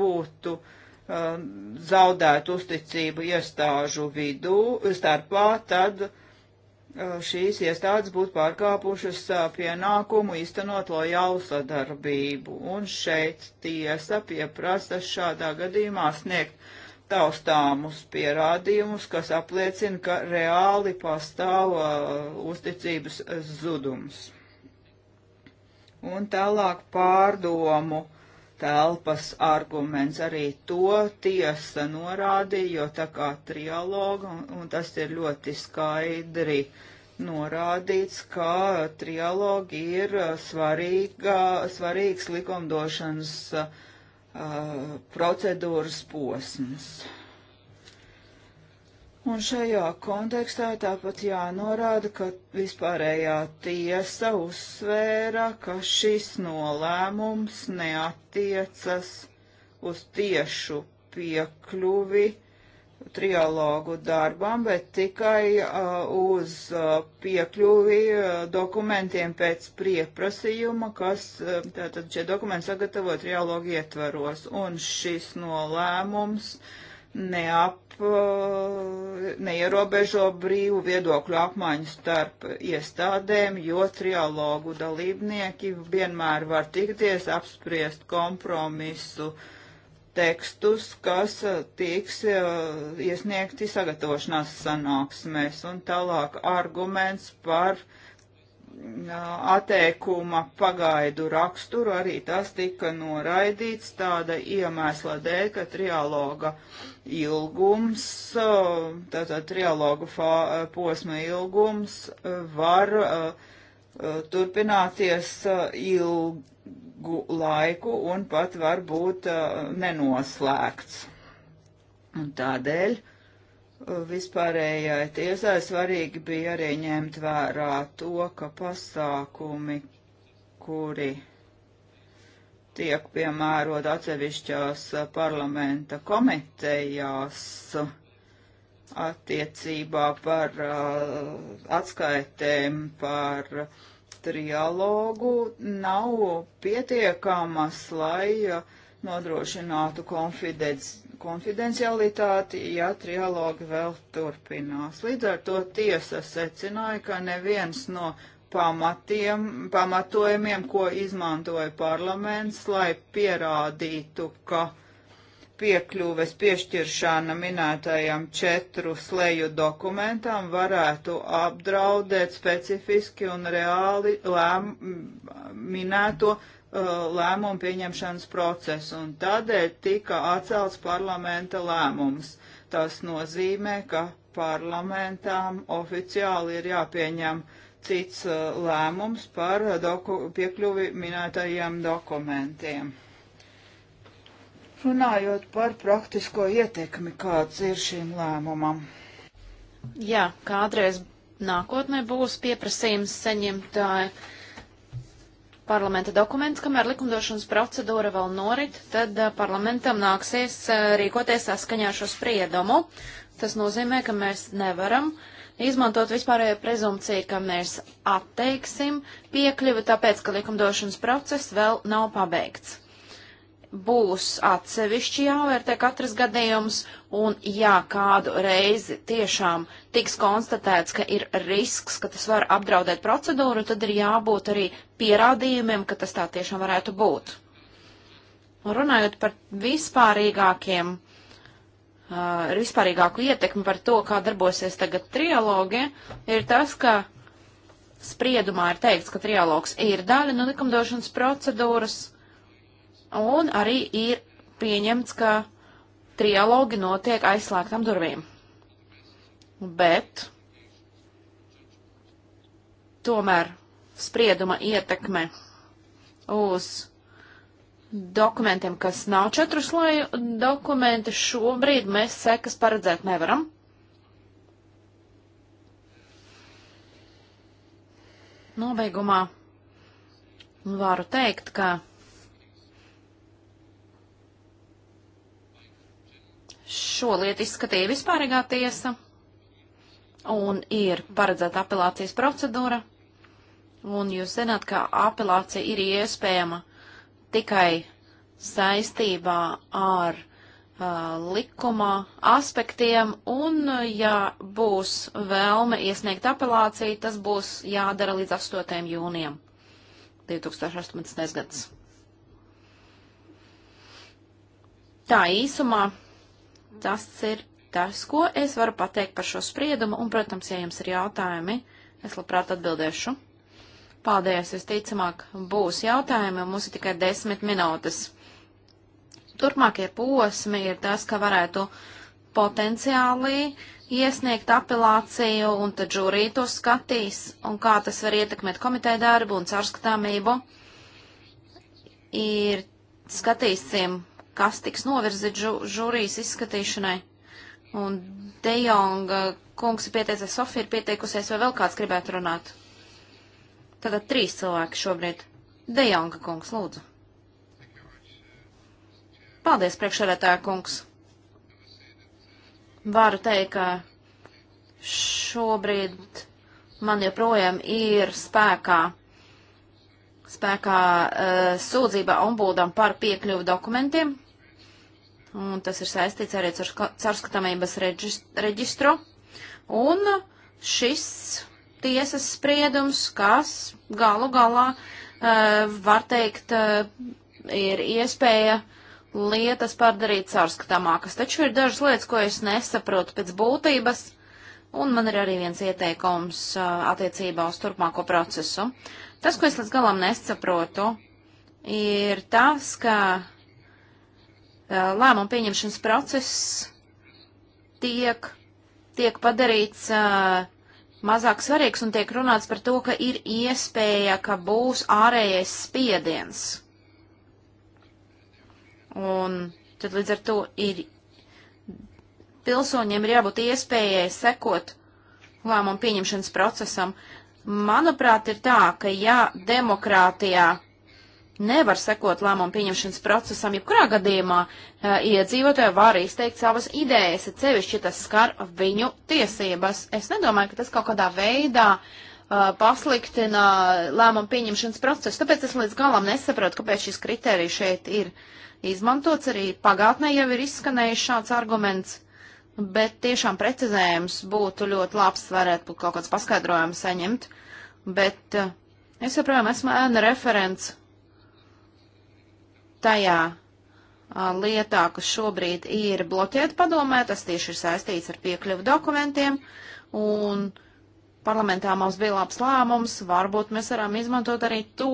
būtu um, zaudēt uzticību iestāžu vidū, starpā, tad uh, šīs iestādes būtu pārkāpušas pienākumu īstenot lojālu sadarbību. Un šeit tiesa pieprasa šādā gadījumā sniegt taustāmus pierādījumus, kas apliecina, ka reāli pastāv uh, uzticības zudums. Un tālāk pārdomu telpas arguments arī to tiesa norādīja, jo tā kā trialoga, un, un tas ir ļoti skaidri uh, norādīts, ka trialogi ir uh, svarīga, svarīgs likumdošanas uh, procedūras posms. Un šajā kontekstā tāpat jānorāda, ka vispārējā tiesa uzsvēra, ka šis nolēmums neatiecas uz tiešu piekļuvi uh, trialogu darbam, bet tikai uh, uz uh, piekļuvi uh, dokumentiem pēc prieprasījuma, kas uh, tātad šie dokumenti sagatavo trialogu ietvaros. Un šis nolēmums neap, neierobežo brīvu viedokļu apmaiņu starp iestādēm, jo trialogu dalībnieki vienmēr var tikties apspriest kompromisu uh, tekstus, kas uh, tiks uh, iesniegti sagatavošanās sanāksmēs, un tālāk arguments par uh, atteikuma pagaidu raksturu, arī tas tika noraidīts tāda iemesla dēļ, ka trialoga ilgums, tātad trialoga posma ilgums var uh, turpināties eh, ilgu laiku un pat var būt eh, nenoslēgts. Un tādēļ eh, vispārējai tiesai svarīgi bija arī ņemt vērā to, ka pasākumi, kuri tiek piemērot atsevišķās parlamenta komitejās, uh, attiecībā par uh, atskaitēm par trialogu nav pietiekamas, lai uh, nodrošinātu konfidenci konfidencialitāti, ja trialogi vēl turpinās. Līdz ar to tiesa secināja, ka neviens no pamatiem, pamatojumiem, ko izmantoja parlaments, lai pierādītu, ka uh, piekļuves piešķiršana minētajam četru sleju dokumentam varētu apdraudēt specifiski un reāli lēm, minēto uh, lēmumu pieņemšanas procesu, un tādēļ tika atcelts parlamenta lēmums. Tas nozīmē, ka parlamentām oficiāli ir jāpieņem cits uh, lēmums par uh, doku, piekļuvi minētajiem dokumentiem. Runājot par praktisko ietekmi, kāds ir šīm lēmumam. Jā, kādreiz nākotnē būs pieprasījums saņemt parlamenta dokumentus, kamēr likumdošanas procedūra vēl norit, tad parlamentam nāksies rīkoties saskaņā ar šo spriedumu. Tas nozīmē, ka mēs nevaram izmantot vispārējo prezumciju, ka mēs atteiksim piekļuvi, tāpēc, ka likumdošanas process vēl nav pabeigts būs atsevišķi jāvērtē katrs gadījums, un ja kādu reizi tiešām tiks konstatēts, ka ir risks, ka tas var apdraudēt procedūru, tad ir jābūt arī pierādījumiem, ka tas tā tiešām varētu būt. Un runājot par vispārīgākiem, uh, vispārīgāku ietekmi par to, kā darbosies tagad trialogi, ir tas, ka spriedumā ir teikts, ka trialogs ir daļa no likumdošanas procedūras un arī ir pieņemts, ka trialogi notiek aizslēgtam durvīm. Bet tomēr sprieduma ietekme uz dokumentiem, kas nav četruslaju dokumenti, šobrīd mēs sekas paredzēt nevaram. Nobeigumā varu teikt, ka Šo lietu izskatīja vispārīgā tiesa un ir paredzēta apelācijas procedūra. Un jūs zināt, ka apelācija ir iespējama tikai saistībā ar uh, likuma aspektiem, un uh, ja būs vēlme iesniegt apelāciju, tas būs jādara līdz 8. jūnijam 2018. gads. Tā īsumā tas ir tas, ko es varu pateikt par šo spriedumu, un, protams, ja jums ir jautājumi, es labprāt atbildēšu. Paldies, visticamāk, būs jautājumi, un mums ir tikai desmit minūtes. Turpmākie posmi ir tas, ka varētu potenciāli iesniegt apelāciju, un tad žūrī to skatīs, un kā tas var ietekmēt komiteja darbu un cārskatāmību. Ir skatīsim kas tiks novirzīt žu, žūrijas izskatīšanai. Un De Jonga kungs ir pieteicies, Sofija ir pieteikusies, vai vēl kāds gribētu runāt? Tātad trīs cilvēki šobrīd. De Jonga kungs, lūdzu. Paldies, priekšsēdētāja kungs. Varu teikt, ka šobrīd man joprojām ir spēkā spēkā uh, sūdzība ombūdam par piekļuvu dokumentiem un tas ir saistīts arī ar caurskatāmības reģistru. Un šis tiesas spriedums, kas galu galā, e, var teikt, e, ir iespēja lietas padarīt caurskatāmākas. Taču ir dažas lietas, ko es nesaprotu pēc būtības, un man ir arī viens ieteikums e, attiecībā uz turpmāko procesu. Tas, ko es līdz galam nesaprotu, ir tas, ka Eh, lēmumu pieņemšanas process tiek, tiek padarīts eh, mazāk svarīgs un tiek runāts par to, ka ir iespēja, ka būs ārējais spiediens. Un tad līdz ar to ir pilsoņiem ir jābūt iespējai sekot lēmumu pieņemšanas procesam. Manuprāt, ir tā, ka ja demokrātijā nevar sekot lēmumu pieņemšanas procesam, jebkurā gadījumā eh, iedzīvotāji var izteikt savas idejas, ja cevišķi tas skar viņu tiesības. Es nedomāju, ka tas kaut kādā veidā uh, pasliktina lēmumu pieņemšanas procesu, tāpēc es līdz galam nesaprotu, kāpēc šis kriterijs šeit ir izmantots. Arī pagātnē jau ir izskanējis šāds arguments, bet tiešām precizējums būtu ļoti labs, varētu būt kaut kāds paskaidrojums saņemt, bet uh, es joprojām esmu ēna referents tajā lietā, kas šobrīd ir bloķēta padomē, tas tieši ir saistīts ar piekļuvu dokumentiem, un parlamentā mums bija labs lēmums, varbūt mēs varam izmantot arī to,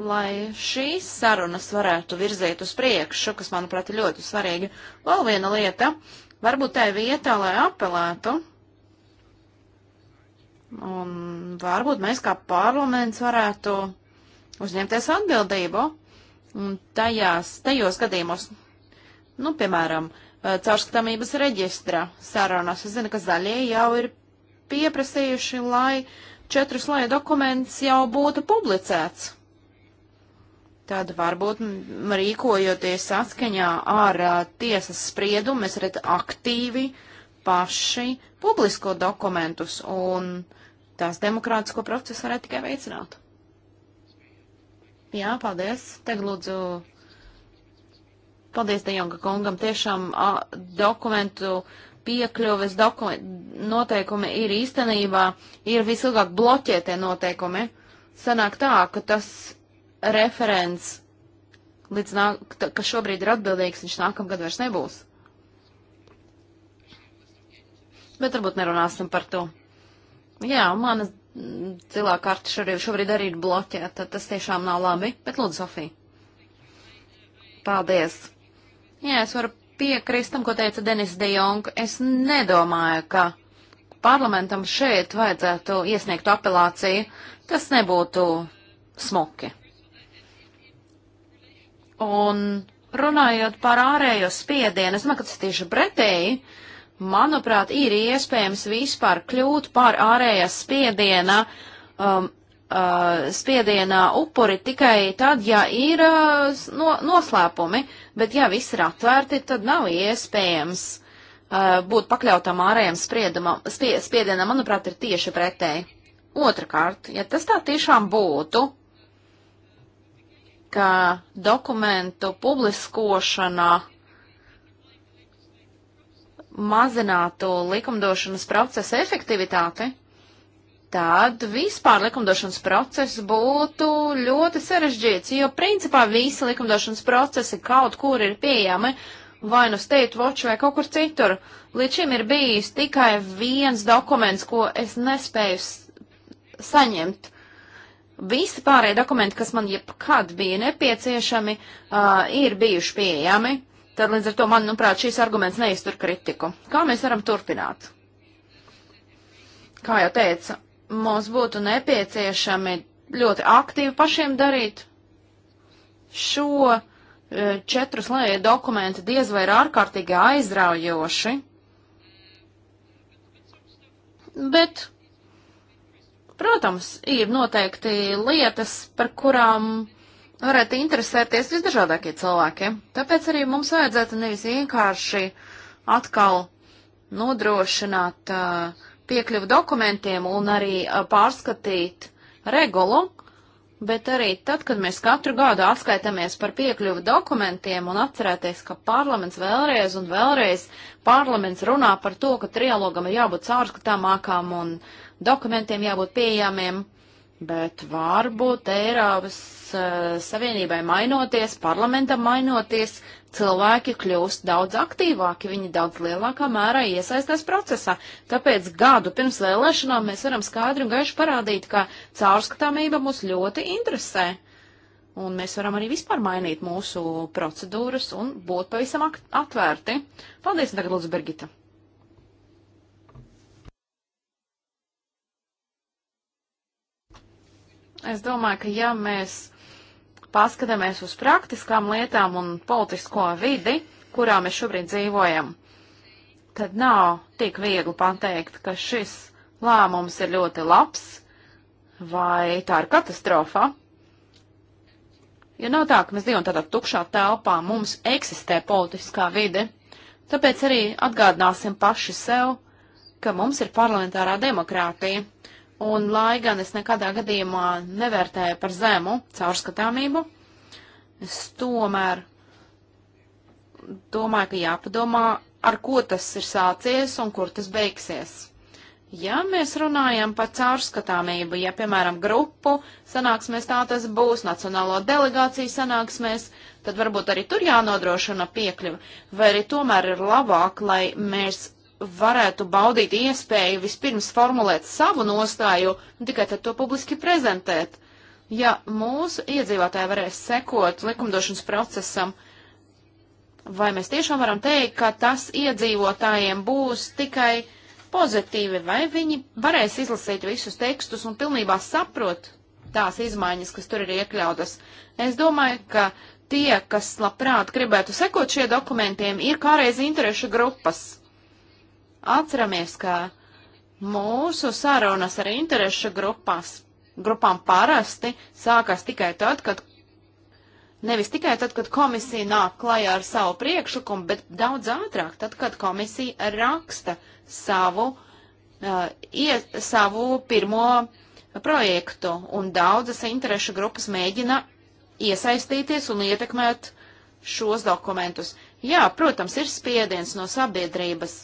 lai šīs sarunas varētu virzīt uz priekšu, kas, manuprāt, ir ļoti svarīgi. Vēl viena lieta, varbūt tā vietā, lai apelētu, un varbūt mēs kā parlaments varētu uzņemties atbildību Un tajās, tajos gadījumos, nu, piemēram, eh, caurskatāmības reģistra sarunās, es zinu, ka zaļie jau ir pieprasījuši, lai četru slēju dokuments jau būtu publicēts. Tad varbūt rīkojoties saskaņā ar a, eh, tiesas spriedumu, mēs redz aktīvi paši publisko dokumentus, un tās demokrātisko procesu varētu tikai veicināt. Jā, paldies. Tagad lūdzu. Paldies Dejonga kungam. Tiešām a, dokumentu piekļuves dokumentu noteikumi ir īstenībā, ir visilgāk bloķētie noteikumi. Sanāk tā, ka tas referents, līdz nāk, tā, kas šobrīd ir atbildīgs, viņš nākamgad vairs nebūs. Bet varbūt nerunāsim par to. Jā, manas zilā karta šobrīd, šobrīd arī ir bloķēta, tad tas tiešām nav labi. Bet lūdzu, Sofija. Paldies. Jā, es varu piekrist tam, ko teica Denis De Jong. Es nedomāju, ka parlamentam šeit vajadzētu iesniegt apelāciju. Tas nebūtu smuki. Un runājot par ārējo spiedienu, es domāju, ka tas tieši pretēji. Uh, manuprāt, ir iespējams vispār kļūt par ārējās spiediena, um, uh, spiedienā upuri tikai tad, ja ir uh, no, noslēpumi, bet ja viss ir atvērti, tad nav iespējams uh, būt pakļautam ārējiem spriedumam, spie, spiedienam, manuprāt, ir tieši pretēji. Otrakārt, ja tas tā tiešām būtu, ka dokumentu publiskošana uh, mazinātu likumdošanas procesa efektivitāti, tad vispār likumdošanas process būtu ļoti sarežģīts, jo principā visi likumdošanas procesi kaut kur ir pieejami, vai nu State Watch vai kaut kur citur. Līdz šim ir bijis tikai viens dokuments, ko es nespēju saņemt. Visi pārējie dokumenti, kas man jebkad bija nepieciešami, uh, ir bijuši pieejami. Tad līdz ar to, manuprāt, šīs arguments neiztur kritiku. Kā mēs varam turpināt? Kā jau teica, mums būtu nepieciešami ļoti aktīvi pašiem darīt šo e, četrus lēju dokumentu diez vai ir ārkārtīgi aizraujoši, bet, protams, ir noteikti lietas, par kurām varētu interesēties visdažādākie cilvēki. Tāpēc arī mums vajadzētu nevis vienkārši atkal nodrošināt uh, piekļuvu dokumentiem un arī uh, pārskatīt regulu, bet arī tad, kad mēs katru gadu atskaitamies par piekļuvu dokumentiem un atcerēties, ka parlaments vēlreiz un vēlreiz parlaments runā par to, ka trialogam ir jābūt caurskatāmākām un dokumentiem jābūt pieejamiem, bet varbūt Eiropas uh, Savienībai mainoties, parlamentam mainoties, cilvēki kļūst daudz aktīvāki, viņi daudz lielākā mērā iesaistās procesā. Tāpēc gadu pirms vēlēšanām mēs varam skaidri un gaiši parādīt, ka caurskatāmība mūs ļoti interesē. Un mēs varam arī vispār mainīt mūsu procedūras un būt pavisam atvērti. Paldies, tagad Lūdzu Bergita. Es domāju, ka ja mēs paskatāmies uz praktiskām lietām un politisko vidi, kurā mēs šobrīd dzīvojam, tad nav tik viegli pateikt, ka šis lēmums ir ļoti labs vai tā ir katastrofa. Jo ja nav tā, ka mēs dzīvojam tādā tukšā telpā, mums eksistē politiskā vide, tāpēc arī atgādināsim paši sev, ka mums ir parlamentārā demokrātija. Un, lai gan es nekādā gadījumā nevērtēju par zemu caurskatāmību, es tomēr domāju, ka jāpadomā, ar ko tas ir sācies un kur tas beigsies. Ja mēs runājam par caurskatāmību, ja, piemēram, grupu sanāksmēs tā tas būs, nacionālo delegāciju sanāksmēs, tad varbūt arī tur jānodrošina piekļuva, vai arī tomēr ir labāk, lai mēs varētu baudīt iespēju vispirms formulēt savu nostāju un tikai tad to publiski prezentēt. Ja mūsu iedzīvotāji varēs sekot likumdošanas procesam, vai mēs tiešām varam teikt, ka tas iedzīvotājiem būs tikai pozitīvi, vai viņi varēs izlasīt visus tekstus un pilnībā saprot tās izmaiņas, kas tur ir iekļautas. Es domāju, ka tie, kas labprāt gribētu sekot šie dokumentiem, ir kāreiz interešu grupas Atceramies, ka mūsu sarunas ar interešu grupas, grupām parasti sākās tikai tad, kad Nevis tikai tad, kad komisija nāk klajā ar savu priekšlikumu, bet daudz ātrāk, tad, kad komisija raksta savu, uh, iet, savu pirmo projektu, un daudzas interešu grupas mēģina iesaistīties un ietekmēt šos dokumentus. Jā, protams, ir spiediens no sabiedrības,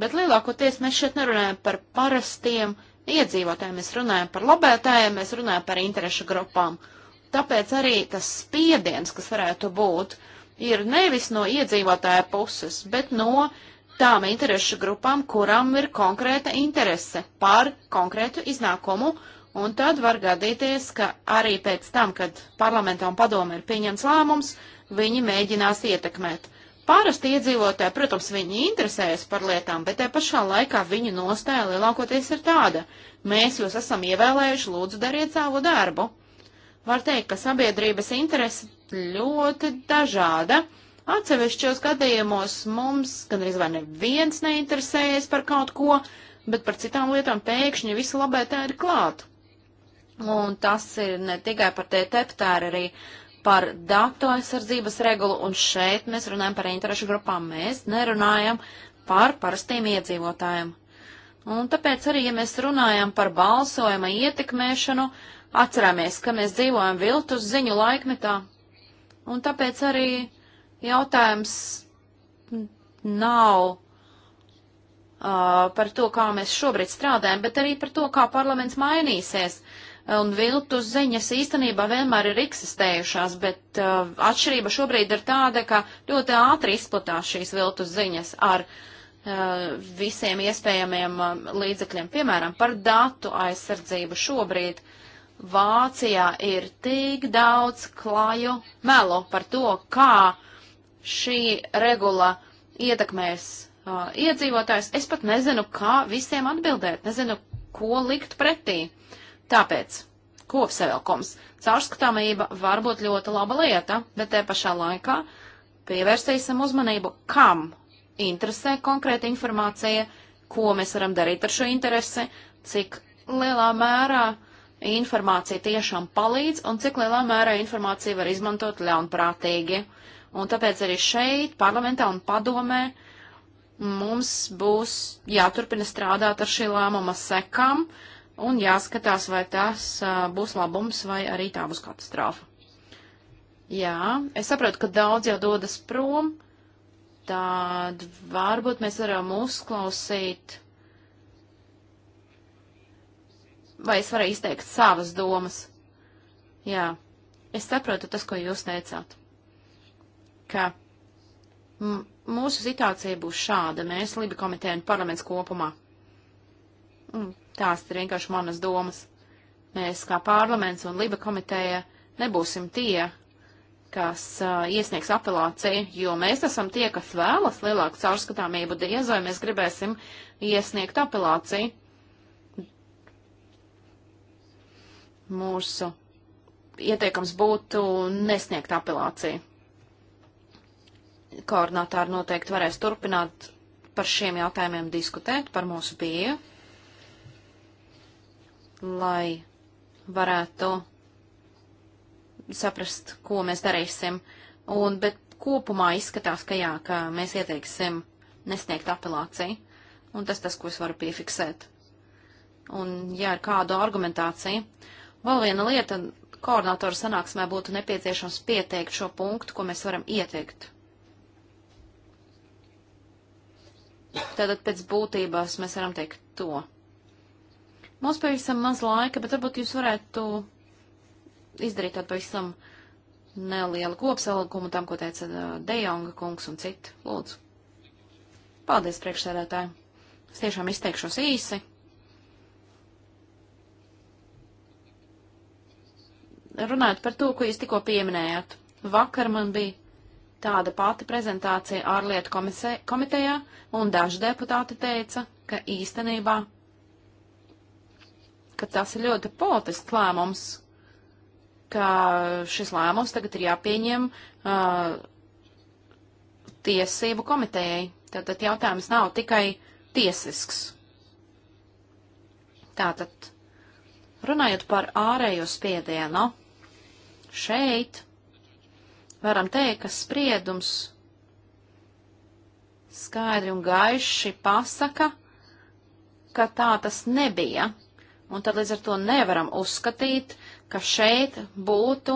Bet lielākoties mēs šeit nerunājam par parastiem iedzīvotājiem, mēs runājam par labētājiem, mēs runājam par interešu grupām. Tāpēc arī tas spiediens, kas varētu būt, ir nevis no iedzīvotāja puses, bet no tām interešu grupām, kurām ir konkrēta interese par konkrētu iznākumu, un tad var gadīties, ka arī pēc tam, kad parlamentā un padome ir pieņemts lēmums, viņi mēģinās ietekmēt. Parasti iedzīvotāji, protams, viņi interesējas par lietām, bet te pašā laikā viņu nostāja lielākoties ir tāda. Mēs jūs esam ievēlējuši, lūdzu, dariet savu darbu. Var teikt, ka sabiedrības interese ļoti dažāda. Atsevišķos gadījumos mums gandrīz vai neviens neinteresējas par kaut ko, bet par citām lietām pēkšņi visi labē tā ir klāt. Un tas ir ne tikai par TTIP, tā ir arī par datu aizsardzības regulu, un šeit mēs runājam par interešu grupām. Mēs nerunājam par parastiem iedzīvotājiem. Un tāpēc arī, ja mēs runājam par balsojuma ietekmēšanu, atcerāmies, ka mēs dzīvojam viltus ziņu laikmetā. Un tāpēc arī jautājums nav uh, par to, kā mēs šobrīd strādājam, bet arī par to, kā parlaments mainīsies un viltus ziņas īstenībā vienmēr ir eksistējušās, bet uh, atšķirība šobrīd ir tāda, ka ļoti ātri izplatās šīs viltus ziņas ar uh, visiem iespējamiem uh, līdzekļiem. Piemēram, par datu aizsardzību šobrīd Vācijā ir tik daudz klaju melo par to, kā šī regula ietekmēs uh, iedzīvotājs. Es pat nezinu, kā visiem atbildēt, nezinu, ko likt pretī. Tāpēc kopsavilkums. Caurskatāmība var būt ļoti laba lieta, bet te pašā laikā pievērsīsim uzmanību, kam interesē konkrēta informācija, ko mēs varam darīt ar šo interesi, cik lielā mērā informācija tiešām palīdz un cik lielā mērā informācija var izmantot ļaunprātīgi. Un tāpēc arī šeit, parlamentā un padomē, mums būs jāturpina strādāt ar šī lēmuma sekām. Uh, un jāskatās, vai tas uh, būs labums vai arī tā būs katastrofa. Jā, es saprotu, ka daudz jau dodas prom, tad varbūt mēs varam uzklausīt, vai es varu izteikt savas domas. Jā, es saprotu tas, ko jūs teicāt, ka mūsu situācija būs šāda, mēs Libi komiteja un parlaments kopumā. Un mm, Tās ir vienkārši manas domas. Mēs kā parlaments un Liba komiteja nebūsim tie, kas uh, iesniegs apelāciju, jo mēs esam tie, kas vēlas lielāku caurskatāmību, diez vai mēs gribēsim iesniegt apelāciju. Mūsu ieteikums būtu nesniegt apelāciju. Koordinātāri noteikti varēs turpināt par šiem jautājumiem diskutēt, par mūsu pieeju lai varētu saprast, ko mēs darīsim. Un, bet kopumā izskatās, ka jā, ka mēs ieteiksim nesniegt apelāciju. Un tas tas, ko es varu piefiksēt. Un, ja ar kādu argumentāciju. Vēl viena lieta, koordinātoru sanāksmē būtu nepieciešams pieteikt šo punktu, ko mēs varam ieteikt. Tātad pēc būtības mēs varam teikt to. Mums pavisam maz laika, bet varbūt jūs varētu izdarīt tādu pavisam nelielu kopsalikumu tam, ko teica Dejonga kungs un citi. Lūdzu. Paldies, priekšsēdētāji. Es tiešām izteikšos īsi. Runājot par to, ko jūs tikko pieminējāt. Vakar man bija tāda pati prezentācija ārlietu komitejā, un daži deputāti teica, ka īstenībā ka tas ir ļoti politisks lēmums, ka šis lēmums tagad ir jāpieņem uh, tiesību komitejai. Tātad jautājums nav tikai tiesisks. Tātad, runājot par ārējo spiedienu, šeit varam teikt, ka spriedums skaidri un gaiši pasaka, ka tā tas nebija. Un tad līdz ar to nevaram uzskatīt, ka šeit būtu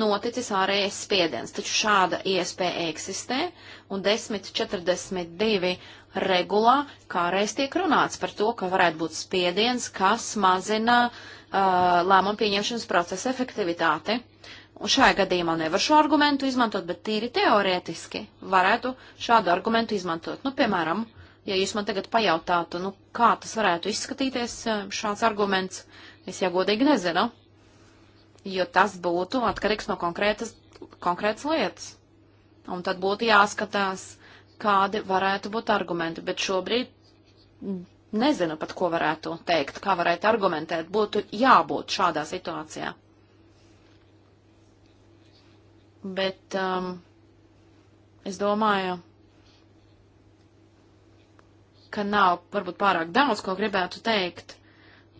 noticis ārējais spiediens. Taču šāda iespēja eksistē, un 10.42 regulā kāreiz tiek runāts par to, ka varētu būt spiediens, kas mazina uh, lēmumu pieņemšanas procesa efektivitāti. Un šajā gadījumā nevar šo argumentu izmantot, bet tīri teorētiski varētu šādu argumentu izmantot. Nu, piemēram, ja jūs man tagad pajautātu, nu, kā tas varētu izskatīties eh, šāds arguments, es jau godīgi nezinu, jo tas būtu atkarīgs no konkrētas, konkrētas lietas. Un tad būtu jāskatās, kādi varētu būt argumenti, bet šobrīd nezinu pat, ko varētu teikt, kā varētu argumentēt, būtu jābūt šādā situācijā. Bet um, es domāju, ka nav varbūt pārāk daudz, ko gribētu teikt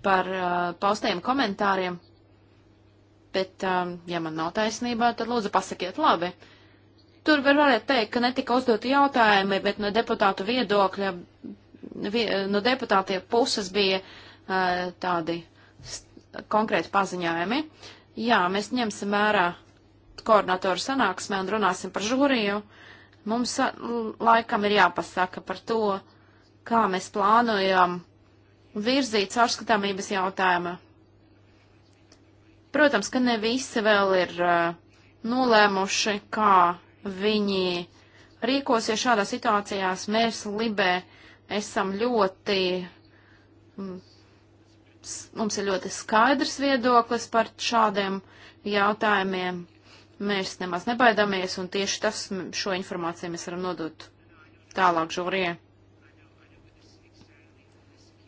par uh, paustajiem komentāriem, bet, um, ja man nav taisnībā, tad lūdzu pasakiet labi. Tur var varētu teikt, ka netika uzdoti jautājumi, bet no deputātu viedokļa, vie, no deputātiem puses bija uh, tādi konkrēti paziņojumi. Jā, mēs ņemsim vērā koordinatoru sanāksmē un runāsim par žūriju. Mums laikam ir jāpasaka par to, uh, kā mēs plānojam virzīt caurskatāmības jautājumu. Protams, ka ne visi vēl ir uh, nolēmuši, kā viņi rīkosies ja šādā situācijā. Mēs Libē esam ļoti, mm, mums ir ļoti skaidrs viedoklis par šādiem jautājumiem. Mēs nemaz nebaidāmies, un tieši tas, šo informāciju mēs varam nodot tālāk žūrie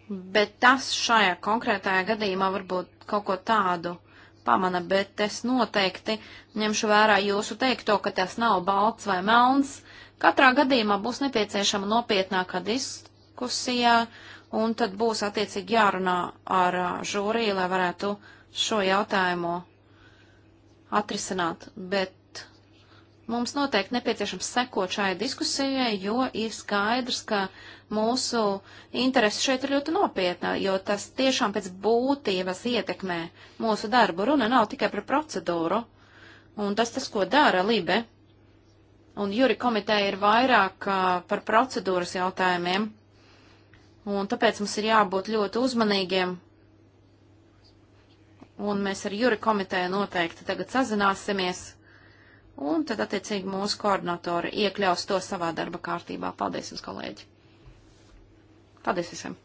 bet tas šajā konkrētajā gadījumā varbūt kaut ko tādu pamana, bet es noteikti ņemšu vērā jūsu teikto, ka tas nav balts vai melns. Katrā gadījumā būs nepieciešama nopietnākā diskusijā, un tad būs attiecīgi jārunā ar žūriju, lai varētu šo jautājumu atrisināt. Bet Mums noteikti nepieciešams sekot šai diskusijai, jo ir skaidrs, ka mūsu interesi šeit ir ļoti nopietna, jo tas tiešām pēc būtības ietekmē mūsu darbu. Runa nav tikai par procedūru, un tas tas, ko dara Libe. Un Juri komiteja ir vairāk uh, par procedūras jautājumiem, un tāpēc mums ir jābūt ļoti uzmanīgiem un mēs ar Juri komiteju noteikti tagad sazināsimies un tad attiecīgi mūsu koordinatori iekļaus to savā darba kārtībā. Paldies jums, kolēģi! Paldies visiem!